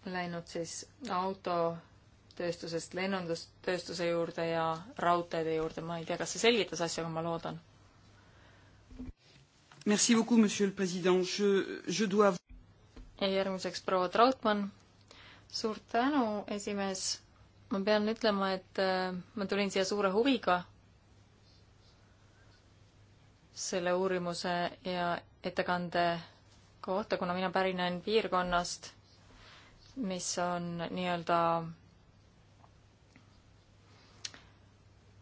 [SPEAKER 3] läinud siis autotööstusest lennundustööstuse juurde ja raudteede juurde, ma ei tea, kas see selgitas asja, aga ma loodan.
[SPEAKER 2] Merci beaucoup, monsieur le président, je, je dois.
[SPEAKER 3] ja järgmiseks proua Trautmann. suur tänu, esimees ma pean ütlema, et äh, ma tulin siia suure huviga selle uurimuse ja ettekande kohta, kuna mina pärinen piirkonnast, mis on nii-öelda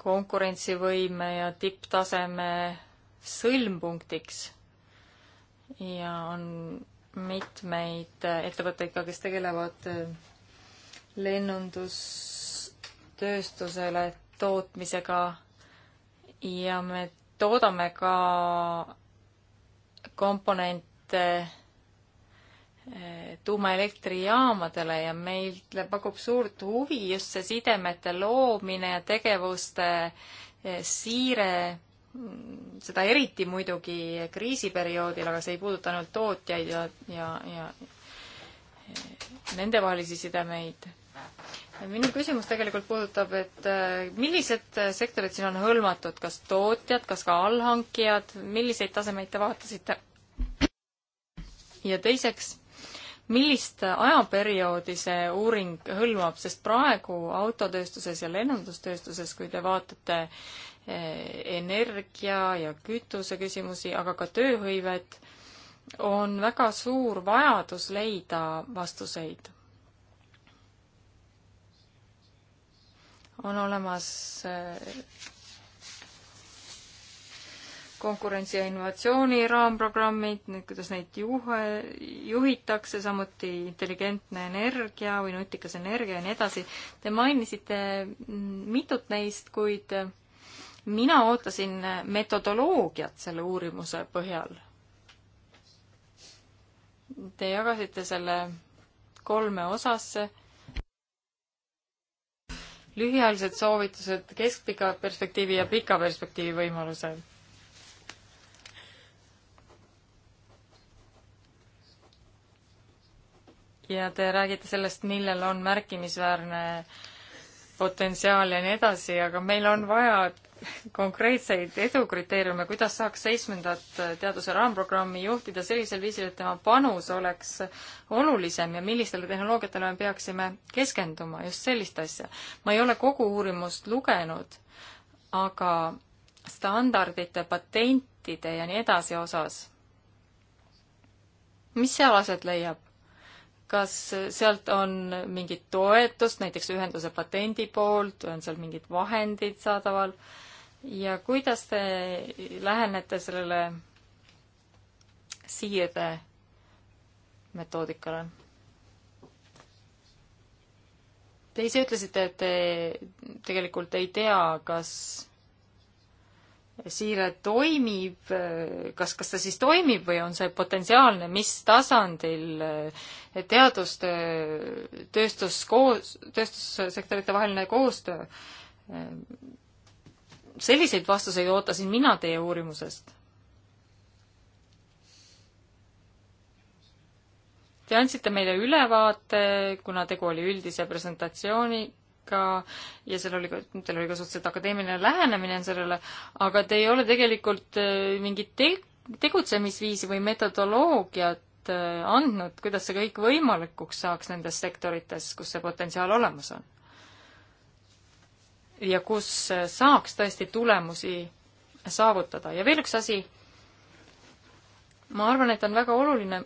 [SPEAKER 3] konkurentsivõime ja tipptaseme sõlmpunktiks. ja on mitmeid ettevõtteid ka, kes tegelevad äh, lennundustööstusele tootmisega ja me toodame ka komponente eh, tuumaelektrijaamadele ja meile pakub suurt huvi just see sidemete loomine ja tegevuste eh, siire, mm, seda eriti muidugi kriisiperioodil, aga see ei puuduta ainult tootjaid ja, ja, ja eh, nendevahelisi sidemeid minu küsimus tegelikult puudutab, et äh, millised sektorid siin on hõlmatud, kas tootjad, kas ka allhankijad, milliseid tasemeid te vaatasite? ja teiseks, millist ajaperioodi see uuring hõlmab, sest praegu autotööstuses ja lennundustööstuses, kui te vaatate äh, energia ja kütuse küsimusi, aga ka tööhõivet, on väga suur vajadus leida vastuseid on olemas äh, konkurentsi ja innovatsiooni raamprogrammid, need, kuidas neid juhe, juhitakse, samuti intelligentne energia või nutikas energia ja nii edasi. Te mainisite mitut neist, kuid mina ootasin metodoloogiat selle uurimuse põhjal. Te jagasite selle kolme osasse lühiajalised soovitused, keskpika perspektiivi ja pika perspektiivi võimalused. ja te räägite sellest, millel on märkimisväärne potentsiaal ja nii edasi, aga meil on vaja konkreetseid edukriteeriume, kuidas saaks seitsmendat teaduse raamprogrammi juhtida sellisel viisil, et tema panus oleks olulisem ja millistele tehnoloogiatele me peaksime keskenduma, just sellist asja. ma ei ole kogu uurimust lugenud, aga standardite, patentide ja nii edasi osas, mis seal aset leiab? kas sealt on mingit toetust, näiteks ühenduse patendi poolt, on seal mingid vahendid saadaval ja kuidas te lähenete sellele siirde metoodikale? Te ise ütlesite, et te tegelikult ei tea, kas siire toimib, kas, kas ta siis toimib või on see potentsiaalne, mis tasandil teadustöö, tööstus koos, tööstussektorite vaheline koostöö, selliseid vastuseid ootasin mina teie uurimusest. Te andsite meile ülevaate, kuna tegu oli üldise presentatsiooni, ka ja seal oli ka, teil oli ka suhteliselt akadeemiline lähenemine sellele, aga te ei ole tegelikult äh, mingit te tegutsemisviisi või metodoloogiat äh, andnud, kuidas see kõik võimalikuks saaks nendes sektorites, kus see potentsiaal olemas on. ja kus äh, saaks tõesti tulemusi saavutada ja veel üks asi, ma arvan, et on väga oluline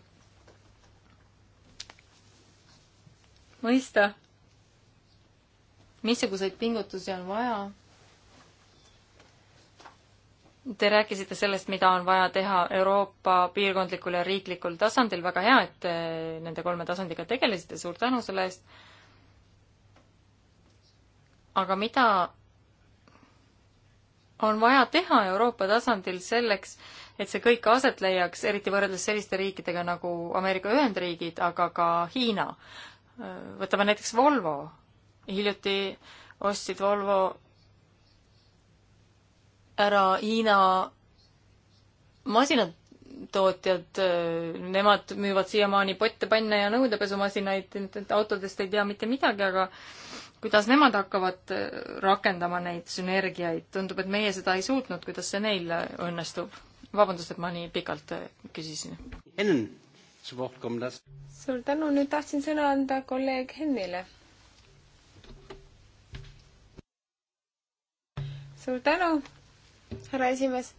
[SPEAKER 3] mõista missuguseid pingutusi on vaja? Te rääkisite sellest, mida on vaja teha Euroopa piirkondlikul ja riiklikul tasandil, väga hea, et te nende kolme tasandiga tegelesite, suur tänu selle eest. aga mida on vaja teha Euroopa tasandil selleks, et see kõik aset leiaks, eriti võrreldes selliste riikidega nagu Ameerika Ühendriigid, aga ka Hiina. võtame näiteks Volvo hiljuti ostsid Volvo ära Hiina masinatootjad, nemad müüvad siiamaani potte, panne ja nõudepesumasinaid, et autodest ei tea mitte midagi, aga kuidas nemad hakkavad rakendama neid sünergiaid, tundub, et meie seda ei suutnud, kuidas see neil õnnestub? vabandust, et ma nii
[SPEAKER 2] pikalt
[SPEAKER 1] küsisin. Henn, su koht komdas.
[SPEAKER 2] suur tänu, nüüd tahtsin sõna anda kolleeg Hennile suur tänu, härra esimees.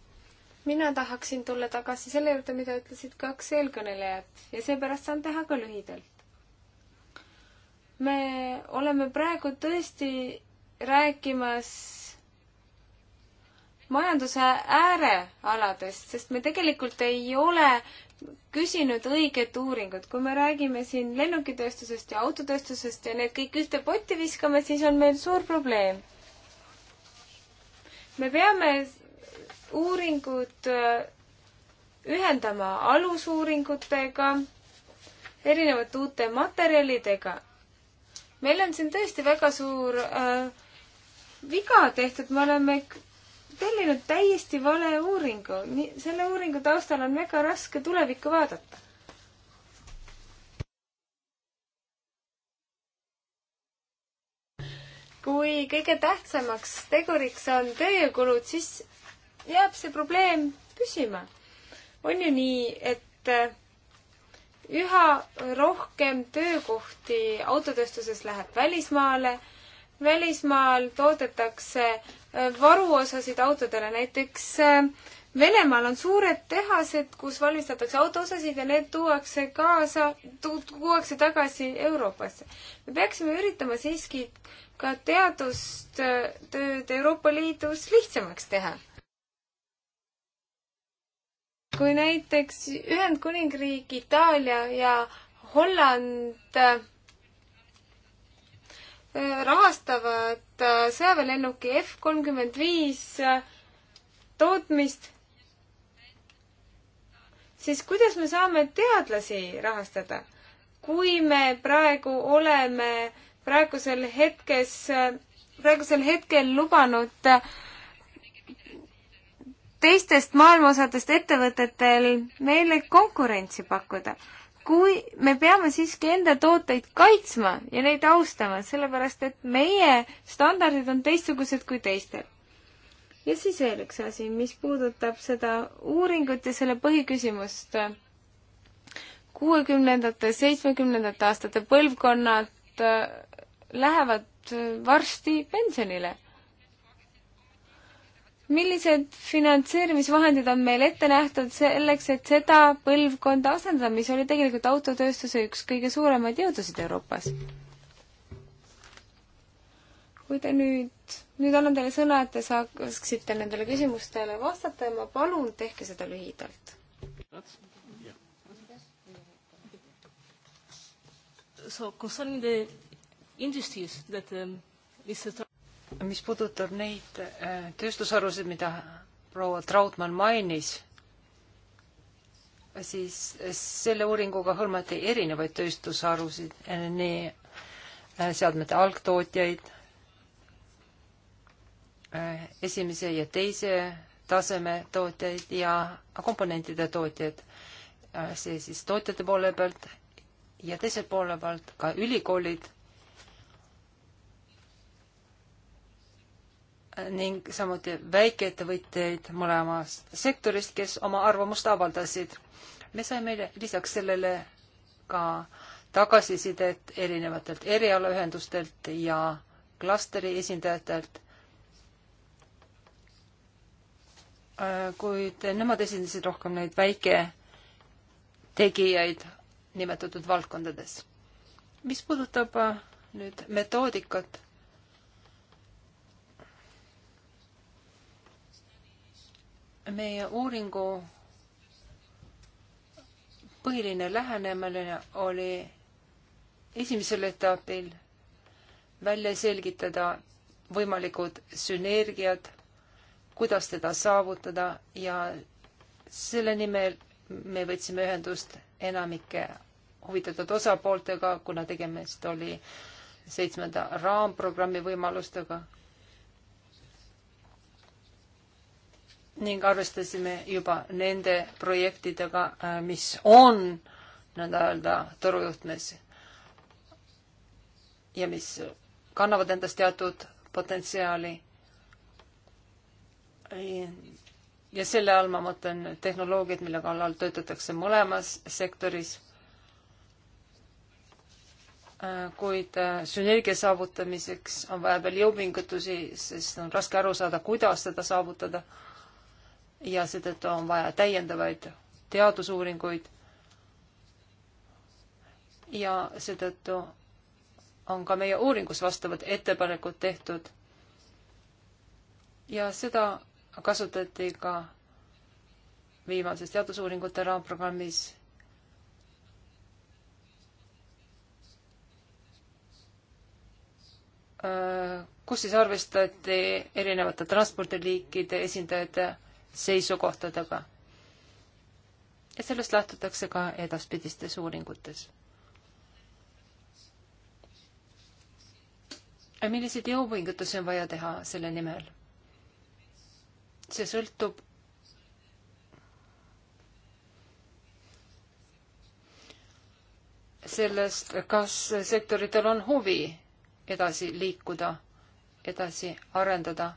[SPEAKER 2] mina tahaksin tulla tagasi selle juurde, mida ütlesid kaks eelkõnelejat ja seepärast saan teha ka lühidalt. me oleme praegu tõesti rääkimas majanduse äärealadest, sest me tegelikult ei ole küsinud õiget uuringut. kui me räägime siin lennukitööstusest ja autotööstusest ja need kõik ühte potti viskame, siis on meil suur probleem me peame uuringud äh, ühendama alusuuringutega, erinevate uute materjalidega. meil on siin tõesti väga suur äh, viga tehtud, me oleme tellinud täiesti vale uuringu, nii selle uuringu taustal on väga raske tulevikku vaadata. kui kõige tähtsamaks teguriks on tööjõukulud, siis jääb see probleem püsima. on ju nii, et äh, üha rohkem töökohti autotööstuses läheb välismaale, välismaal toodetakse äh, varuosasid autodele, näiteks äh, Venemaal on suured tehased, kus valmistatakse autoosasid ja need tuuakse kaasa, tuuakse tagasi Euroopasse. me peaksime üritama siiski ka teadustööd äh, Euroopa Liidus lihtsamaks teha. kui näiteks Ühendkuningriik, Itaalia ja Holland äh, rahastavad äh, sõjaväelennuki F kolmkümmend viis tootmist, siis kuidas me saame teadlasi rahastada, kui me praegu oleme praegusel hetkes, praegusel hetkel lubanud teistest maailmaosadest ettevõtetel meile konkurentsi pakkuda. kui me peame siiski enda tooteid kaitsma ja neid austama, sellepärast et meie standardid on teistsugused kui teistel ja siis veel üks asi, mis puudutab seda uuringut ja selle põhiküsimust. kuuekümnendate, seitsmekümnendate aastate põlvkonnad äh, lähevad äh, varsti pensionile. millised finantseerimisvahendid on meil ette nähtud selleks, et seda põlvkonda asendada, mis oli tegelikult autotööstuse üks kõige suuremaid jõudusid Euroopas? kui te nüüd nüüd annan teile sõna, et te saaksite nendele küsimustele vastata ja ma palun, tehke seda lühidalt.
[SPEAKER 1] So concerning the industries that um, Mr mis puudutab neid äh, tööstusharusid, mida proua Trautmann mainis, siis äh, selle uuringuga hõlmati erinevaid tööstusharusid, äh, nii seadmete algtootjaid Äh, esimese ja teise taseme tootjaid ja komponentide tootjaid. Äh, see siis tootjate poole pealt ja teise poole pealt ka ülikoolid äh, ning samuti väikeettevõtjaid mõlemast sektorist, kes oma arvamust avaldasid. me saime lisaks sellele ka tagasisidet erinevatelt erialaühendustelt ja klastri esindajatelt Äh, kuid nemad esindasid rohkem neid väiketegijaid nimetatud valdkondades. mis puudutab äh, nüüd metoodikat, meie uuringu põhiline lähenemine oli esimesel etapil välja selgitada võimalikud sünergiad kuidas teda saavutada ja selle nimel me võtsime ühendust enamike huvitatud osapooltega, kuna tegemist oli seitsmenda raamprogrammi võimalustega. ning arvestasime juba nende projektidega, äh, mis on nõnda öelda torujuhtmes ja mis kannavad endast teatud potentsiaali ja selle all ma mõtlen tehnoloogiat, mille kallal töötatakse mõlemas sektoris. Äh, kuid äh, sünergia saavutamiseks on vaja veel jõupingutusi, sest on raske aru saada, kuidas seda saavutada. ja seetõttu on vaja täiendavaid teadusuuringuid. ja seetõttu on ka meie uuringus vastavad ettepanekud tehtud. ja seda kasutati ka viimases teadusuuringute raamprogrammis kus siis arvestati erinevate transpordiliikide esindajate seisukohtadega. ja sellest lähtutakse ka edaspidistes uuringutes. milliseid jõupingutusi on vaja teha selle nimel? see sõltub sellest, kas sektoritel on huvi edasi liikuda, edasi arendada.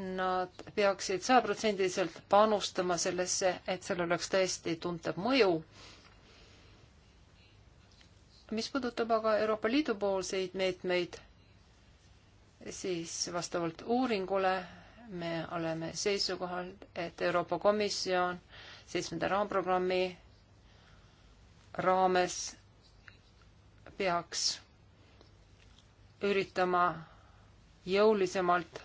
[SPEAKER 1] Nad peaksid sajaprotsendiliselt panustama sellesse, et seal oleks tõesti tuntav mõju mis puudutab aga Euroopa Liidu poolseid meetmeid, siis vastavalt uuringule me oleme seisukohal, et Euroopa Komisjon seitsmenda raamprogrammi raames peaks üritama jõulisemalt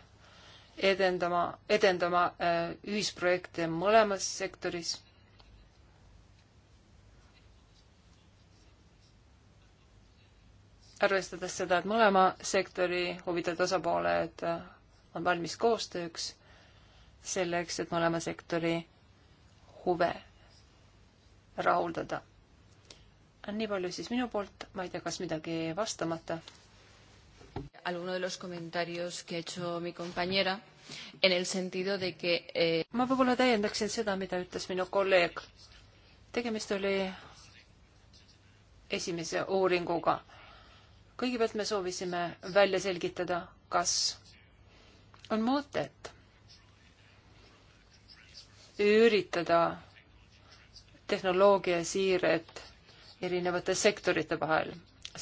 [SPEAKER 1] edendama, edendama äh, ühisprojekte mõlemas sektoris arvestades seda, et mõlema sektori huvitatud osapooled on valmis koostööks selleks, et mõlema sektori huve rahuldada. nii palju siis minu poolt, ma ei tea, kas midagi jäi vastamata. Alguno de los comentarios que ha hecho mi compañera en el sentido de que eh... ma võib-olla täiendaksin seda, mida ütles minu kolleeg. tegemist oli esimese uuringuga kõigepealt me soovisime välja selgitada, kas on mõtet üritada tehnoloogia siiret erinevate sektorite vahel.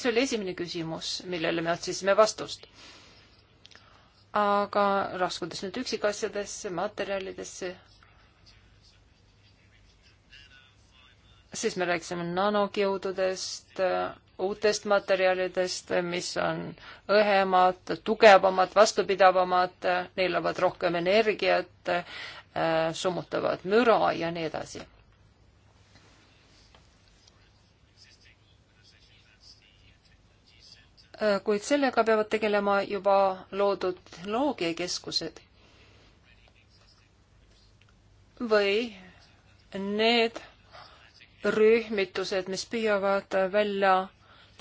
[SPEAKER 1] see oli esimene küsimus, millele me otsisime vastust. aga raskudes nüüd üksikasjadesse, materjalidesse siis me rääkisime nanokiududest, uutest materjalidest, mis on õhemad, tugevamad, vastupidavamad, neelavad rohkem energiat, summutavad müra ja nii edasi. kuid sellega peavad tegelema juba loodud loogiakeskused või need rühmitused, mis püüavad välja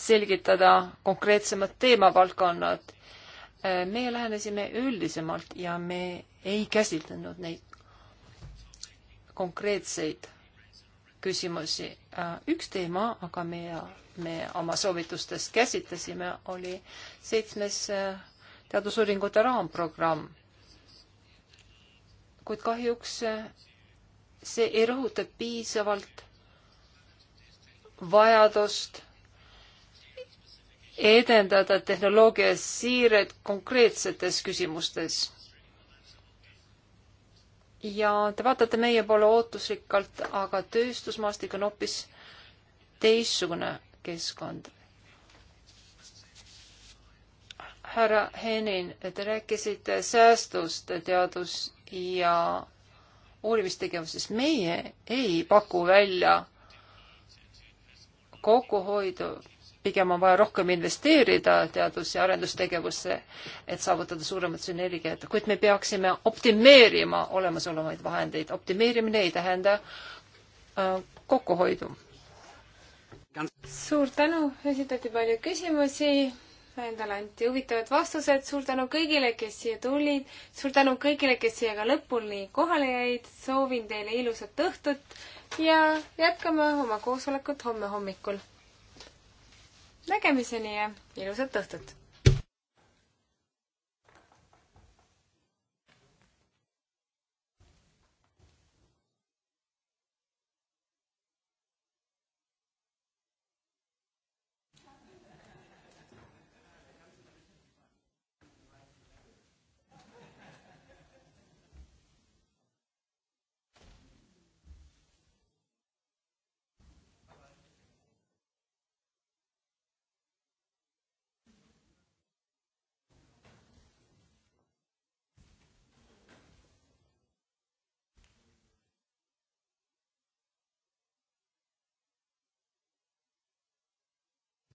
[SPEAKER 1] selgitada konkreetsemad teemavaldkonnad. meie lähenesime üldisemalt ja me ei käsitlenud neid konkreetseid küsimusi. üks teema, aga meie, me oma soovitustes käsitlesime, oli seitsmes äh, teadusuuringute raamprogramm. kuid kahjuks äh, see ei rõhuta piisavalt vajadust edendada tehnoloogia siiret konkreetsetes küsimustes. ja te vaatate meie poole ootusrikkalt, aga tööstusmaastik on hoopis teistsugune keskkond. härra Henin, te rääkisite säästust teadus ja uurimistegevusest. meie ei paku välja kokkuhoidu, pigem on vaja rohkem investeerida teadus- ja arendustegevusse, et saavutada suuremat sünergiat, kuid me peaksime optimeerima olemasolevaid vahendeid. optimeerimine ei tähenda äh, kokkuhoidu. suur
[SPEAKER 2] tänu, esitati palju küsimusi, endale anti huvitavad vastused, suur tänu kõigile, kes siia tulid, suur tänu kõigile, kes siia ka lõpuni kohale jäid, soovin teile ilusat õhtut ja jätkame oma koosolekut homme hommikul. nägemiseni ja ilusat õhtut!